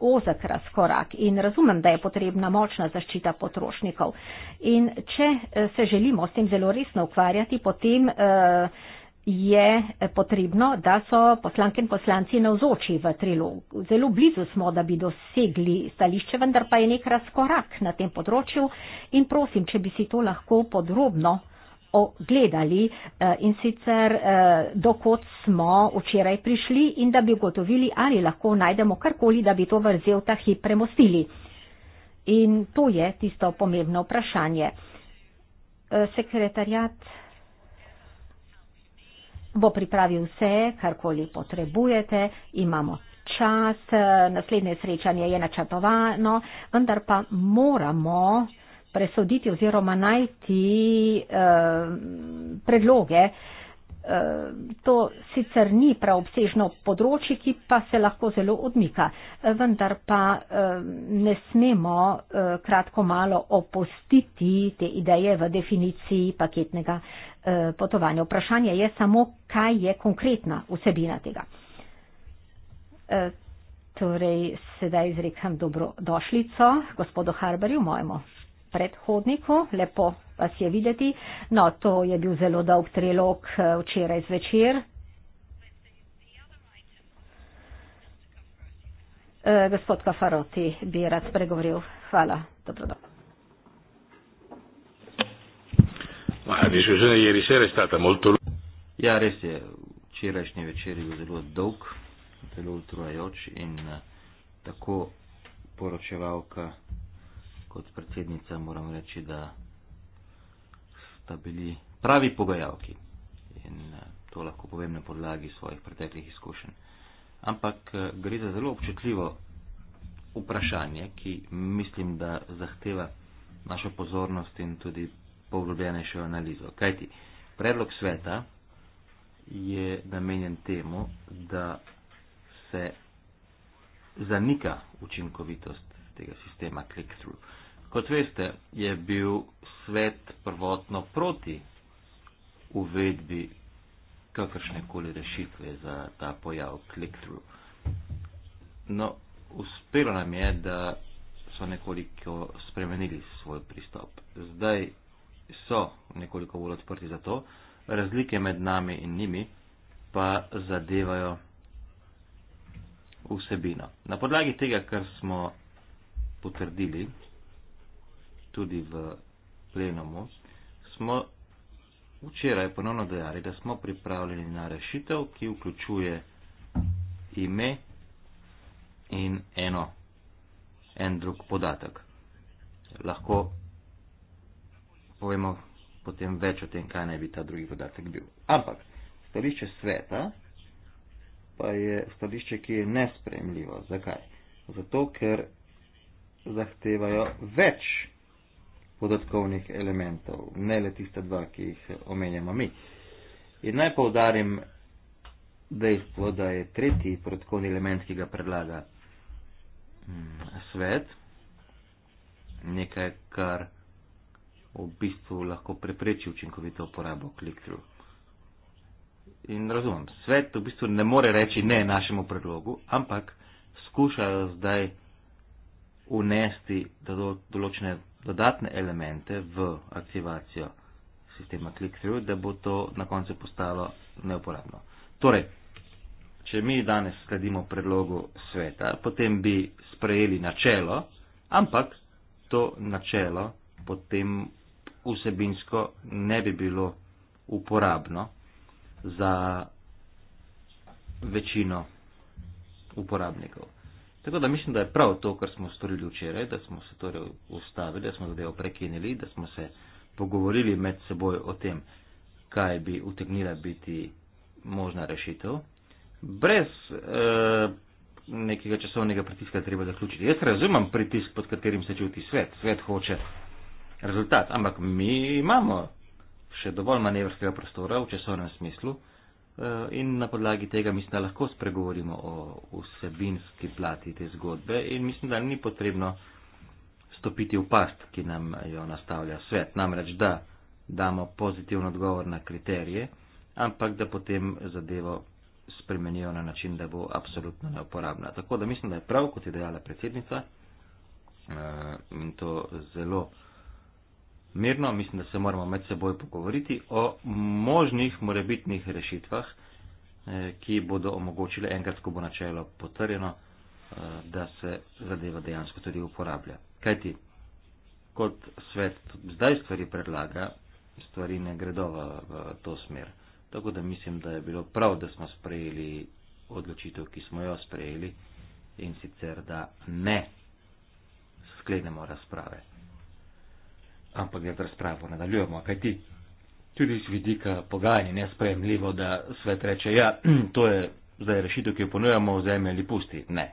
ozek razkorak in razumem, da je potrebna močna zaščita potrošnikov. In če uh, se želimo s tem zelo resno ukvarjati, potem. Uh, je eh, potrebno, da so poslanke in poslanci navzoči v trilogu. Zelo blizu smo, da bi dosegli stališče, vendar pa je nek razkorak na tem področju in prosim, če bi si to lahko podrobno ogledali eh, in sicer eh, dokot smo včeraj prišli in da bi ugotovili, ali lahko najdemo karkoli, da bi to vrzel ta hip premostili. In to je tisto pomembno vprašanje. Sekretarjat bo pripravil vse, karkoli potrebujete, imamo čas, naslednje srečanje je načrtovano, vendar pa moramo presoditi oziroma najti eh, predloge, eh, Eh, to sicer ni prav obsežno področje, ki pa se lahko zelo odmika, eh, vendar pa eh, ne smemo kratko malo opustiti te ideje v definiciji paketnega potovanja. Vprašanje je samo, kaj je konkretna vsebina tega. Torej, sedaj izrekam dobrodošlico gospodu Harberju, mojemu predhodniku. Lepo vas je videti. No, to je bil zelo dolg trilog eh, včeraj zvečer. Eh, gospod Kafaroti bi rad spregovoril. Hvala. Dobrodošli. Ja, res je, včerajšnji večer je bil zelo dolg, zelo utrujajoč in eh, tako poročevalka kot predsednica moram reči, da sta bili pravi pogajalki in eh, to lahko povem na podlagi svojih preteklih izkušenj. Ampak eh, gre za zelo občutljivo vprašanje, ki mislim, da zahteva našo pozornost in tudi poglobljenejšo analizo. Kajti, predlog sveta je namenjen temu, da se zanika učinkovitost tega sistema click-through. Kot veste, je bil svet prvotno proti uvedbi kakršnekoli rešitve za ta pojav click-through. No, uspelo nam je, da so nekoliko spremenili svoj pristop. Zdaj so nekoliko bolj odprti za to, razlike med nami in njimi pa zadevajo vsebino. Na podlagi tega, kar smo potrdili tudi v plenumu, smo včeraj ponovno dejali, da smo pripravljeni na rešitev, ki vključuje ime in eno, en drug podatek. Lahko povemo potem več o tem, kaj naj bi ta drugi podatek bil. Ampak stališče sveta pa je stališče, ki je nespremljivo. Zakaj? Zato, ker zahtevajo več podatkovnih elementov, ne le tiste dva, ki jih omenjamo mi. In naj povdarim dejstvo, da je tretji podatkovni element, ki ga predlaga mm, svet, nekaj, kar v bistvu lahko prepreči učinkovito uporabo click-through. In razumem, svet v bistvu ne more reči ne našemu predlogu, ampak skušajo zdaj unesti določene dodatne elemente v aktivacijo sistema click-through, da bo to na koncu postalo neuporabno. Torej, če mi danes sledimo predlogu sveta, potem bi sprejeli načelo, ampak to načelo potem vsebinsko ne bi bilo uporabno za večino uporabnikov. Tako da mislim, da je prav to, kar smo storili včeraj, da smo se torej ustavili, da smo zadevo prekinili, da smo se pogovorili med seboj o tem, kaj bi utegnila biti možna rešitev. Brez e, nekega časovnega pritiska je treba zaključiti. Jaz razumem pritisk, pod katerim se čuti svet. Svet hoče rezultat, ampak mi imamo še dovolj manevrskega prostora v časovnem smislu. Eh, in na podlagi tega mislim, da lahko spregovorimo o vsebinski plati te zgodbe in mislim, da ni potrebno stopiti v past, ki nam jo nastavlja svet. Namreč, da damo pozitivno odgovor na kriterije, ampak da potem zadevo spremenijo na način, da bo absolutno neuporabna. Tako da mislim, da je prav, kot je dejala predsednica, eh, in to zelo mirno, mislim, da se moramo med seboj pogovoriti o možnih morebitnih rešitvah, eh, ki bodo omogočile enkrat, ko bo načelo potrjeno, eh, da se zadeva dejansko tudi uporablja. Kajti, kot svet zdaj stvari predlaga, stvari ne gredo v to smer. Tako da mislim, da je bilo prav, da smo sprejeli odločitev, ki smo jo sprejeli in sicer, da ne sklenemo razprave ampak da razpravo nadaljujemo, kaj ti. Tudi iz vidika pogajanja je nesprejemljivo, da svet reče, ja, to je zdaj rešitev, ki jo ponujamo, vzemi ali pusti. Ne,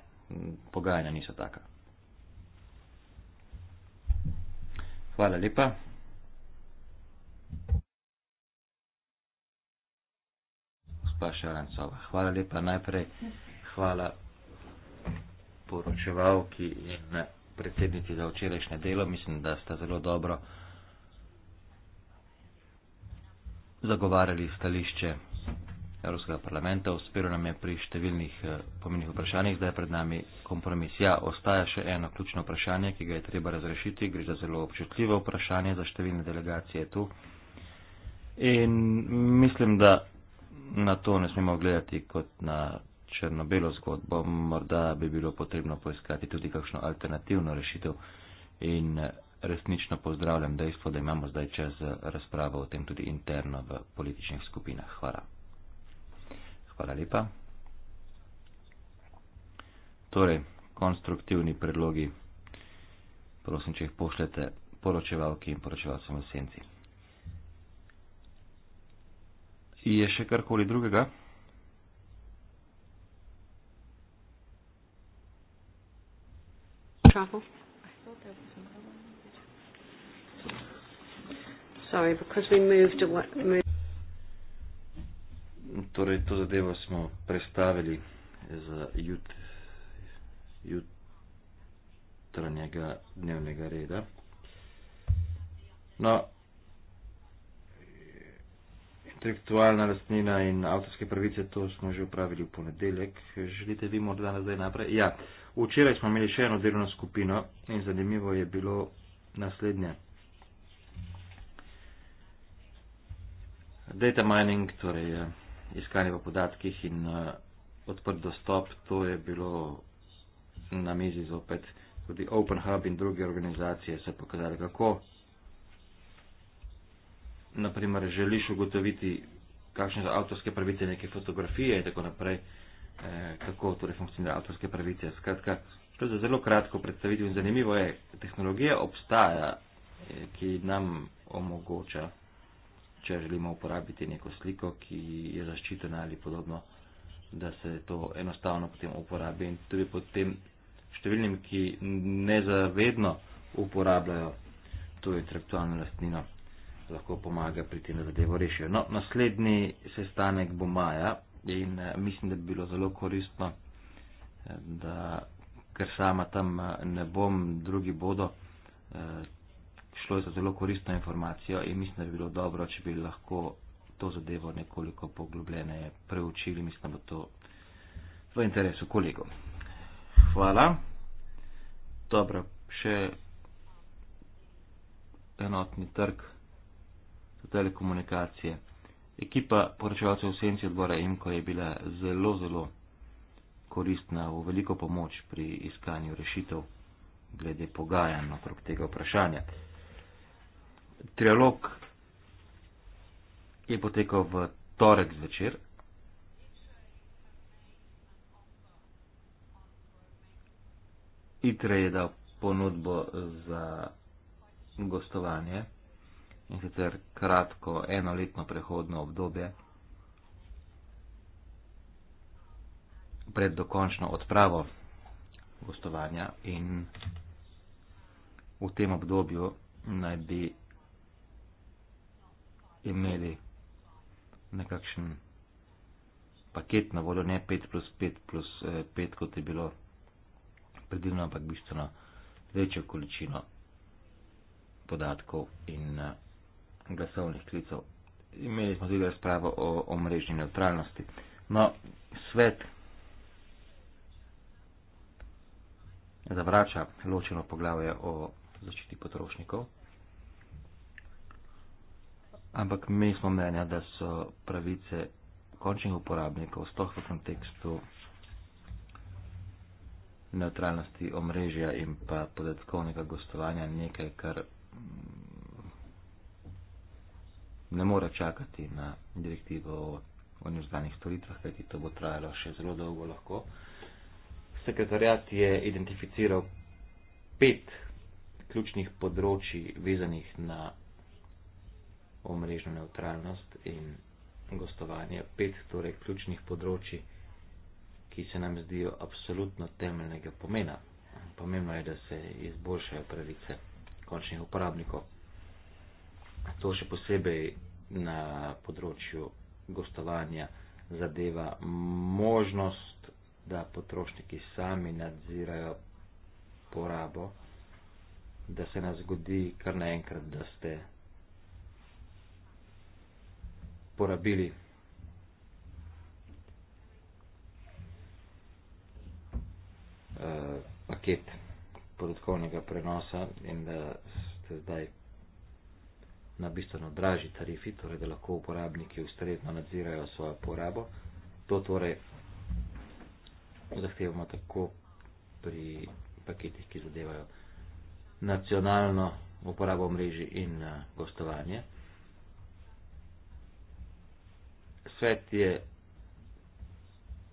pogajanja niso taka. Hvala lepa. Gospa Šarancova, hvala lepa najprej. Hvala poročevalki in ne predsednici za včerajšnje delo. Mislim, da sta zelo dobro zagovarjali stališče Evropskega parlamenta. Uspelo nam je pri številnih eh, pomenih vprašanjih, zdaj je pred nami kompromis. Ja, ostaja še eno ključno vprašanje, ki ga je treba razrešiti. Gre za zelo občutljivo vprašanje za številne delegacije tu. In mislim, da na to ne smemo gledati kot na črno-belo zgodbo, morda bi bilo potrebno poiskati tudi kakšno alternativno rešitev in resnično pozdravljam dejstvo, da imamo zdaj čas za razpravo o tem tudi interno v političnih skupinah. Hvala. Hvala lepa. Torej, konstruktivni predlogi, prosim, če jih pošljete poročevalki in poročevalcem v senci. Je še karkoli drugega? travel. Sorry, because we moved away. Moved torej, to zadevo smo prestavili za jut, jutranjega dnevnega reda. No, intelektualna lastnina in avtorske pravice, to smo že upravili v ponedeljek. Želite vi morda zdaj naprej? Ja. Včeraj smo imeli še eno delovno skupino in zanimivo je bilo naslednje. Data mining, torej eh, iskanje v podatkih in eh, odprt dostop, to je bilo na mizi zopet. Tudi Open Hub in druge organizacije so pokazali, kako. Naprimer, želiš ugotoviti, kakšne so avtorske pravice neke fotografije in tako naprej. Eh, kako torej funkcionira avtorske pravice. Skratka, to je zelo kratko predstavitev in zanimivo je, tehnologija obstaja, eh, ki nam omogoča, če želimo uporabiti neko sliko, ki je zaščitena ali podobno, da se to enostavno potem uporabi in tudi potem številnim, ki nezavedno uporabljajo to intelektualno lastnino, lahko pomaga pri tem, da zadevo rešijo. No, naslednji sestanek bo maja in eh, mislim, da bi bilo zelo koristno, eh, da ker sama tam eh, ne bom, drugi bodo, šlo je za zelo koristno informacijo in mislim, da bi bilo dobro, če bi lahko to zadevo nekoliko poglobljene preučili. Mislim, da bo to v interesu kolegov. Hvala. Dobro, še enotni trg za telekomunikacije. Ekipa poročevalcev v senci odbora IMKO je bila zelo, zelo koristna v veliko pomoč pri iskanju rešitev glede pogajanj okrog tega vprašanja. Trialog je potekal v torek zvečer. ITRE je dal ponudbo za gostovanje in sicer kratko enoletno prehodno obdobje pred dokončno odpravo gostovanja in v tem obdobju naj bi imeli nekakšen paket na voljo, ne 5 plus 5 plus 5, eh, kot je bilo predvideno, ampak bistveno večjo količino podatkov in uh, glasovnih klicev. Imeli smo tudi razpravo o, o mrežni neutralnosti. No, svet zavrača ločeno poglavje o zaščiti potrošnikov, ampak mi smo mnenja, da so pravice končnih uporabnikov, sploh v kontekstu neutralnosti omrežja in pa podatkovnega gostovanja, nekaj, kar ne more čakati na direktivo o univerzalnih storitvah, kajti to bo trajalo še zelo dolgo lahko. Sekretarjat je identificiral pet ključnih področij vezanih na omrežno neutralnost in gostovanje. Pet torej ključnih področji, ki se nam zdijo absolutno temeljnega pomena. Pomembno je, da se izboljšajo pravice končnih uporabnikov to še posebej na področju gostovanja zadeva možnost, da potrošniki sami nadzirajo porabo, da se nas zgodi kar naenkrat, da ste porabili eh, paket podatkovnega prenosa in da ste zdaj na bistveno dražji tarifi, torej da lahko uporabniki ustrezno nadzirajo svojo porabo. To torej zahtevamo tako pri paketih, ki zadevajo nacionalno uporabo mreži in eh, gostovanje. Svet je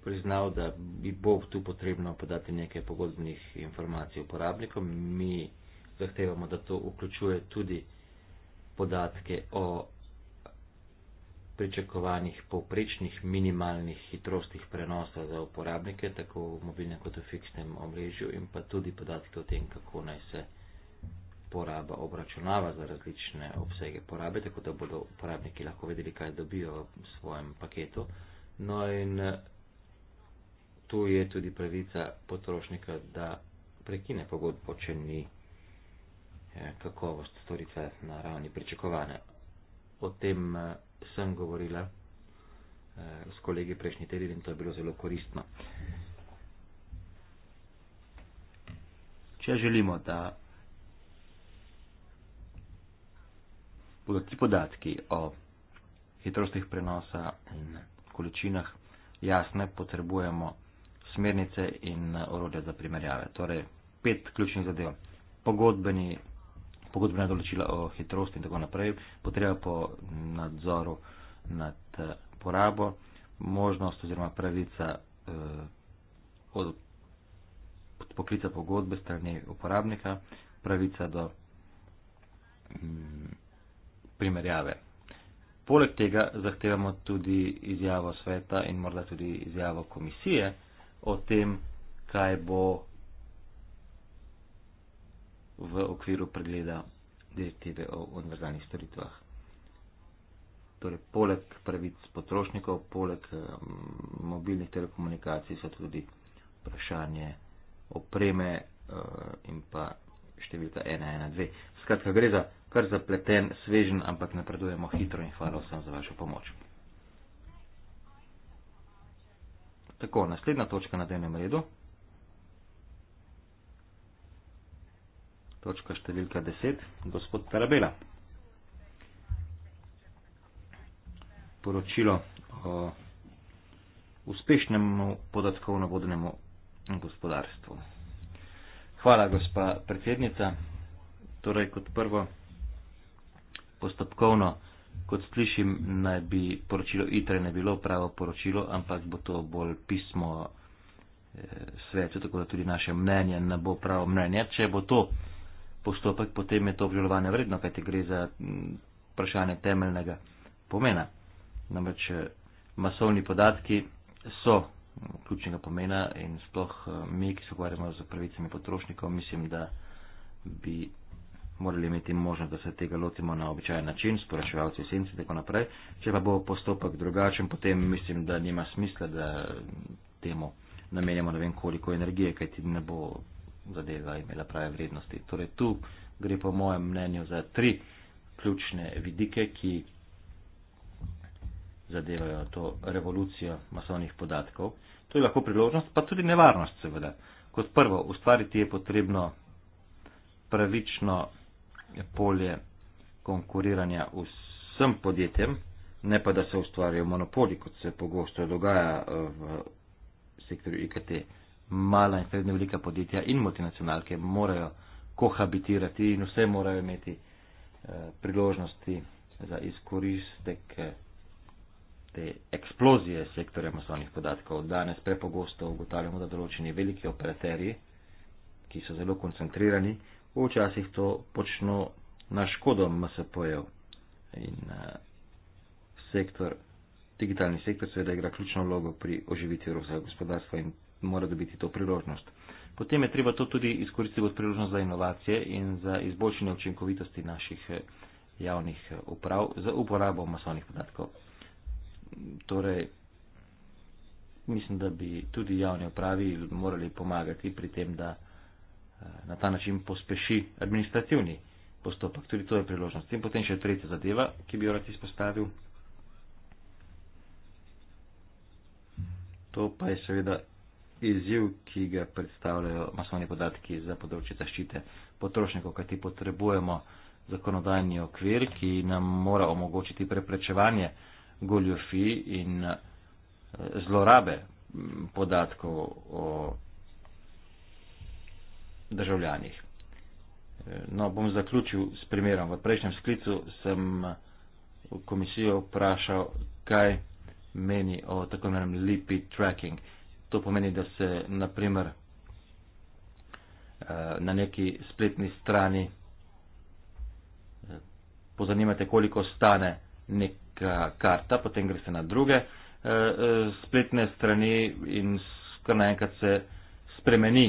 priznal, da bi bo tu potrebno podati nekaj pogodbenih informacij uporabnikom. Mi zahtevamo, da to vključuje tudi podatke o pričakovanih povprečnih minimalnih hitrostih prenosa za uporabnike, tako v mobilnem kot v fiksnem omrežju in pa tudi podatke o tem, kako naj se poraba obračunava za različne obsege porabe, tako da bodo uporabniki lahko vedeli, kaj dobijo v svojem paketu. No in tu je tudi pravica potrošnika, da prekine pogodbo, če ni Eh, kakovost storitve na ravni pričakovane. O tem eh, sem govorila eh, s kolegi prejšnji teden in to je bilo zelo koristno. Če želimo, da bodo ti podatki o hitrostih prenosa in količinah jasne, potrebujemo smernice in orodja za primerjave. Torej, pet ključnih zadev. Pogodbeni pogodbena določila o hitrosti in tako naprej, potreba po nadzoru nad eh, porabo, možnost oziroma pravica eh, od poklica pogodbe strani uporabnika, pravica do mm, primerjave. Poleg tega zahtevamo tudi izjavo sveta in morda tudi izjavo komisije o tem, kaj bo v okviru pregleda direktive o univerzalnih storitvah. Torej, poleg pravic potrošnikov, poleg um, mobilnih telekomunikacij so tudi vprašanje opreme uh, in pa številka 112. Skratka, gre za kar zapleten, svežen, ampak napredujemo hitro in hvala vsem za vašo pomoč. Tako, naslednja točka na dnevnem redu. točka številka 10, gospod Tarabela. Poročilo o uspešnem podatkovno vodenem gospodarstvu. Hvala, gospa predsednica. Torej, kot prvo, postopkovno, kot slišim, naj bi poročilo ITRE ne bilo pravo poročilo, ampak bo to bolj pismo eh, svetu, tako da tudi naše mnenje ne bo pravo mnenje. Če bo to postopek, potem je to obžalovanje vredno, kajti gre za vprašanje temeljnega pomena. Namreč eh, masovni podatki so ključnega pomena in sploh eh, mi, ki se ukvarjamo z pravicami potrošnikov, mislim, da bi morali imeti možnost, da se tega lotimo na običajen način, sporočevalci esenci in tako naprej. Če pa bo postopek drugačen, potem mislim, da nima smisla, da temu namenjamo ne vem koliko energije, kajti ne bo zadeva imela prave vrednosti. Torej, tu gre po mojem mnenju za tri ključne vidike, ki zadevajo to revolucijo masovnih podatkov. To je lahko priložnost, pa tudi nevarnost, seveda. Kot prvo, ustvariti je potrebno pravično polje konkuriranja vsem podjetjem, ne pa da se ustvarjajo monopoli, kot se pogosto dogaja eh, v sektorju IKT mala in srednje velika podjetja in multinacionalke morajo kohabitirati in vse morajo imeti eh, priložnosti za izkoristek eh, te eksplozije sektorja masovnih podatkov. Danes prepogosto ugotavljamo, da določeni veliki operaterji, ki so zelo koncentrirani, včasih to počno na škodo MSP-jev. In uh, sektor, digitalni sektor seveda igra ključno vlogo pri oživitvi evropskega gospodarstva in mora dobiti to priložnost. Potem je treba to tudi izkoristiti kot priložnost za inovacije in za izboljšanje učinkovitosti naših eh, javnih eh, uprav za uporabo masovnih podatkov. Torej, mislim, da bi tudi javni upravi morali pomagati pri tem, da eh, na ta način pospeši administrativni postopek. Tudi to je priložnost. In potem še tretja zadeva, ki bi jo rad izpostavil. To pa je seveda izziv, ki ga predstavljajo masovni podatki za področje zaščite potrošnikov, kajti potrebujemo zakonodajni okvir, ki nam mora omogočiti preprečevanje goljofi in eh, zlorabe podatkov o državljanih. Eh, no, bom zaključil s primerom. V prejšnjem sklicu sem eh, komisijo vprašal, kaj meni o tako imenem lipid tracking. To pomeni, da se na primer eh, na neki spletni strani eh, pozanimate, koliko stane neka karta, potem greste na druge eh, spletne strani in kar naenkrat se spremeni.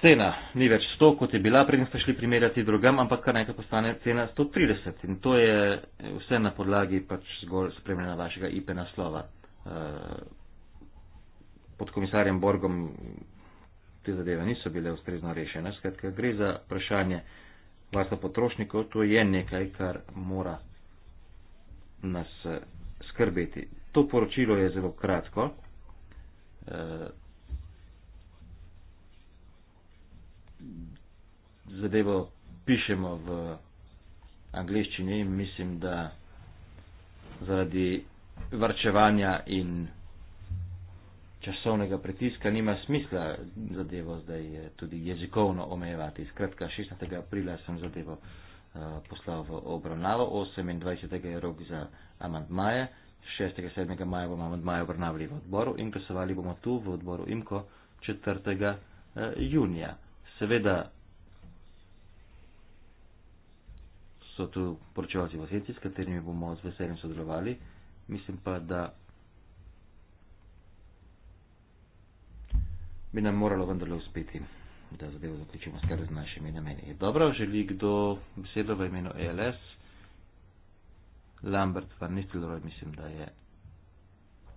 Cena ni več 100, kot je bila, preden ste šli primerjati drugam, ampak kar naenkrat postane cena 130 in to je vse na podlagi pač zgolj spremljena vašega IP naslova pod komisarjem Borgom te zadeve niso bile ustrezno rešene. Skratka, gre za vprašanje varstva potrošnikov, to je nekaj, kar mora nas eh, skrbeti. To poročilo je zelo kratko. Eh, zadevo pišemo v angliščini in mislim, da zaradi vrčevanja in časovnega pritiska nima smisla zadevo zdaj je eh, tudi jezikovno omejevati. Skratka, 16. aprila sem zadevo uh, poslal v obravnavo, 28. je rok za amantmaje, 6. 7. maja bomo amantmaje obravnavali v odboru in glasovali bomo tu v odboru IMKO 4. Uh, eh, junija. Seveda so tu poročevalci v osnici, s katerimi bomo z veseljem sodelovali mislim pa, da bi nam moralo vendarle uspeti, da zadevo zaključimo skrbi z našimi nameni. Dobro, želi kdo besedo v imenu ELS? Lambert van Nistelrooy, mislim, da je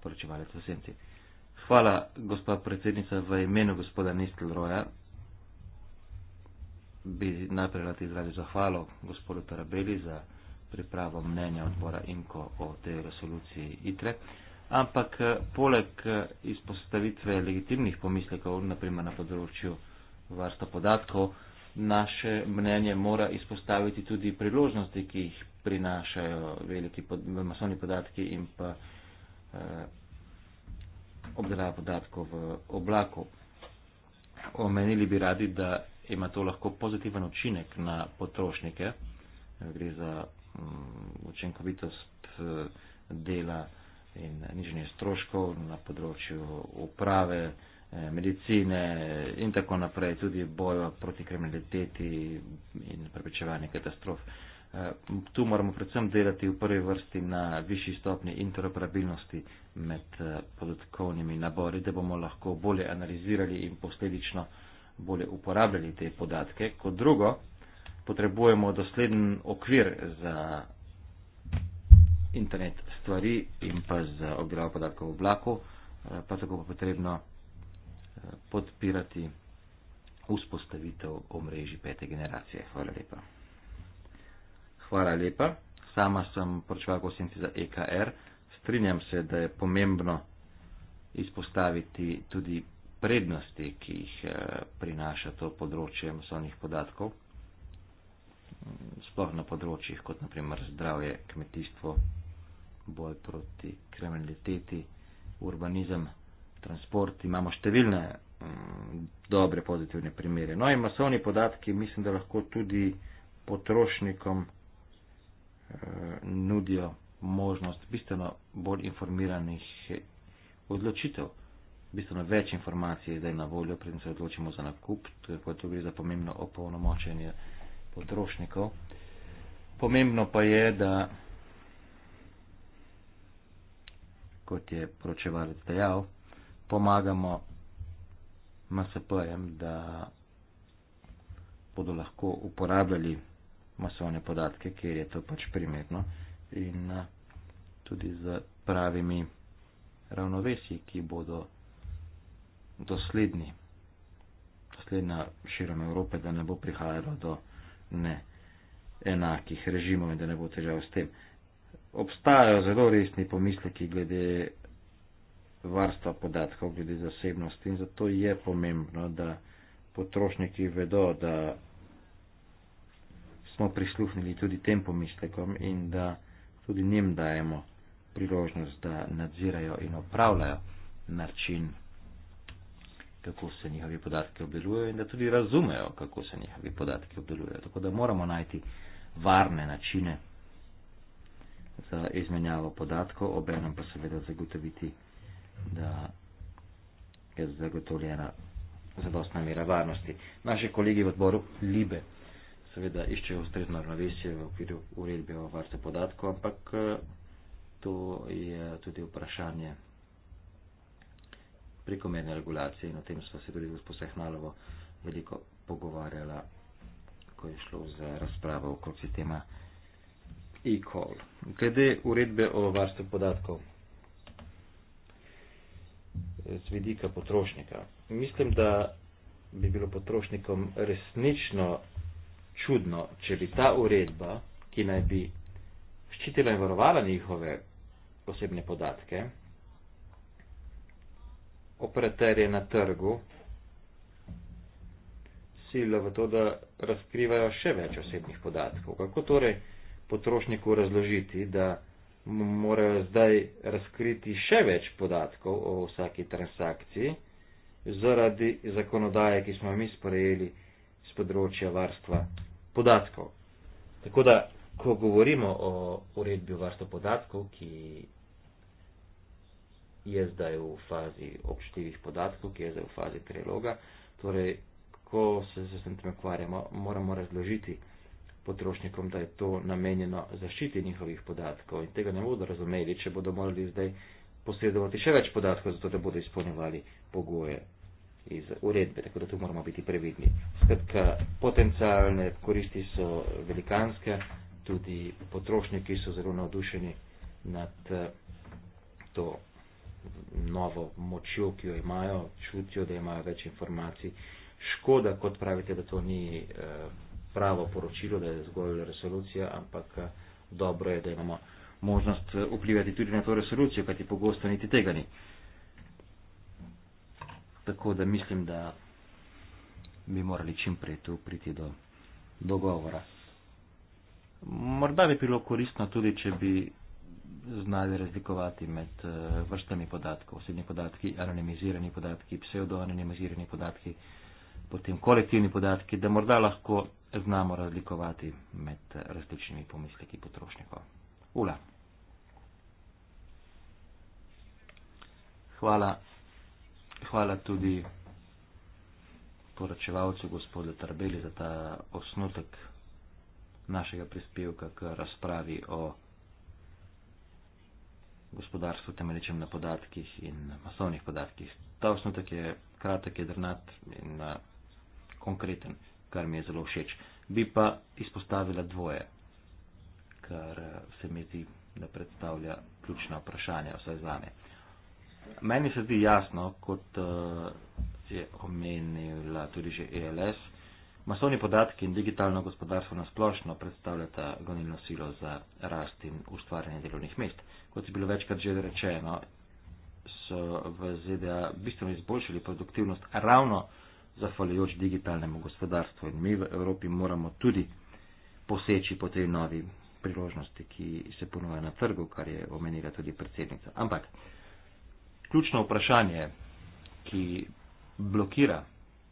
poročevalec v senci. Hvala, gospa predsednica, v imenu gospoda Nistelrooya bi najprej rad izrazil zahvalo gospodu Tarabeli za pripravo mnenja odbora IMKO o tej resoluciji ITRE. Ampak eh, poleg eh, izpostavitve legitimnih pomislekov, naprimer na področju varstva podatkov, naše mnenje mora izpostaviti tudi priložnosti, ki jih prinašajo veliki pod, masovni podatki in pa eh, obdelava podatkov v oblaku. Omenili bi radi, da ima to lahko pozitiven učinek na potrošnike, gre za Eh, učinkovitost eh, dela in nižanje stroškov na področju uprave, eh, medicine in tako naprej, tudi bojo proti kriminaliteti in prepričevanje katastrof. Tu moramo predvsem delati v prvi vrsti na višji stopni interoperabilnosti med podatkovnimi nabori, da bomo lahko bolje analizirali in posledično bolje uporabljali te podatke. Kot drugo, potrebujemo dosleden okvir za internet stvari in pa za objavo podatkov v oblaku, eh, pa tako pa potrebno eh, podpirati vzpostavitev omrežij pete generacije. Hvala lepa. Hvala lepa. Sama sem poročeval gostinci za EKR. Strinjam se, da je pomembno izpostaviti tudi prednosti, ki jih eh, prinaša to področje masovnih podatkov sploh na področjih, kot naprimer zdravje, kmetijstvo, boj proti kriminaliteti, urbanizem, transport. Imamo številne mm, dobre pozitivne primere. No in masovni podatki mislim, da lahko tudi potrošnikom eh, nudijo možnost bistveno bolj informiranih odločitev. Bistveno več informacij je zdaj na voljo, predtem se odločimo za nakup, tako da tu gre za pomembno opolnomočenje potrošnikov. Pomembno pa je, da, kot je poročevalec dejal, pomagamo MSP-jem, da bodo lahko uporabljali masovne podatke, kjer je to pač primetno in tudi z pravimi ravnovesji, ki bodo dosledni, dosledna širom Evrope, da ne bo prihajalo do ne enakih režimov in da ne bo težav s tem. Obstajajo zelo resni pomisleki glede varstva podatkov, glede zasebnosti in zato je pomembno, da potrošniki vedo, da smo prisluhnili tudi tem pomislekom in da tudi njim dajemo priložnost, da nadzirajo in opravljajo način kako se njihovi podatki obdelujejo in da tudi razumejo, kako se njihovi podatki obdelujejo. Tako da moramo najti varne načine za izmenjavo podatkov, obenem pa seveda zagotoviti, da je zagotovljena zadostna mera varnosti. Naši kolegi v odboru Libe seveda iščejo ustrezno ravnovesje v okviru uredbe o varstvu podatkov, ampak eh, to je tudi vprašanje prekomerne regulacije in o tem smo se tudi gospod Sehnalovo veliko pogovarjala, ko je šlo za razpravo okrog sistema e-call. Glede uredbe o varstvu podatkov z vidika potrošnika. Mislim, da bi bilo potrošnikom resnično čudno, če bi ta uredba, ki naj bi ščitila in varovala njihove osebne podatke, operaterje na trgu silijo v to, da razkrivajo še več osebnih podatkov. Kako torej potrošniku razložiti, da morajo zdaj razkriti še več podatkov o vsaki transakciji zaradi zakonodaje, ki smo jo mi sprejeli z področja varstva podatkov. Tako da, ko govorimo o uredbi varstva podatkov, ki je zdaj v fazi obštevih podatkov, ki je zdaj v fazi preloga. Torej, ko se s tem ukvarjamo, moramo razložiti potrošnikom, da je to namenjeno zaščiti njihovih podatkov in tega ne bodo razumeli, če bodo morali zdaj posredovati še več podatkov, zato da bodo izpolnjevali pogoje iz uredbe, tako da tu moramo biti previdni. Skratka, potencijalne koristi so velikanske, tudi potrošniki so zelo navdušeni nad eh, to novo močjo, ki jo imajo, čutijo, da imajo več informacij. Škoda, kot pravite, da to ni eh, pravo poročilo, da je zgolj resolucija, ampak eh, dobro je, da imamo možnost eh, vplivati tudi na to resolucijo, kajti pogosto niti tega ni. Tako da mislim, da bi morali čim prej tu priti do dogovora. Morda bi bilo koristno tudi, če bi znali razlikovati med eh, vrstami podatkov, osebni podatki, anonimizirani podatki, pseudoanonimizirani podatki, potem kolektivni podatki, da morda lahko znamo razlikovati med različnimi pomisleki potrošnikov. Ula. Hvala. Hvala tudi poročevalcu gospodu Tarbeli za ta osnutek našega prispevka k razpravi o gospodarstvu temelječem na podatkih in masovnih podatkih. Ta osnutek je kratek, je drnat in eh, konkreten, kar mi je zelo všeč. Bi pa izpostavila dvoje, kar eh, se mi zdi, da predstavlja ključna vprašanja, vsaj zame. Meni se zdi jasno, kot eh, je omenila tudi že ELS, Masovni podatki in digitalno gospodarstvo nasplošno predstavljata gonilno silo za rast in ustvarjanje delovnih mest. Kot je bilo večkrat že rečeno, so v ZDA bistveno izboljšali produktivnost ravno zahvaljujoč digitalnemu gospodarstvu in mi v Evropi moramo tudi poseči po tej novi priložnosti, ki se ponuja na trgu, kar je omenila tudi predsednica. Ampak ključno vprašanje, ki blokira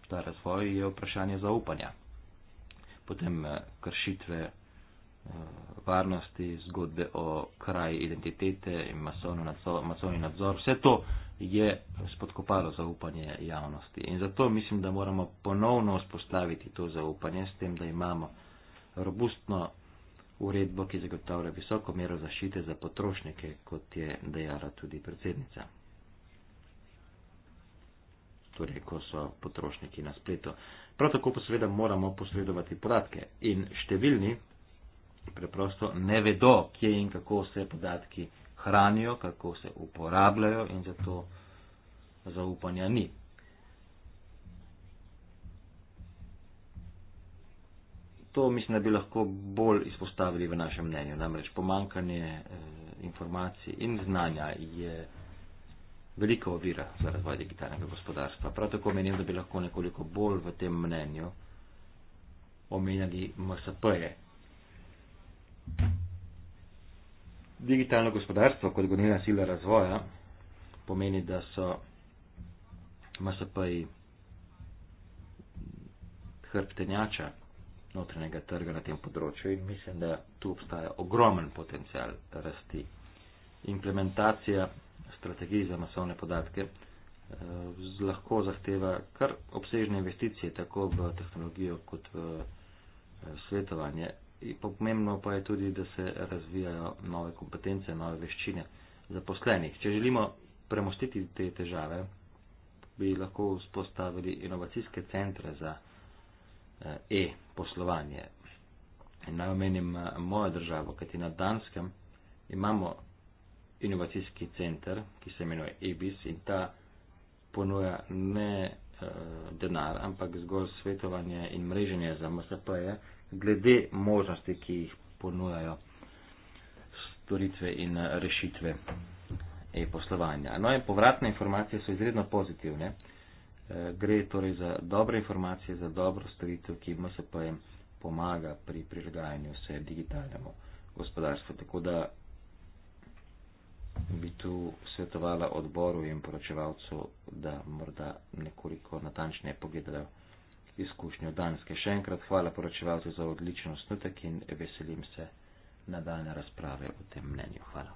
ta razvoj, je vprašanje zaupanja. Potem eh, kršitve eh, varnosti, zgodbe o kraji identitete in masovni nadzor, vse to je spodkopalo zaupanje javnosti. In zato mislim, da moramo ponovno vzpostaviti to zaupanje s tem, da imamo robustno uredbo, ki zagotavlja visoko mero zaščite za potrošnike, kot je dejala tudi predsednica torej ko so potrošniki na spletu. Prav tako pa seveda moramo posredovati podatke in številni preprosto ne vedo, kje in kako se podatki hranijo, kako se uporabljajo in zato zaupanja ni. To mislim, da bi lahko bolj izpostavili v našem mnenju. Namreč pomankanje eh, informacij in znanja je velika ovira za razvoj digitalnega gospodarstva. Prav tako menim, da bi lahko nekoliko bolj v tem mnenju omenjali MSP-je. Digitalno gospodarstvo kot gonilna sila razvoja pomeni, da so MSP-ji hrbtenjača notranjega trga na tem področju in mislim, da tu obstaja ogromen potencial rasti. Implementacija strategij za masovne podatke, eh, lahko zahteva kar obsežne investicije, tako v tehnologijo kot v eh, svetovanje. Pomembno pa je tudi, da se razvijajo nove kompetence, nove veščine zaposlenih. Če želimo premostiti te težave, bi lahko vzpostavili inovacijske centre za eh, e-poslovanje. Naj omenim mojo državo, kajti na Danskem imamo inovacijski center, ki se imenuje EBIS in ta ponuja ne uh, denar, ampak zgolj svetovanje in mreženje za MSP-je glede možnosti, ki jih ponujajo storitve in eh, rešitve e-poslovanja. No in povratne informacije so izredno pozitivne. Eh, gre torej za dobre informacije, za dobro storitev, ki MSP-jem pomaga pri prilagajanju se digitalnemu gospodarstvu. Tako da bi tu svetovala odboru in poročevalcu, da morda nekoliko natančneje pogledajo izkušnjo Danske. Še enkrat hvala poročevalcu za odličen snutek in veselim se nadaljne razprave o tem mnenju. Hvala.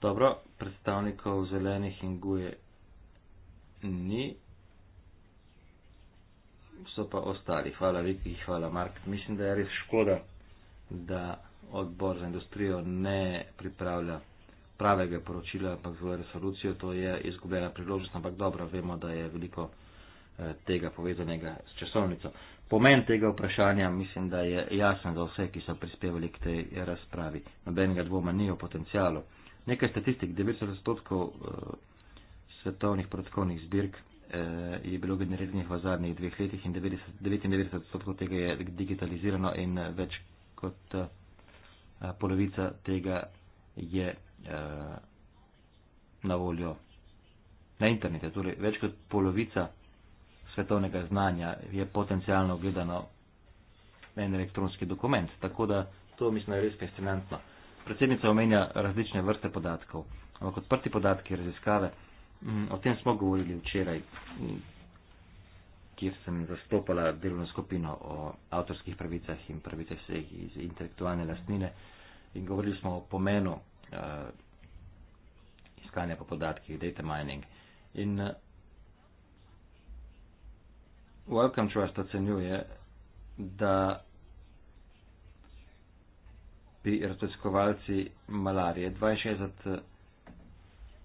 Dobro, predstavnikov zelenih in guje ni, so pa ostali. Hvala Viki, hvala Mark. Mislim, da je res škoda da odbor za industrijo ne pripravlja pravega poročila, ampak zelo resolucijo, to je izgubljena priložnost, ampak dobro, vemo, da je veliko eh, tega povezanega s časovnico. Pomen tega vprašanja mislim, da je jasen za vse, ki so prispevali k tej razpravi. Nobenega dvoma ni o potencijalu. Nekaj statistik, 90 odstotkov eh, svetovnih protokolnih zbirk eh, je bilo generiranih v zadnjih dveh letih in 99 odstotkov tega je digitalizirano in več kot eh, polovica tega je eh, na voljo na internetu. Torej, več kot polovica svetovnega znanja je potencijalno gledano en elektronski dokument. Tako da to mislim, da je res fascinantno. Predsednica omenja različne vrste podatkov, ampak odprti podatki, raziskave, mm, o tem smo govorili včeraj, kjer sem zastopala delovno skupino o avtorskih pravicah in pravicah vseh iz intelektualne lastnine in govorili smo o pomenu uh, iskanja po podatkih, data mining. In uh, eh, Welcome Trust ocenjuje, da bi raziskovalci malarije 62 eh,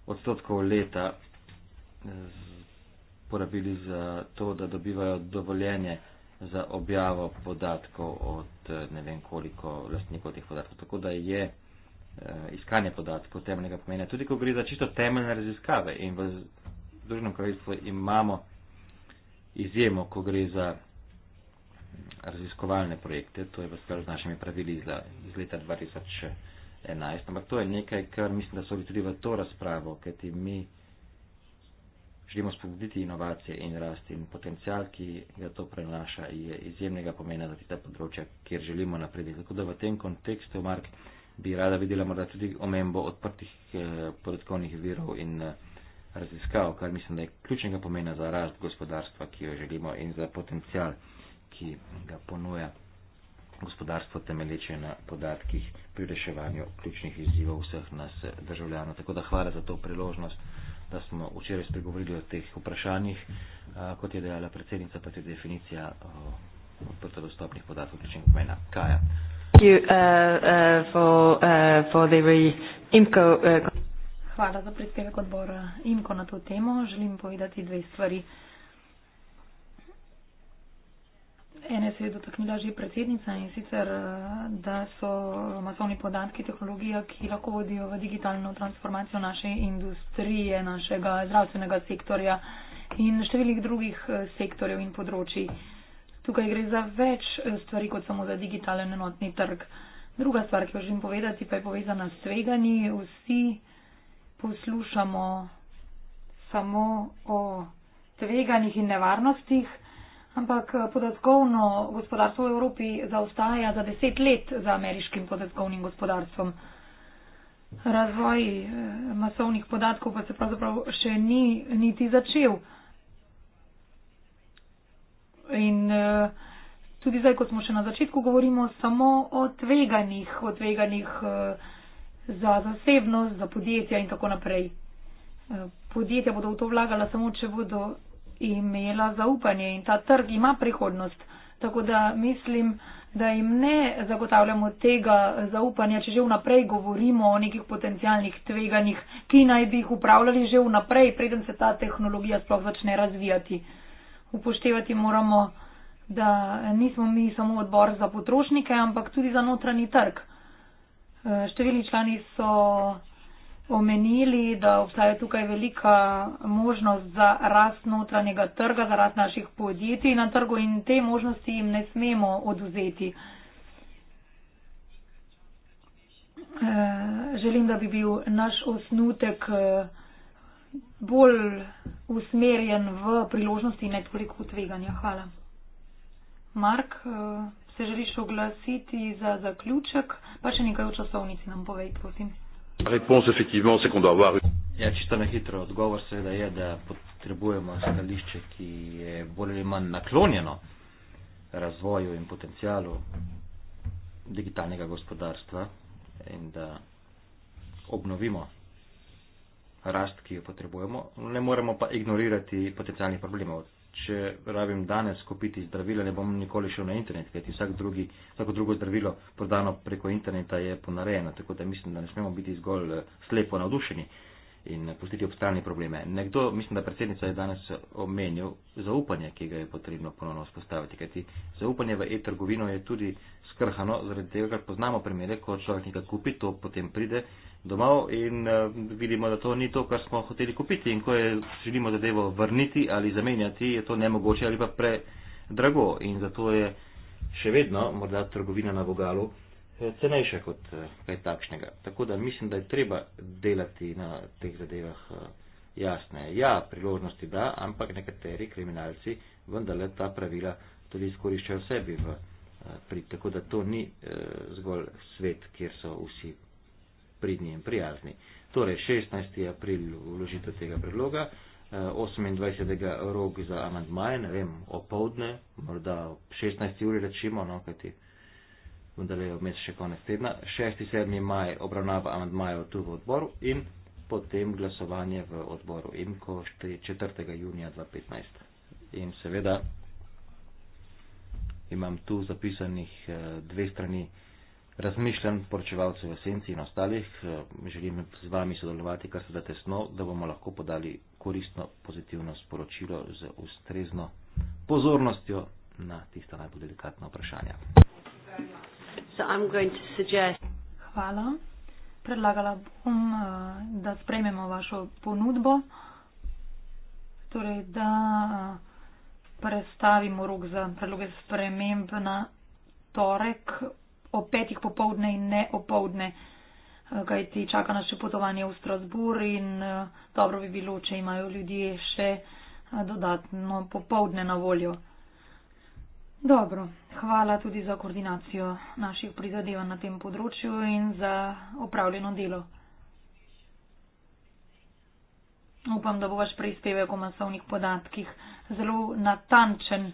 odstotkov leta z porabili za to, da dobivajo dovoljenje za objavo podatkov od eh, ne vem koliko lastnikov teh podatkov. Tako da je eh, iskanje podatkov temeljnega pomena, tudi ko gre za čisto temeljne raziskave. In v Združenem kraljestvu imamo izjemo, ko gre za raziskovalne projekte, to je v skladu z našimi pravili iz, iz leta 2011. Ampak to je nekaj, kar mislim, da so tudi v to razpravo, kajti mi Želimo spodbuditi inovacije in rast in potencial, ki ga to prenaša, je izjemnega pomena za tiste področja, kjer želimo napredi. Tako da v tem kontekstu, Mark, bi rada videla morda tudi omembo odprtih eh, podatkovnih virov in eh, raziskav, kar mislim, da je ključnega pomena za rast gospodarstva, ki jo želimo in za potencial, ki ga ponuja gospodarstvo temelječe na podatkih pri reševanju ključnih izzivov vseh nas eh, državljanov. Tako da hvala za to priložnost da smo včeraj spregovorili o teh vprašanjih, kot je dejala predsednica, pa tudi definicija odprto dostopnih podatkov ključnega pomena. Kaja. Uh, uh, uh, Hvala za prispevek odbora IMKO na to temo. Želim povedati dve stvari. ene se je dotaknila že predsednica in sicer, eh, da so masovni podatki tehnologija, ki lahko vodijo v digitalno transformacijo naše industrije, našega zdravstvenega sektorja in številnih drugih eh, sektorjev in področji. Tukaj gre za več eh, stvari kot samo za digitalen enotni trg. Druga stvar, ki jo želim povedati, pa je povezana s tveganji. Vsi poslušamo samo o tveganjih in nevarnostih, Ampak eh, podatkovno gospodarstvo v Evropi zaostaja za deset let za ameriškim podatkovnim gospodarstvom. Razvoj eh, masovnih podatkov pa se pravzaprav še ni niti začel. In eh, tudi zdaj, ko smo še na začetku, govorimo samo o tveganjih, o tveganjih za zasebnost, za podjetja in tako naprej. Podjetja bodo v to vlagala samo, če bodo imela zaupanje in ta trg ima prihodnost. Tako da mislim, da jim ne zagotavljamo tega zaupanja, če že vnaprej govorimo o nekih potencijalnih tveganjih, ki naj bi jih upravljali že vnaprej, preden se ta tehnologija sploh začne razvijati. Upoštevati moramo, da nismo mi samo odbor za potrošnike, ampak tudi za notranji trg. Številni člani so omenili, da obstaja tukaj velika možnost za rast notranjega trga, za rast naših podjetij na trgu in te možnosti jim ne smemo oduzeti. Eh, želim, da bi bil naš osnutek eh, bolj usmerjen v priložnosti in ne toliko v tveganja. Hvala. Mark, eh, se želiš oglasiti za zaključek, pa še nekaj o časovnici nam povej, prosim. Réponse, effectivement, c'est qu'on doit avoir une. Ja, čisto na hitro odgovor seveda je, da potrebujemo stališče, ki je bolj ali manj naklonjeno razvoju in potencijalu digitalnega gospodarstva in da obnovimo rast, ki jo potrebujemo. Ne moremo pa ignorirati potencijalnih problemov če rabim danes kupiti zdravilo, ne bom nikoli šel na internet, kajti vsak drugi, vsako drugo zdravilo prodano preko interneta je ponarejeno, tako da mislim, da ne smemo biti zgolj eh, slepo navdušeni in eh, pustiti obstalne probleme. Nekdo, mislim, da predsednica je danes eh, omenil zaupanje, ki ga je potrebno ponovno vzpostaviti, kajti zaupanje v e-trgovino je tudi skrhano, zaradi tega, ker poznamo primere, ko človek nekaj kupi, to potem pride domov in uh, vidimo, da to ni to, kar smo hoteli kupiti. In ko je, želimo zadevo vrniti ali zamenjati, je to nemogoče ali pa predrago. In zato je še vedno morda trgovina na Bogalu eh, cenejša kot eh, kaj takšnega. Tako da mislim, da je treba delati na teh zadevah jasne. Ja, priložnosti da, ampak nekateri kriminalci vendarle ta pravila tudi izkoriščajo sebi. V, pri, tako da to ni zgolj svet, kjer so vsi pridni in prijazni. Torej, 16. april vložitev tega predloga, 28. Eh, rok za amandmaje, ne vem, opovdne, morda 16. uri rečemo, no, kajti vendar je vmes še konec tedna, 6. 7. maj obravnava amandmajev tu v odboru in potem glasovanje v odboru IMKO 4. junija 2015. In seveda imam tu zapisanih eh, dve strani razmišljanj poročevalcev esenci in ostalih. Eh, želim z vami sodelovati, kar se da tesno, da bomo lahko podali koristno, pozitivno sporočilo z ustrezno pozornostjo na tista najbolj delikatna vprašanja. Hvala. Predlagala bom, eh, da sprejmemo vašo ponudbo, torej da eh, prestavimo rok za predloge sprememb na torek ob petih popovdne in ne opovdne, eh, kaj ti čaka naše potovanje v Strasbur in eh, dobro bi bilo, če imajo ljudje še eh, dodatno popovdne na voljo. Dobro, hvala tudi za koordinacijo naših prizadevanj na tem področju in za opravljeno delo. Upam, da bo vaš prispevek o masovnih podatkih zelo natančen.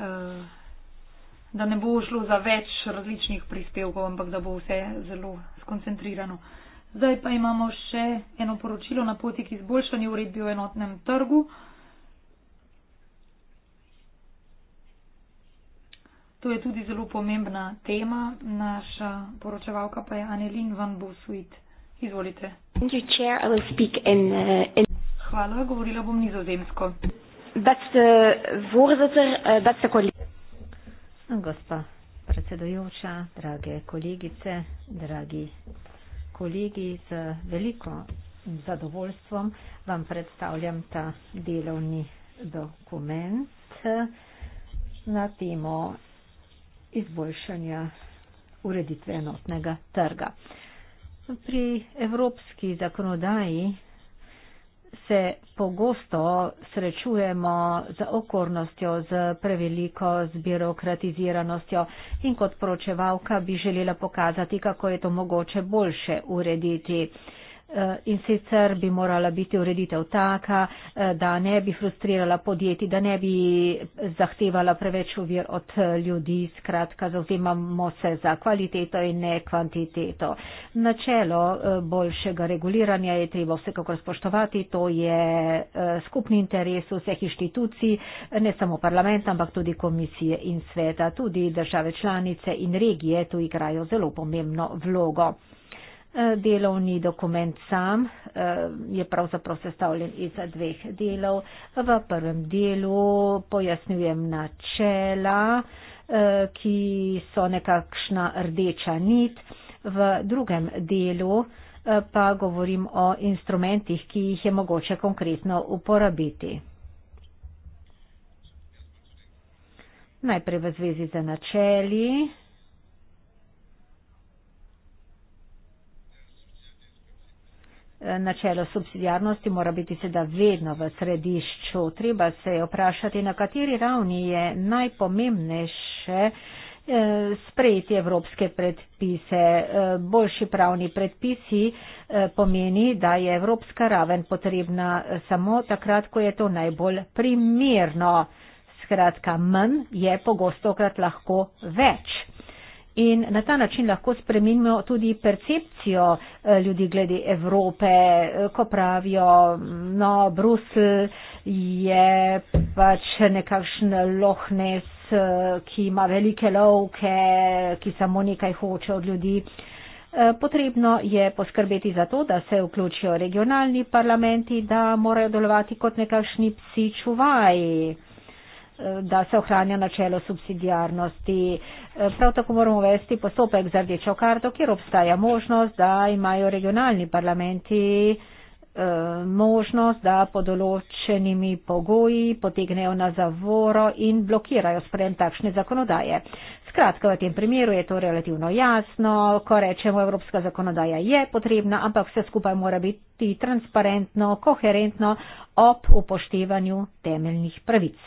Uh, da ne bo šlo za več različnih prispevkov, ampak da bo vse zelo skoncentrirano. Zdaj pa imamo še eno poročilo na poti k izboljšanju uredbi o enotnem trgu. To je tudi zelo pomembna tema. Naša poročevalka pa je Anelin Van Bosuit. Izvolite. Uh, Hvala, govorila bom nizozemsko. That's the voorzitter, uh, that's the colleague. Gospa predsedujoča, drage kolegice, dragi kolegi, z veliko zadovoljstvom vam predstavljam ta delovni dokument na temo izboljšanja ureditve enotnega trga. Pri evropski zakonodaji se pogosto srečujemo z okornostjo, z preveliko zbirokratiziranostjo in kot pročevalka bi želela pokazati, kako je to mogoče boljše urediti in sicer bi morala biti ureditev taka, eh, da ne bi frustrirala podjetij, da ne bi zahtevala preveč uvir od ljudi. Skratka, zauzemamo se za kvaliteto in ne kvantiteto. Načelo eh, boljšega reguliranja je treba vsekakor spoštovati, to je eh, skupni interes vseh inštitucij, ne samo parlamenta, ampak tudi komisije in sveta. Tudi države članice in regije tu igrajo zelo pomembno vlogo. Eh, delovni dokument sam eh, je pravzaprav sestavljen iz dveh delov. V prvem delu pojasnjujem načela, eh, ki so nekakšna rdeča nit. V drugem delu pa govorim o instrumentih, ki jih je mogoče konkretno uporabiti. Najprej v zvezi z načeli. Eh, načelo subsidijarnosti mora biti seda vedno v središču. Treba se je vprašati, na kateri ravni je najpomembnejše eh, sprejeti evropske predpise. Eh, boljši pravni predpisi pomeni, da je evropska raven potrebna samo takrat, ko je to najbolj primerno. Skratka, manj je pogosto krat lahko več. In na ta način lahko spremenimo tudi percepcijo eh, ljudi glede Evrope, eh, ko pravijo, no, Brusel je pač nekakšen lohnes, eh, ki ima velike lovke, ki samo nekaj hoče od ljudi. Potrebno je poskrbeti za to, da se vključijo regionalni parlamenti, da morajo delovati kot nekakšni psi čuvaji da se ohranja načelo subsidijarnosti. Eh, prav tako moramo uvesti postopek za rdečo karto, kjer obstaja možnost, da imajo regionalni parlamenti eh, možnost, da pod določenimi pogoji potegnejo na zavoro in blokirajo sprem takšne zakonodaje. Skratka, v tem primeru je to relativno jasno, ko rečemo, evropska zakonodaja je potrebna, ampak vse skupaj mora biti transparentno, koherentno ob upoštevanju temeljnih pravic.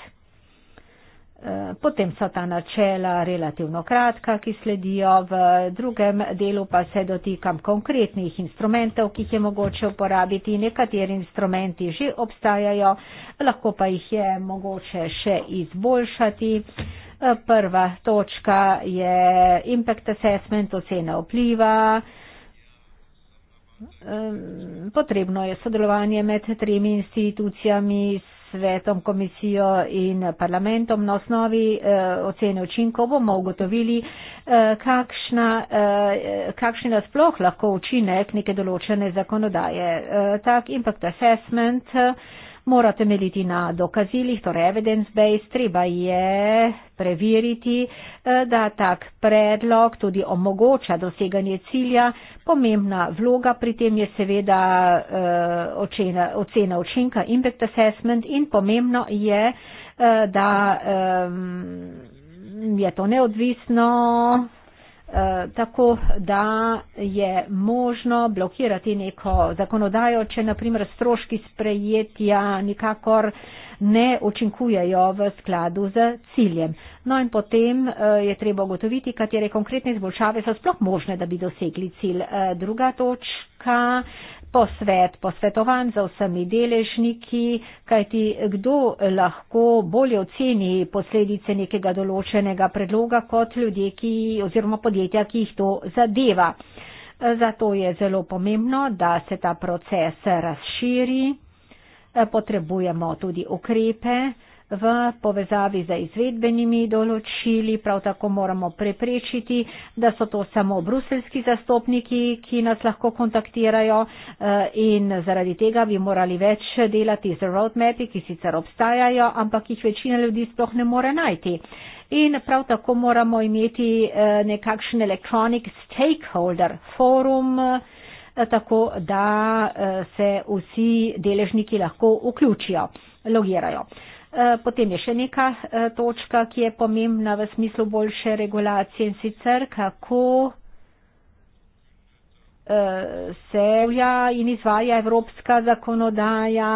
Potem so ta načela relativno kratka, ki sledijo, v drugem delu pa se dotikam konkretnih instrumentov, ki jih je mogoče uporabiti. Nekateri instrumenti že obstajajo, lahko pa jih je mogoče še izboljšati. Prva točka je impact assessment, ocena vpliva. Potrebno je sodelovanje med tremi institucijami s svetom, komisijo in parlamentom na osnovi eh, ocene učinkov bomo ugotovili, eh, kakšna, eh, kakšen je sploh lahko učinek neke določene zakonodaje. Eh, tak impact assessment. Eh, mora temeljiti na dokazilih, torej evidence-based, treba je preveriti, eh, da tak predlog tudi omogoča doseganje cilja. Pomembna vloga pri tem je seveda eh, ocena, ocena učinka, impact assessment in pomembno je, eh, da ehm, je to neodvisno. Eh, tako da je možno blokirati neko zakonodajo, če naprimer stroški sprejetja nikakor ne učinkujejo v skladu z ciljem. No in potem eh, je treba ugotoviti, katere konkretne izboljšave so sploh možne, da bi dosegli cilj. Eh, druga točka posvet, posvetovan za vsemi deležniki, kajti kdo lahko bolje oceni posledice nekega določenega predloga kot ljudje ki, oziroma podjetja, ki jih to zadeva. Zato je zelo pomembno, da se ta proces razširi. Potrebujemo tudi ukrepe, v povezavi z izvedbenimi določili. Prav tako moramo preprečiti, da so to samo bruselski zastopniki, ki nas lahko kontaktirajo eh, in zaradi tega bi morali več delati z roadmapi, ki sicer obstajajo, ampak jih večina ljudi sploh ne more najti. In prav tako moramo imeti eh, nekakšen electronic stakeholder forum, eh, tako da se vsi deležniki lahko vključijo, logirajo. Eh, potem je še neka eh, točka, ki je pomembna v smislu boljše regulacije in sicer kako eh, se vja in izvaja evropska zakonodaja.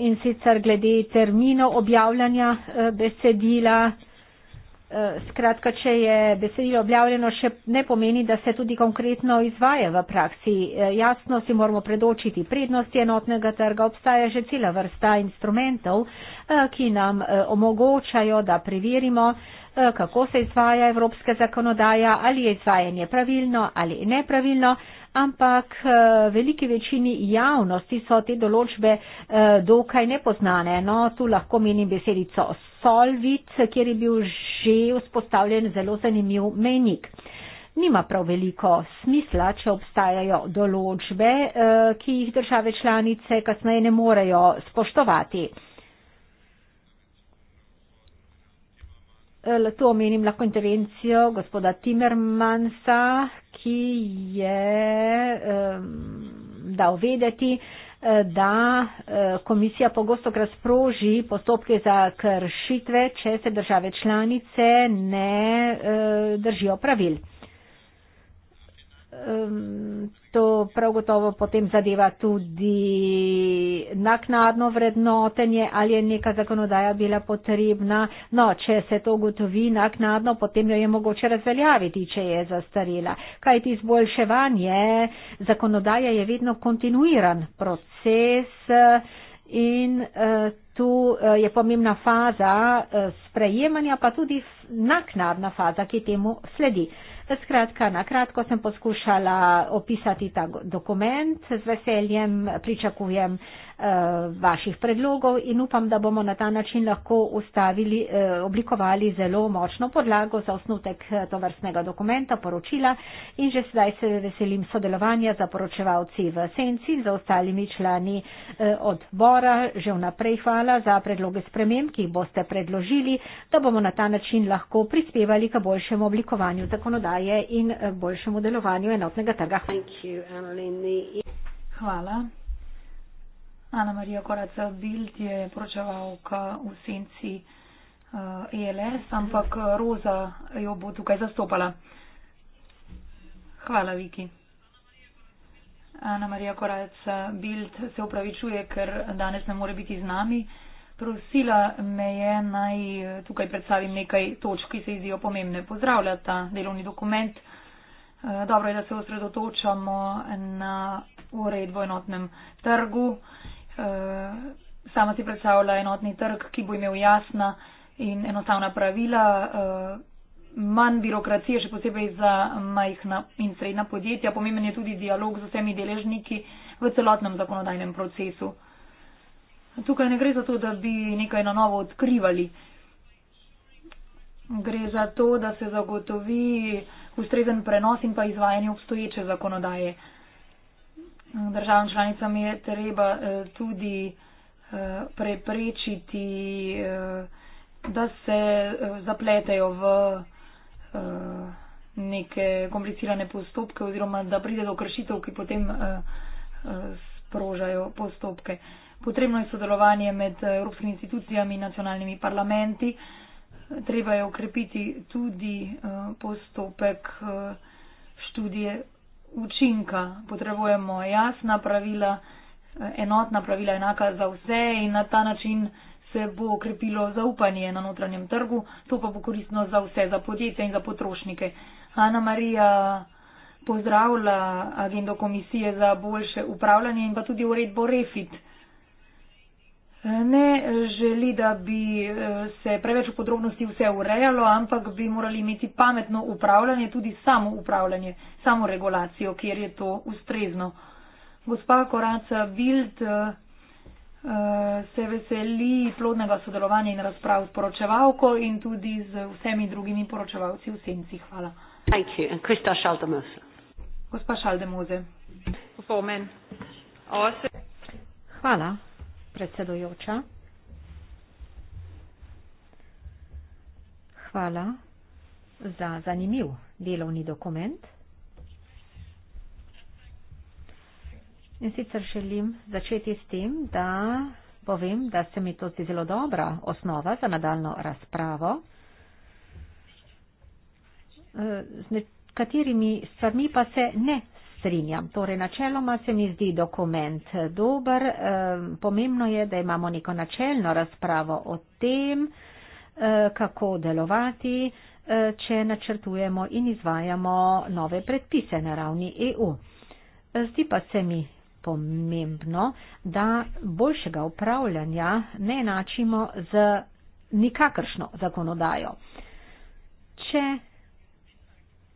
In sicer glede termino objavljanja besedila. Eh, skratka, če je besedilo objavljeno, še ne pomeni, da se tudi konkretno izvaja v praksi. Eh, jasno si moramo predočiti prednosti enotnega trga. Obstaja že cela vrsta instrumentov, eh, ki nam omogočajo, da preverimo, kako se izvaja evropska zakonodaja, ali je izvajanje pravilno ali nepravilno ampak eh, veliki večini javnosti so te določbe eh, dokaj nepoznane. No, tu lahko menim besedico Solvit, kjer je bil že vzpostavljen zelo zanimiv menik. Nima prav veliko smisla, če obstajajo določbe, eh, ki jih države članice kasneje ne morejo spoštovati. To omenim lahko intervencijo gospoda Timmermansa, ki je dal vedeti, eh, da eh, komisija pogosto razproži postopke za kršitve, če se države članice ne eh, držijo pravil to prav gotovo potem zadeva tudi naknadno vrednotenje, ali je neka zakonodaja bila potrebna. No, če se to gotovi naknadno, potem jo je mogoče razveljaviti, če je zastarela. Kaj ti izboljševanje? Zakonodaja je vedno kontinuiran proces in eh, tu eh, je pomembna faza eh, sprejemanja, pa tudi naknadna faza, ki temu sledi. Skratka, na kratko sem poskušala opisati ta dokument. Z veseljem pričakujem Eh, vaših predlogov in upam, da bomo na ta način lahko ustavili, eh, oblikovali zelo močno podlago za osnutek eh, to vrstnega dokumenta, poročila in že sedaj se veselim sodelovanja za poročevalci v Senci in za ostalimi člani odbora. Že vnaprej hvala za predloge sprememb, ki jih boste predložili, da bomo na ta način lahko prispevali k boljšemu oblikovanju zakonodaje in boljšemu delovanju enotnega trga. Hvala. Ana Marija Koraca Bild je poročevalka v senci uh, eh, ELS, ampak Roza jo bo tukaj zastopala. Hvala, Viki. Ana Marija Koraca Bild se upravičuje, ker danes ne more biti z nami. Prosila me je naj eh, tukaj predstavim nekaj točk, ki se izdijo pomembne. Pozdravlja ta delovni dokument. Eh, dobro je, da se osredotočamo na uredbo enotnem trgu. Eh, sama si predstavlja enotni trg, ki bo imel jasna in enostavna pravila, eh, manj birokracije, še posebej za majhna in srednja podjetja. Pomemben je tudi dialog z vsemi deležniki v celotnem zakonodajnem procesu. Tukaj ne gre za to, da bi nekaj na novo odkrivali. Gre za to, da se zagotovi ustrezen prenos in pa izvajanje obstoječe zakonodaje državam članicam je treba eh, tudi eh, preprečiti, eh, da se zapletejo v neke komplicirane postopke oziroma da pride do kršitev, ki potem sprožajo postopke. Potrebno je sodelovanje med evropskimi institucijami in nacionalnimi parlamenti. Treba je ukrepiti tudi postopek študije učinka. Potrebujemo jasna pravila, eh, enotna pravila, enaka za vse in na ta način se bo okrepilo zaupanje na notranjem trgu, to pa bo koristno za vse, za podjetje in za potrošnike. Ana Marija pozdravlja agendo komisije za boljše upravljanje in pa tudi uredbo Refit ne želi, da bi eh, se preveč v podrobnosti vse urejalo, ampak bi morali imeti pametno upravljanje, tudi samo upravljanje, samo regulacijo, kjer je to ustrezno. Gospa Koraca Vild eh, eh, se veseli plodnega sodelovanja in razprav s poročevalko in tudi z vsemi drugimi poročevalci v Senci. Hvala. Thank you. And Krista Šaldemose. Gospa Šaldemose. Hvala predsedojoča. Hvala za zanimiv delovni dokument. In sicer želim začeti s tem, da povem, da se mi to zdi zelo dobra osnova za nadaljno razpravo. Eh, z katerimi stvarmi pa se ne strinjam. Torej, načeloma se mi zdi dokument eh, dober. Eh, pomembno je, da imamo neko načelno razpravo o tem, eh, kako delovati, če načrtujemo in izvajamo nove predpise na ravni EU. Zdi pa se mi pomembno, da boljšega upravljanja ne enačimo z nikakršno zakonodajo. Če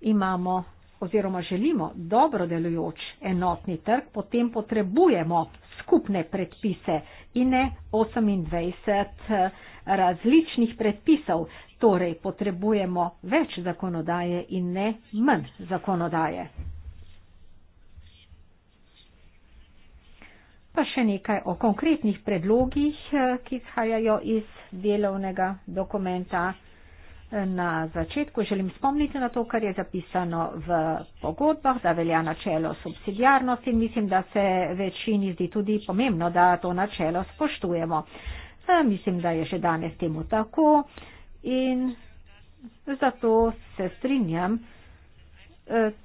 imamo oziroma želimo dobro delujoč enotni trg, potem potrebujemo skupne predpise in ne 28 eh, različnih predpisov. Torej potrebujemo več zakonodaje in ne manj zakonodaje. Pa še nekaj o konkretnih predlogih, eh, ki izhajajo iz delovnega dokumenta. Na začetku želim spomniti na to, kar je zapisano v pogodbah, da velja načelo subsidijarnosti in mislim, da se večini zdi tudi pomembno, da to načelo spoštujemo. E, mislim, da je že danes temu tako in zato se strinjam,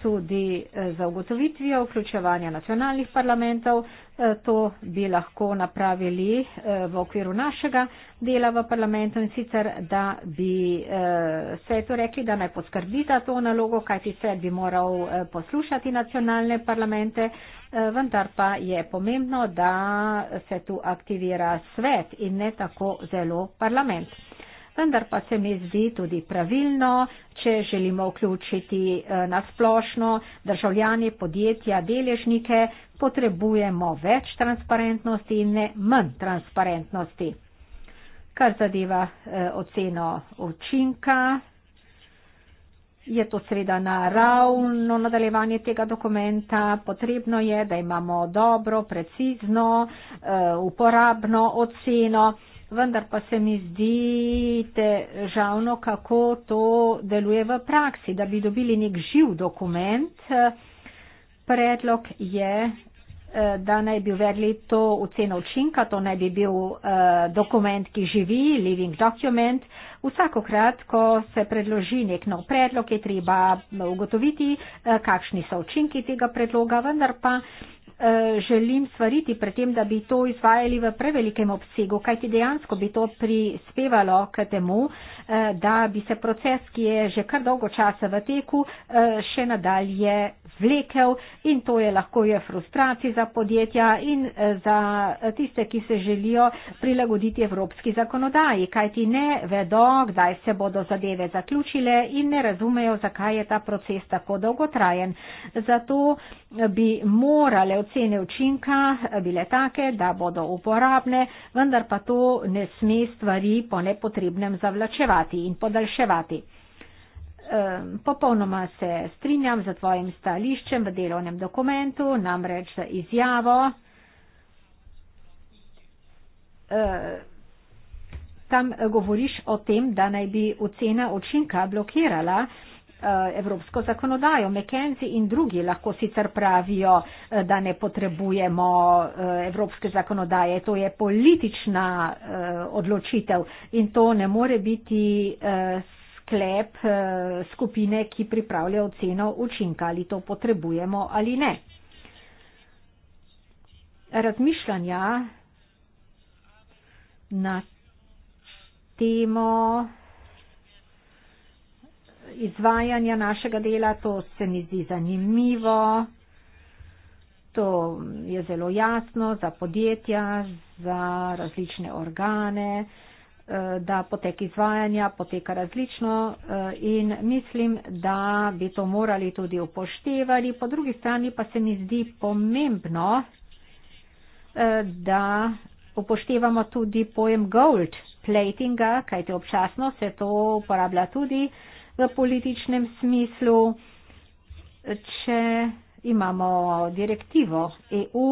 tudi eh, za ugotovitvijo vključevanja nacionalnih parlamentov. Eh, to bi lahko napravili eh, v okviru našega dela v parlamentu in sicer, da bi se to rekli, da naj poskrbi za to nalogo, kajti se bi moral poslušati nacionalne parlamente, vendar pa je pomembno, da se tu aktivira svet in ne tako zelo parlament vendar pa se mi zdi tudi pravilno, če želimo vključiti eh, nasplošno državljani, podjetja, deležnike, potrebujemo več transparentnosti in ne manj transparentnosti. Kar zadeva eh, oceno učinka, je to sreda naravno nadaljevanje tega dokumenta. Potrebno je, da imamo dobro, precizno, eh, uporabno oceno vendar pa se mi zdi težavno, kako to deluje v praksi, da bi dobili nek živ dokument. Predlog je, eh, da naj bi uvedli to oceno učinka, to naj bi bil eh, dokument, ki živi, living document. Vsakokrat, ko se predloži nek nov predlog, je treba ugotoviti, eh, kakšni so učinki tega predloga, vendar pa. Eh, želim svariti pred tem, da bi to izvajali v prevelikem obsegu, kajti dejansko bi to prispevalo k temu, eh, da bi se proces, ki je že kar dolgo časa v teku, eh, še nadalje vlekel in to je lahko je frustracija za podjetja in za tiste, ki se želijo prilagoditi evropski zakonodaji, kajti ne vedo, kdaj se bodo zadeve zaključile in ne razumejo, zakaj je ta proces tako dolgotrajen. Zato bi morale v ocene učinka bile take, da bodo uporabne, vendar pa to ne sme stvari po nepotrebnem zavlačevati in podaljševati. Popolnoma se strinjam z tvojim stališčem v delovnem dokumentu, namreč za izjavo. Tam govoriš o tem, da naj bi ocena učinka blokirala Eh, evropsko zakonodajo. McKenzie in drugi lahko sicer pravijo, eh, da ne potrebujemo eh, evropske zakonodaje. To je politična odločitev in to ne more biti sklep skupine, ki pripravlja oceno učinka, ali to potrebujemo ali ne. Razmišljanja na temo izvajanja našega dela, to se mi zdi zanimivo, to je zelo jasno za podjetja, za različne organe, eh, da potek izvajanja poteka različno eh, in mislim, da bi to morali tudi upoštevali. Po drugi strani pa se mi zdi pomembno, eh, da upoštevamo tudi pojem gold platinga, kajte občasno se to uporablja tudi uh, v političnem smislu, če imamo direktivo EU,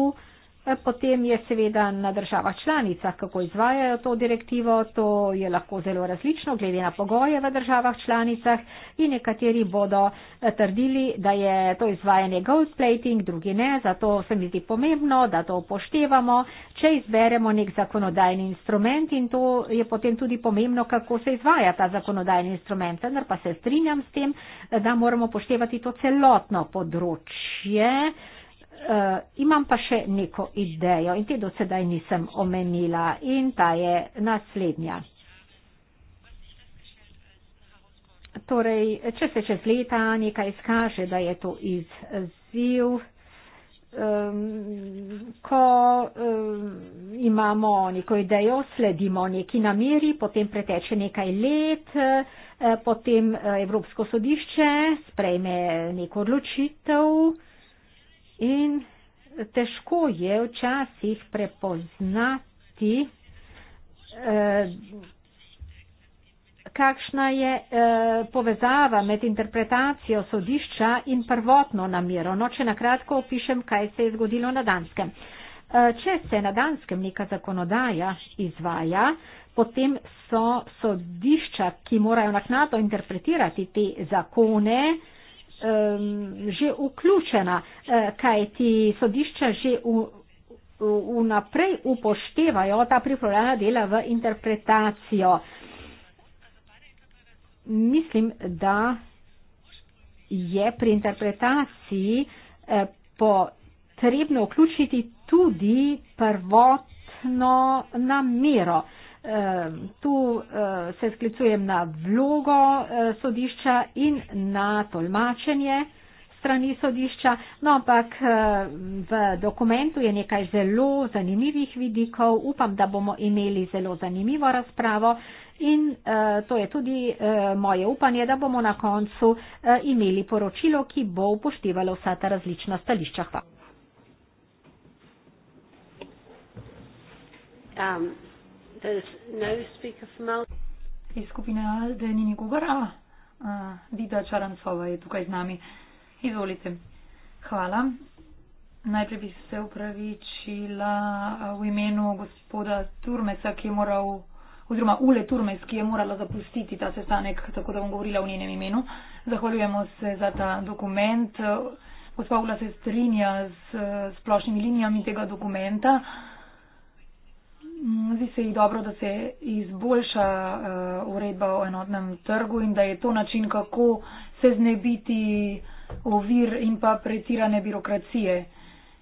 Potem je seveda na država članicah, kako izvajajo to direktivo, to je lahko zelo različno, glede na pogoje v državah članicah in nekateri bodo eh, trdili, da je to izvajanje gold plating, drugi ne, zato se mi zdi pomembno, da to upoštevamo, če izberemo nek zakonodajni instrument in to je potem tudi pomembno, kako se izvaja ta zakonodajni instrument, vendar pa se strinjam s tem, eh, da moramo upoštevati to celotno področje. Uh, imam pa še neko idejo in te do sedaj nisem omenila in ta je naslednja. Torej, če se čez leta nekaj izkaže, da je to izziv, um, ko um, imamo neko idejo, sledimo neki nameri, potem preteče nekaj let, uh, potem uh, Evropsko sodišče sprejme neko odločitev. Uh, In težko je včasih prepoznati, eh, kakšna je eh, povezava med interpretacijo sodišča in prvotno namero. No, če nakratko opišem, kaj se je zgodilo na Danskem. Eh, če se na Danskem neka zakonodaja izvaja, potem so sodišča, ki morajo naknato interpretirati te zakone, um, že vključena, e, kaj ti sodišča že vnaprej upoštevajo ta pripravljena dela v interpretacijo. Mislim, da je pri interpretaciji e, potrebno vključiti tudi prvotno namero. Ehm, tu eh, se sklicujem na vlogo eh, sodišča in na tolmačenje strani sodišča, no ampak eh, v dokumentu je nekaj zelo zanimivih vidikov, upam, da bomo imeli zelo zanimivo razpravo in to je tudi moje upanje, da bomo na koncu imeli poročilo, ki bo upoštevalo vsa ta različna stališča. Hvala. Um there's no speaker from Al iz skupine Alde ni nikogar, a, a Dida Čarancova je tukaj z nami. Izvolite. Hvala. Najprej bi se upravičila v imenu gospoda Turmesa, ki je moral, oziroma Ule Turmes, ki je morala zapustiti ta sestanek, tako da bom govorila v njenem imenu. Zahvaljujemo se za ta dokument. Gospa Ula se strinja z splošnimi linijami tega dokumenta. Mm, zdi se jih dobro, da se izboljša uh, uredba o enotnem trgu in da je to način, kako se znebiti ovir in pa pretirane birokracije.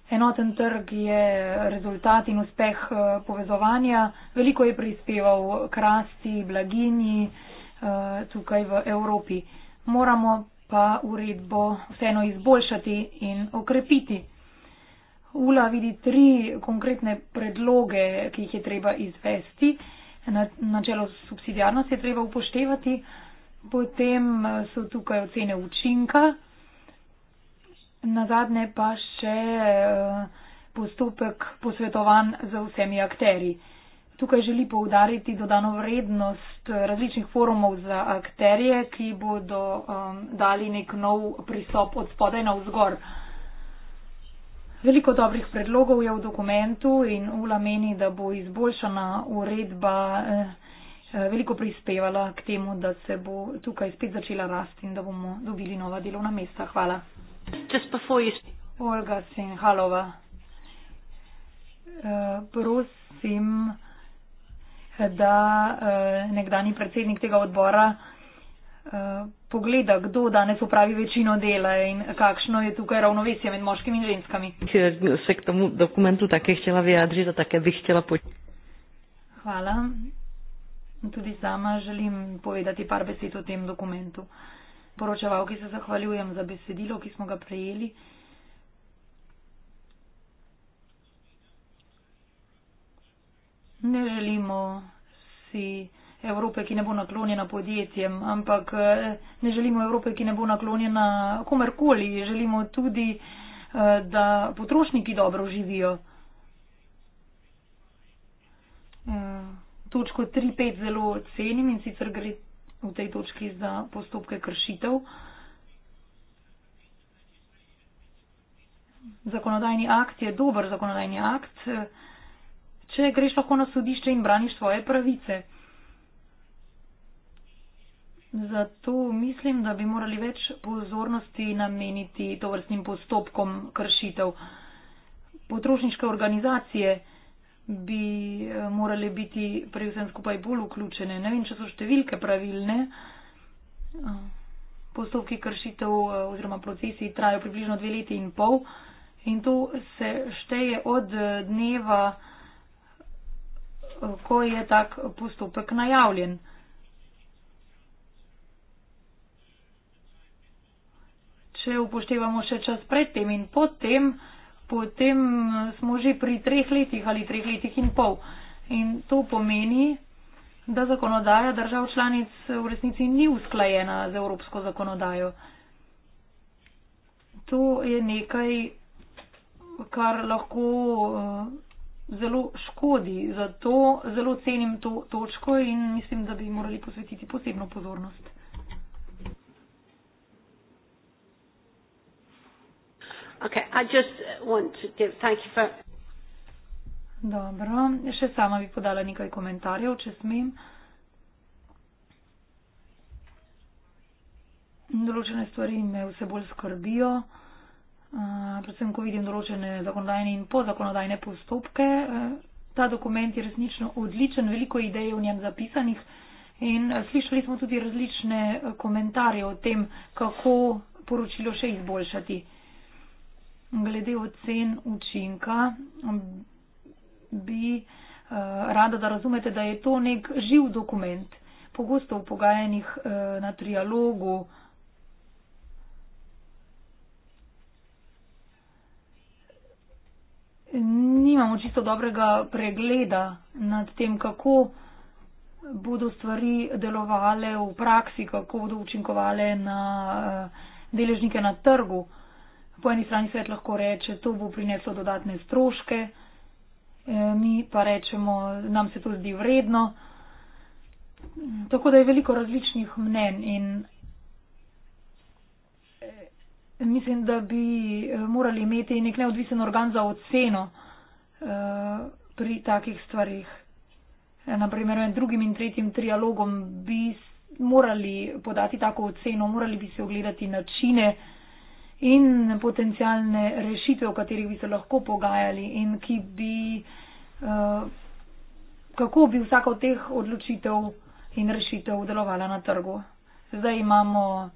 Enoten trg je rezultat in uspeh uh, povezovanja. Veliko je prispeval k rasti, blaginji uh, tukaj v Evropi. Moramo pa uredbo vseeno izboljšati in okrepiti. Ula vidi tri konkretne predloge, ki jih je treba izvesti. Načelo subsidijarnosti je treba upoštevati, potem eh, so tukaj ocene učinka, nazadnje pa še eh, postopek posvetovan za vsemi akteri. Tukaj želi poudariti dodano vrednost eh, različnih forumov za akterje, ki bodo um, dali nek nov pristop od spodaj na vzgor. Veliko dobrih predlogov je v dokumentu in Ula meni, da bo izboljšana uredba eh, eh, veliko prispevala k temu, da se bo tukaj spet začela rast in da bomo dobili nova delovna mesta. Hvala. Olga Senhalova. Eh, prosim, da nekdani predsednik tega odbora. Eh, pogleda, kdo danes upravi večino dela in kakšno je tukaj ravnovesje med moškimi in ženskami. Če se k temu dokumentu také htela vyjadriť, to také bych htela poč... Hvala. Tudi sama želim povedati par besed o tem dokumentu. Poročevalki se zahvaljujem za besedilo, ki smo ga prejeli. Ne želimo si Evrope, ki ne bo naklonjena podjetjem, ampak eh, ne želimo Evrope, ki ne bo naklonjena komerkoli, želimo tudi, eh, da potrošniki dobro živijo. Eh, točko 3.5 zelo cenim in sicer gre v tej točki za postopke kršitev. Zakonodajni akt je dober zakonodajni akt, če greš lahko na sodišče in braniš svoje pravice. Zato mislim, da bi morali več pozornosti nameniti tovrstnim postopkom kršitev. Potrošniške organizacije bi eh, morale biti pri vsem skupaj bolj vključene. Ne vem, če so številke pravilne. Eh, postopki kršitev eh, oziroma procesi trajajo približno dve leti in pol in to se šteje od dneva, ko je tak postopek najavljen. če upoštevamo še čas predtem in potem, potem smo že pri treh letih ali treh letih in pol. In to pomeni, da zakonodaja držav članic v resnici ni usklajena z evropsko zakonodajo. To je nekaj, kar lahko eh, zelo škodi. Zato zelo cenim to točko in mislim, da bi morali posvetiti posebno pozornost. Okay, I just uh, want to give thank you for. Dobro, še sama bi podala nekaj komentarjev, če smem. Določene stvari me vse bolj skrbijo, predvsem ko vidim določene zakonodajne in pozakonodajne postopke. Ta dokument je resnično odličen, veliko idej je v njem zapisanih in slišali smo tudi različne komentarje o tem, kako poročilo še izboljšati glede ocen učinka bi eh, rada, da razumete, da je to nek živ dokument. Pogosto v pogajanjih eh, na trialogu nimamo čisto dobrega pregleda nad tem, kako bodo stvari delovale v praksi, kako bodo učinkovale na eh, deležnike na trgu po eni strani svet lahko reče, to bo prineslo dodatne stroške, e, mi pa rečemo, nam se to zdi vredno. Tako da je veliko različnih mnen in e, mislim, da bi e, morali imeti nek neodvisen organ za oceno pri takih stvarih. Naprimer, med drugim in tretjim trialogom bi morali podati tako oceno, morali bi se ogledati načine, in potencialne rešitve, o katerih bi se lahko pogajali in ki bi, eh, kako bi vsaka od teh odločitev in rešitev delovala na trgu. Zdaj imamo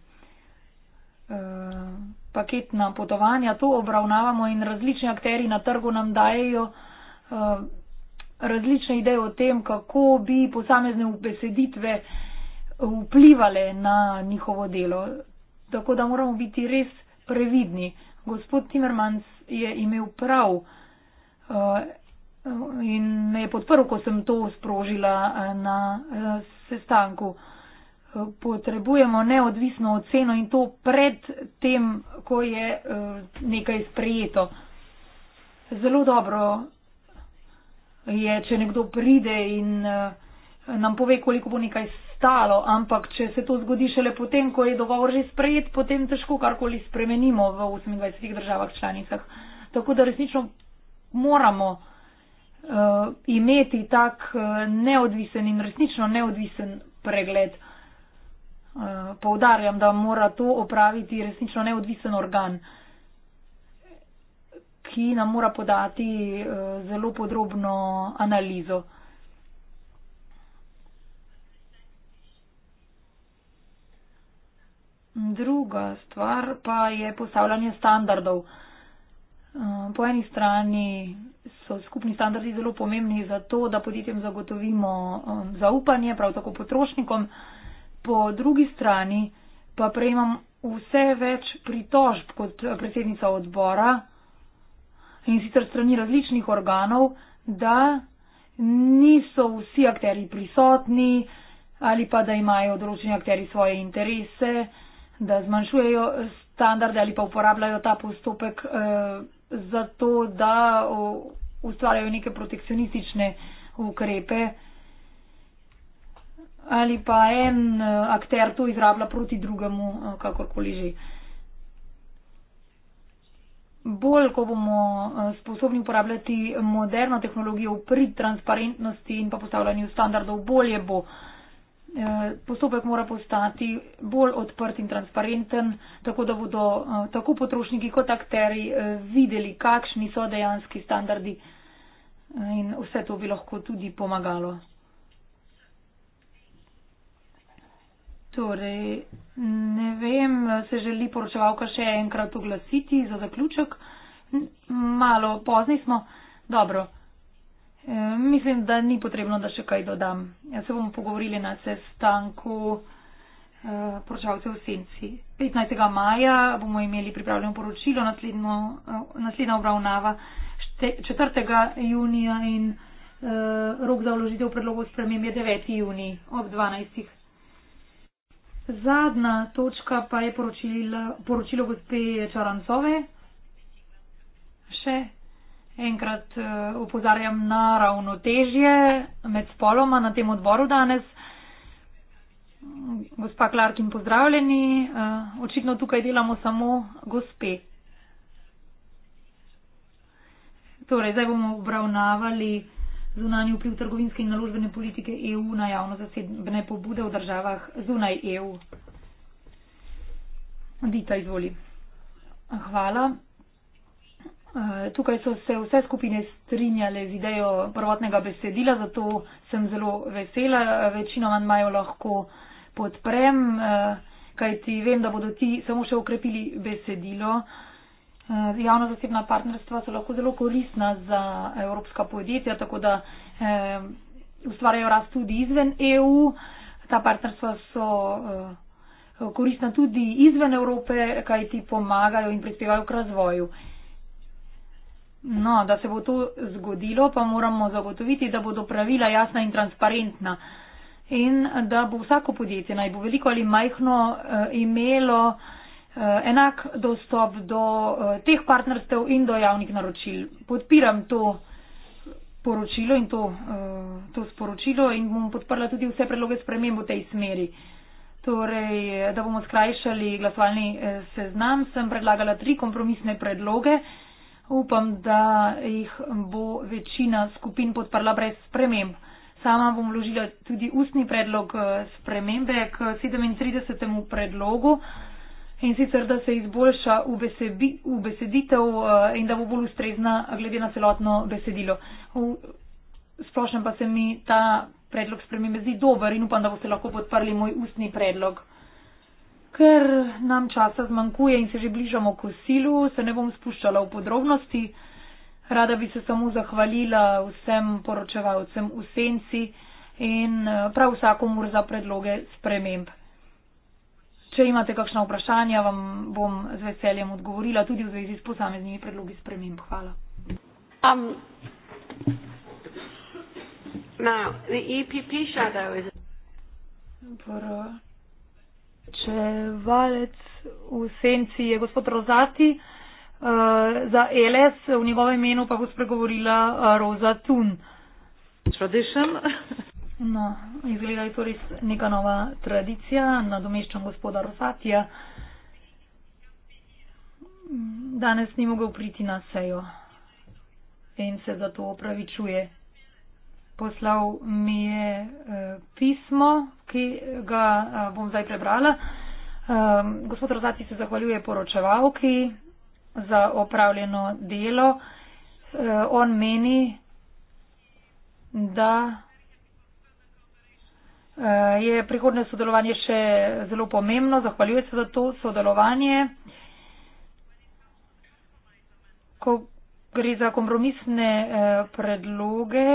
eh, paketna potovanja, to obravnavamo in različni akteri na trgu nam dajejo eh, različne ideje o tem, kako bi posamezne upeseditve vplivale na njihovo delo. Tako da moramo biti res previdni. Gospod Timmermans je imel prav uh, in me je podprl, ko sem to sprožila uh, na uh, sestanku. Potrebujemo neodvisno oceno in to pred tem, ko je nekaj sprejeto. Zelo dobro je, če nekdo pride in nam pove, koliko bo nekaj sprejeto stalo, ampak če se to zgodi šele potem, ko je dogovor že sprejet, potem težko karkoli spremenimo v 28 državah članicah. Tako da resnično moramo uh, imeti tak eh, neodvisen in resnično neodvisen pregled. Uh, poudarjam, da mora to opraviti resnično neodvisen organ, ki nam mora podati uh, zelo podrobno analizo. Druga stvar pa je postavljanje standardov. Eh, po eni strani so skupni standardi zelo pomembni za to, da podjetjem zagotovimo eh, zaupanje, prav tako potrošnikom. Po drugi strani pa prejemam vse več pritožb kot predsednica odbora in sicer strani različnih organov, da niso vsi akteri prisotni ali pa da imajo določeni akteri svoje interese da zmanjšujejo standarde ali pa uporabljajo ta postopek eh, zato, da o, ustvarjajo neke protekcionistične ukrepe ali pa en eh, akter to izrablja proti drugemu, eh, kakorkoli že. Bolj, ko bomo eh, sposobni uporabljati moderno tehnologijo pri transparentnosti in pa postavljanju standardov, bolje bo. Eh, Eh, postopek mora postati bolj odprt in transparenten, tako da bodo eh, tako potrošniki kot akteri eh, videli, kakšni so dejanski standardi in vse to bi lahko tudi pomagalo. Torej, ne vem, se želi poročevalka še enkrat oglasiti za zaključek. Malo pozni smo. Dobro. Eh, mislim, da ni potrebno, da še kaj dodam. Ja se bomo pogovorili na sestanku eh, poročavcev v Senci. 15. maja bomo imeli pripravljeno poročilo, eh, naslednja obravnava 4. junija in rok za vložitev predlogov sprememb je 9. juni ob 12. Zadnja točka pa je poročilo, poročilo gospe Čarancove. Še enkrat upozarjam eh, na ravnotežje med spoloma na tem odboru danes. Gospa Klarkin, pozdravljeni. Eh, očitno tukaj delamo samo gospe. Torej, zdaj bomo obravnavali zunanji vpliv trgovinske in naložbene politike EU na javno zasebne pobude v državah zunaj EU. Dita, izvoli. Hvala. Eh, tukaj so se vse skupine strinjale z idejo prvotnega besedila, zato sem zelo vesela. Večino manjmajo lahko podprem, eh, kajti vem, da bodo ti samo še ukrepili besedilo. Eh, javno-zasebna partnerstva so lahko zelo korisna za evropska podjetja, tako da ustvarjajo rast tudi izven EU. Ta partnerstva so korisna tudi izven Evrope, kajti pomagajo in prispevajo k razvoju. No, da se bo to zgodilo, pa moramo zagotoviti, da bodo pravila jasna in transparentna. In da bo vsako podjetje, naj bo veliko ali majhno, eh, imelo eh, enak dostop do eh, teh partnerstev in do javnih naročil. Podpiram to poročilo in to, to sporočilo in bom podprla tudi vse predloge sprememb v tej smeri. Torej, da bomo skrajšali glasovalni seznam, sem predlagala tri kompromisne predloge upam, da jih bo večina skupin podprla brez sprememb. Sama bom vložila tudi ustni predlog eh, spremembe k 37. predlogu in sicer, da se izboljša ubeseditev eh, in da bo bolj ustrezna glede na celotno besedilo. Splošno pa se mi ta predlog spremembe zdi dober in upam, da boste lahko podprli moj ustni predlog ker nam časa zmanjkuje in se že bližamo kosilu, se ne bom spuščala v podrobnosti. Rada bi se samo zahvalila vsem poročevalcem v senci in eh, prav vsakomur za predloge sprememb. Če imate kakšna vprašanja, vam bom z veseljem odgovorila tudi v zvezi s posameznimi predlogi sprememb. Hvala. Um, now, Če valec v senci je gospod Rozati, eh, za LS v njegovem imenu pa bo spregovorila eh, Roza Tun. Tradition. No, izgleda je to res neka nova tradicija, nadomeščam gospoda Rosatija. Danes ni mogel priti na sejo in se zato opravičuje poslal mi je eh, pismo, ki ga eh, bom zdaj prebrala. Ehm, gospod Rozati se zahvaljuje poročevalki za opravljeno delo. Eh, on meni, da je prihodne sodelovanje še zelo pomembno. Zahvaljuje se za to sodelovanje gre za kompromisne eh, predloge.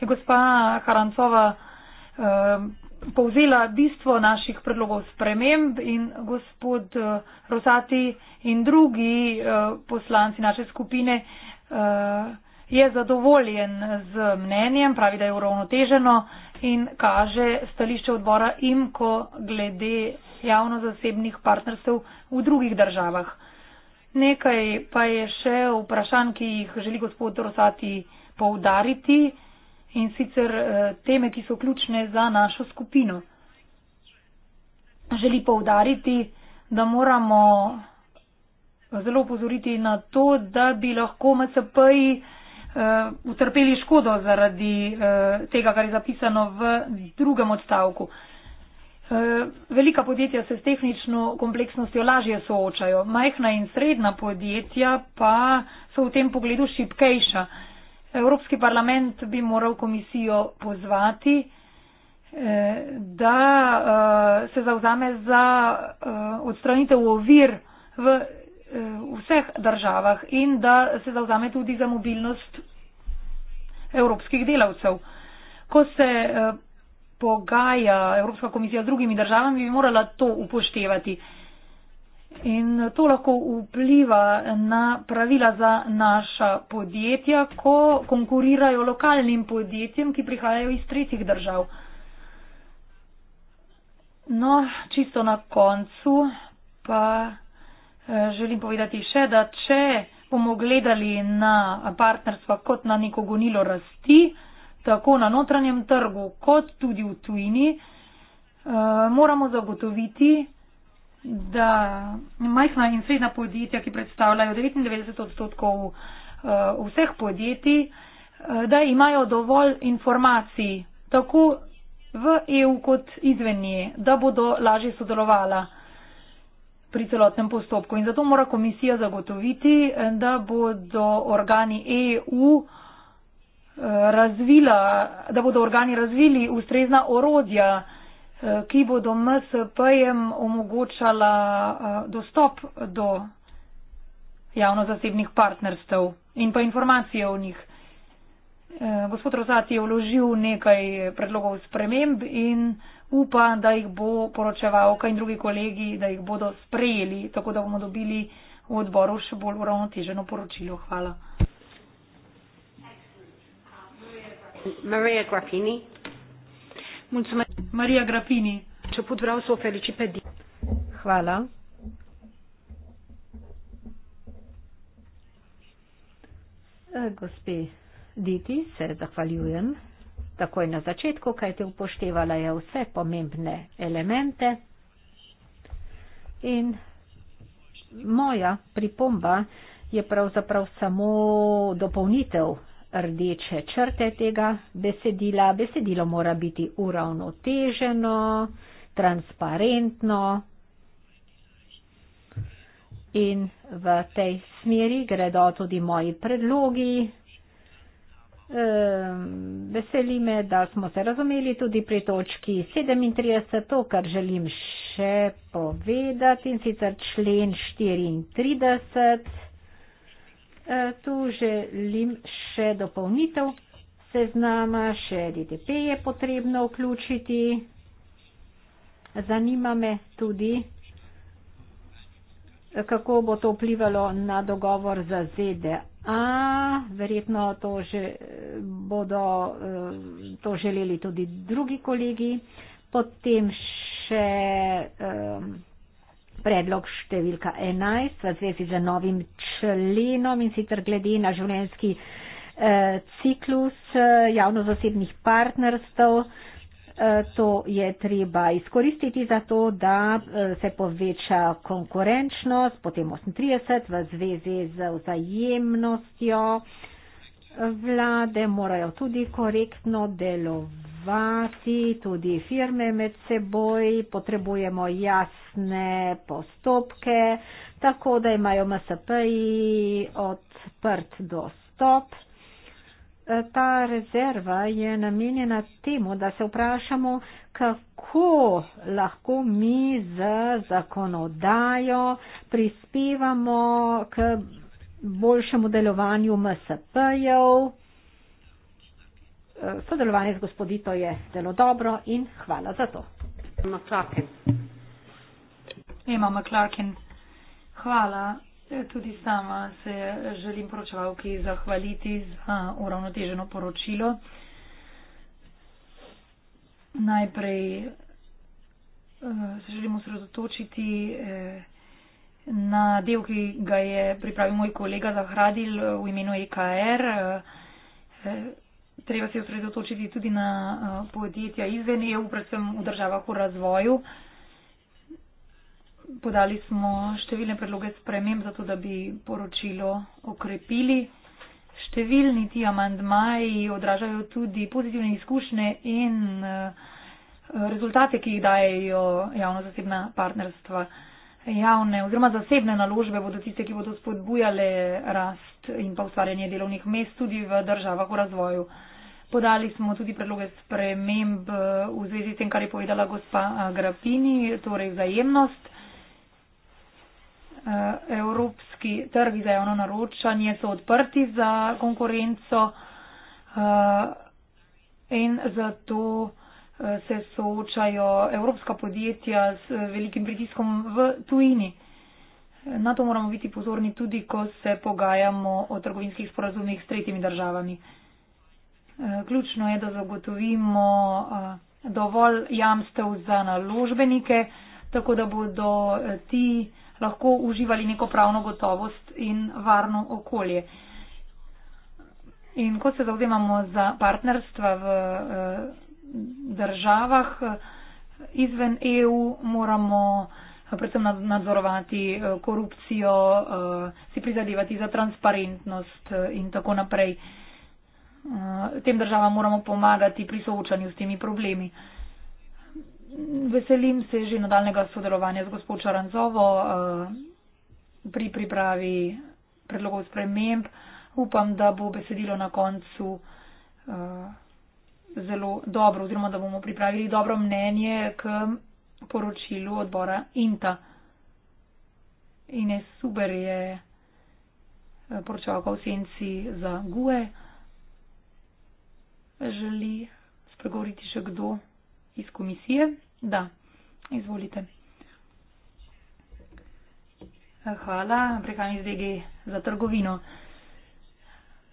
Je gospa Karancova eh, povzela bistvo naših predlogov sprememb in gospod eh, Rosati in drugi poslanci naše skupine je zadovoljen z mnenjem, pravi, da je uravnoteženo in kaže stališče odbora imko glede javno-zasebnih partnerstv v drugih državah. Nekaj pa je še vprašanj, ki jih želi gospod Rosati poudariti in sicer eh, teme, ki so ključne za našo skupino. Želi poudariti, da moramo zelo pozoriti na to, da bi lahko MCP-ji eh, utrpeli škodo zaradi eh, tega, kar je zapisano v drugem odstavku. Eh, velika podjetja se s tehnično kompleksnostjo lažje soočajo, majhna in srednja podjetja pa so v tem pogledu šipkejša. Evropski parlament bi moral komisijo pozvati, eh, da eh, se zauzame za odstranitev ovir v vseh državah in da se zauzame tudi za mobilnost evropskih delavcev. Ko se pogaja Evropska komisija z drugimi državami, bi morala to upoštevati. In to lahko vpliva na pravila za naša podjetja, ko konkurirajo lokalnim podjetjem, ki prihajajo iz tretjih držav. No, čisto na koncu pa eh, želim povedati še, da če bomo gledali na partnerstva kot na neko gonilo rasti, tako na notranjem trgu, kot tudi v tujini, eh, moramo zagotoviti, da majhna in srednja podjetja, ki predstavljajo 99 odstotkov eh, vseh podjetij, eh, da imajo dovolj informacij tako v EU kot izven nje, da bodo lažje sodelovala pri celotnem postopku. In zato mora komisija zagotoviti, da bodo organi EU razvila, da bodo organi razvili ustrezna orodja, eh, ki bodo MSP-jem omogočala eh, dostop do javno-zasebnih partnerstev in pa informacije o njih. Eh, gospod Rosat je vložil nekaj predlogov sprememb in upa, da jih bo poročevalka in drugi kolegi, da jih bodo sprejeli, tako da bomo dobili v odboru še bolj uravnoteženo poročilo. Hvala. Maria Grappini. Mulțumesc. Maria Grappini. Început vreau să o felicit pe din. Hvala. Eh, gospe Diti, se zahvaljujem takoj na začetku, kaj te upoštevala je vse pomembne elemente. In moja pripomba je pravzaprav samo dopolnitev rdeče črte tega besedila. Besedilo mora biti uravnoteženo, transparentno. In v tej smeri gredo tudi moji predlogi. Ehm, veseli me, da smo se razumeli tudi pri točki 37, to, kar želim še povedati, in sicer člen 34. E, tu želim še dopolnitev seznama, še DTP je potrebno vključiti. Zanima me tudi, kako bo to vplivalo na dogovor za ZDA. Verjetno to že, bodo e, to želeli tudi drugi kolegi. Potem še. Um, predlog številka 11 v zvezi z novim členom in sicer glede na življenjski eh, ciklus eh, javno-zasebnih partnerstv. Eh, to je treba izkoristiti za to, da eh, se poveča konkurenčnost, potem 38 v zvezi z vzajemnostjo, vlade morajo tudi korektno delovati, tudi firme med seboj, potrebujemo jasne postopke, tako da imajo MSP-ji odprt dostop. Ta rezerva je namenjena temu, da se vprašamo, kako lahko mi z zakonodajo prispevamo k boljšemu delovanju MSP-jev. Eh, sodelovanje z gospodito je zelo dobro in hvala za to. McLarkin. Ema McLarkin. Hvala. Tudi sama se želim poročevalki zahvaliti za uravnoteženo poročilo. Najprej eh, se želim osredotočiti. Eh, na del, ki ga je pripravil moj kolega Zahradil eh, v imenu EKR. Eh, eh, treba se osredotočiti tudi na podjetja izven EU, predvsem v državah v razvoju. Podali smo številne predloge sprememb, zato da bi poročilo okrepili. Številni ti amandmaji odražajo tudi pozitivne izkušnje in rezultate, ki jih dajejo javno-zasebna partnerstva. Javne oziroma zasebne naložbe bodo tiste, ki bodo spodbujale rast in pa ustvarjanje delovnih mest tudi v državah v razvoju. Podali smo tudi predloge sprememb eh, v zvezi s tem, kar je povedala gospa eh, Grafini, torej vzajemnost. Eh, evropski trgi za javno naročanje so odprti za konkurenco in zato. Eh, se soočajo evropska podjetja z velikim pritiskom v tujini. Na to moramo biti pozorni tudi, ko se pogajamo o trgovinskih sporazumih s tretjimi državami. Eh, ključno je, da zagotovimo eh, dovolj jamstev za naložbenike, tako da bodo ti lahko uživali neko pravno gotovost in varno okolje. In ko se zauzemamo za partnerstva v državah eh, izven EU moramo eh, predvsem nadzorovati eh, korupcijo, si prizadevati za transparentnost in tako naprej. Tem državam moramo pomagati pri soočanju s temi problemi. Veselim se že nadaljnega sodelovanja z gospod Čaranzovo pri pripravi predlogov sprememb. Upam, da bo besedilo na koncu zelo dobro oziroma da bomo pripravili dobro mnenje k poročilu odbora INTA. Ines Suber je eh, poročalka v senci za GUE. Želi spregovoriti še kdo iz komisije? Da, izvolite. Eh, hvala, prehajam iz DG za trgovino.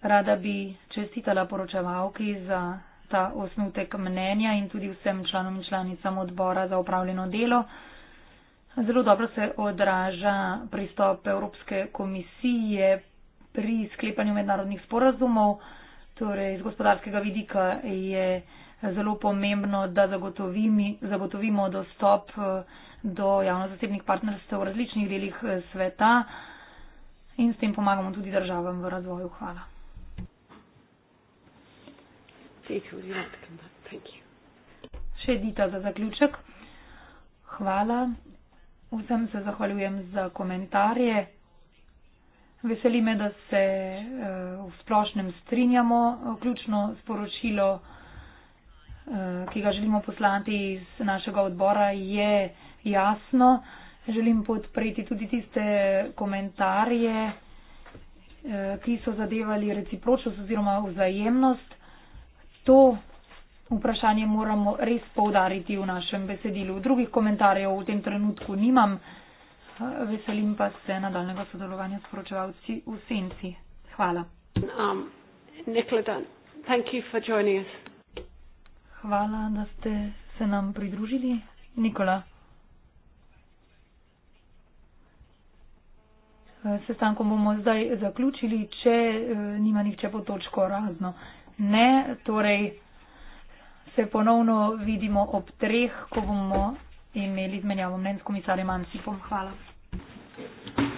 Rada bi čestitala poročevalki za ta osnutek mnenja in tudi vsem članom in članicam odbora za upravljeno delo. Zelo dobro se odraža pristop Evropske komisije pri sklepanju mednarodnih sporazumov. Torej, z gospodarskega vidika je zelo pomembno, da zagotovimi, zagotovimo dostop eh, do javno-zasebnih partnerstev v različnih delih eh, sveta in s tem pomagamo tudi državam v razvoju. Hvala. Še Dita za zaključek. Hvala. Vsem se zahvaljujem za komentarje. Veseli me, da se eh, v splošnem strinjamo. Ključno sporočilo, eh, ki ga želimo poslati iz našega odbora, je jasno. Želim podpreti tudi tiste komentarje, eh, ki so zadevali recipročnost oziroma vzajemnost. To vprašanje moramo res povdariti v našem besedilu. Drugih komentarjev v tem trenutku nimam. Veselim pa se nadaljnega sodelovanja s poročevalci v Senci. Hvala. Um, Thank you for joining us. Hvala, da ste se nam pridružili. Nikola. Sestankom bomo zdaj zaključili, če eh, nima nihče po točko razno ne, torej se ponovno vidimo ob treh, ko bomo imeli izmenjavo mnen s komisarjem Ansipom. Hvala.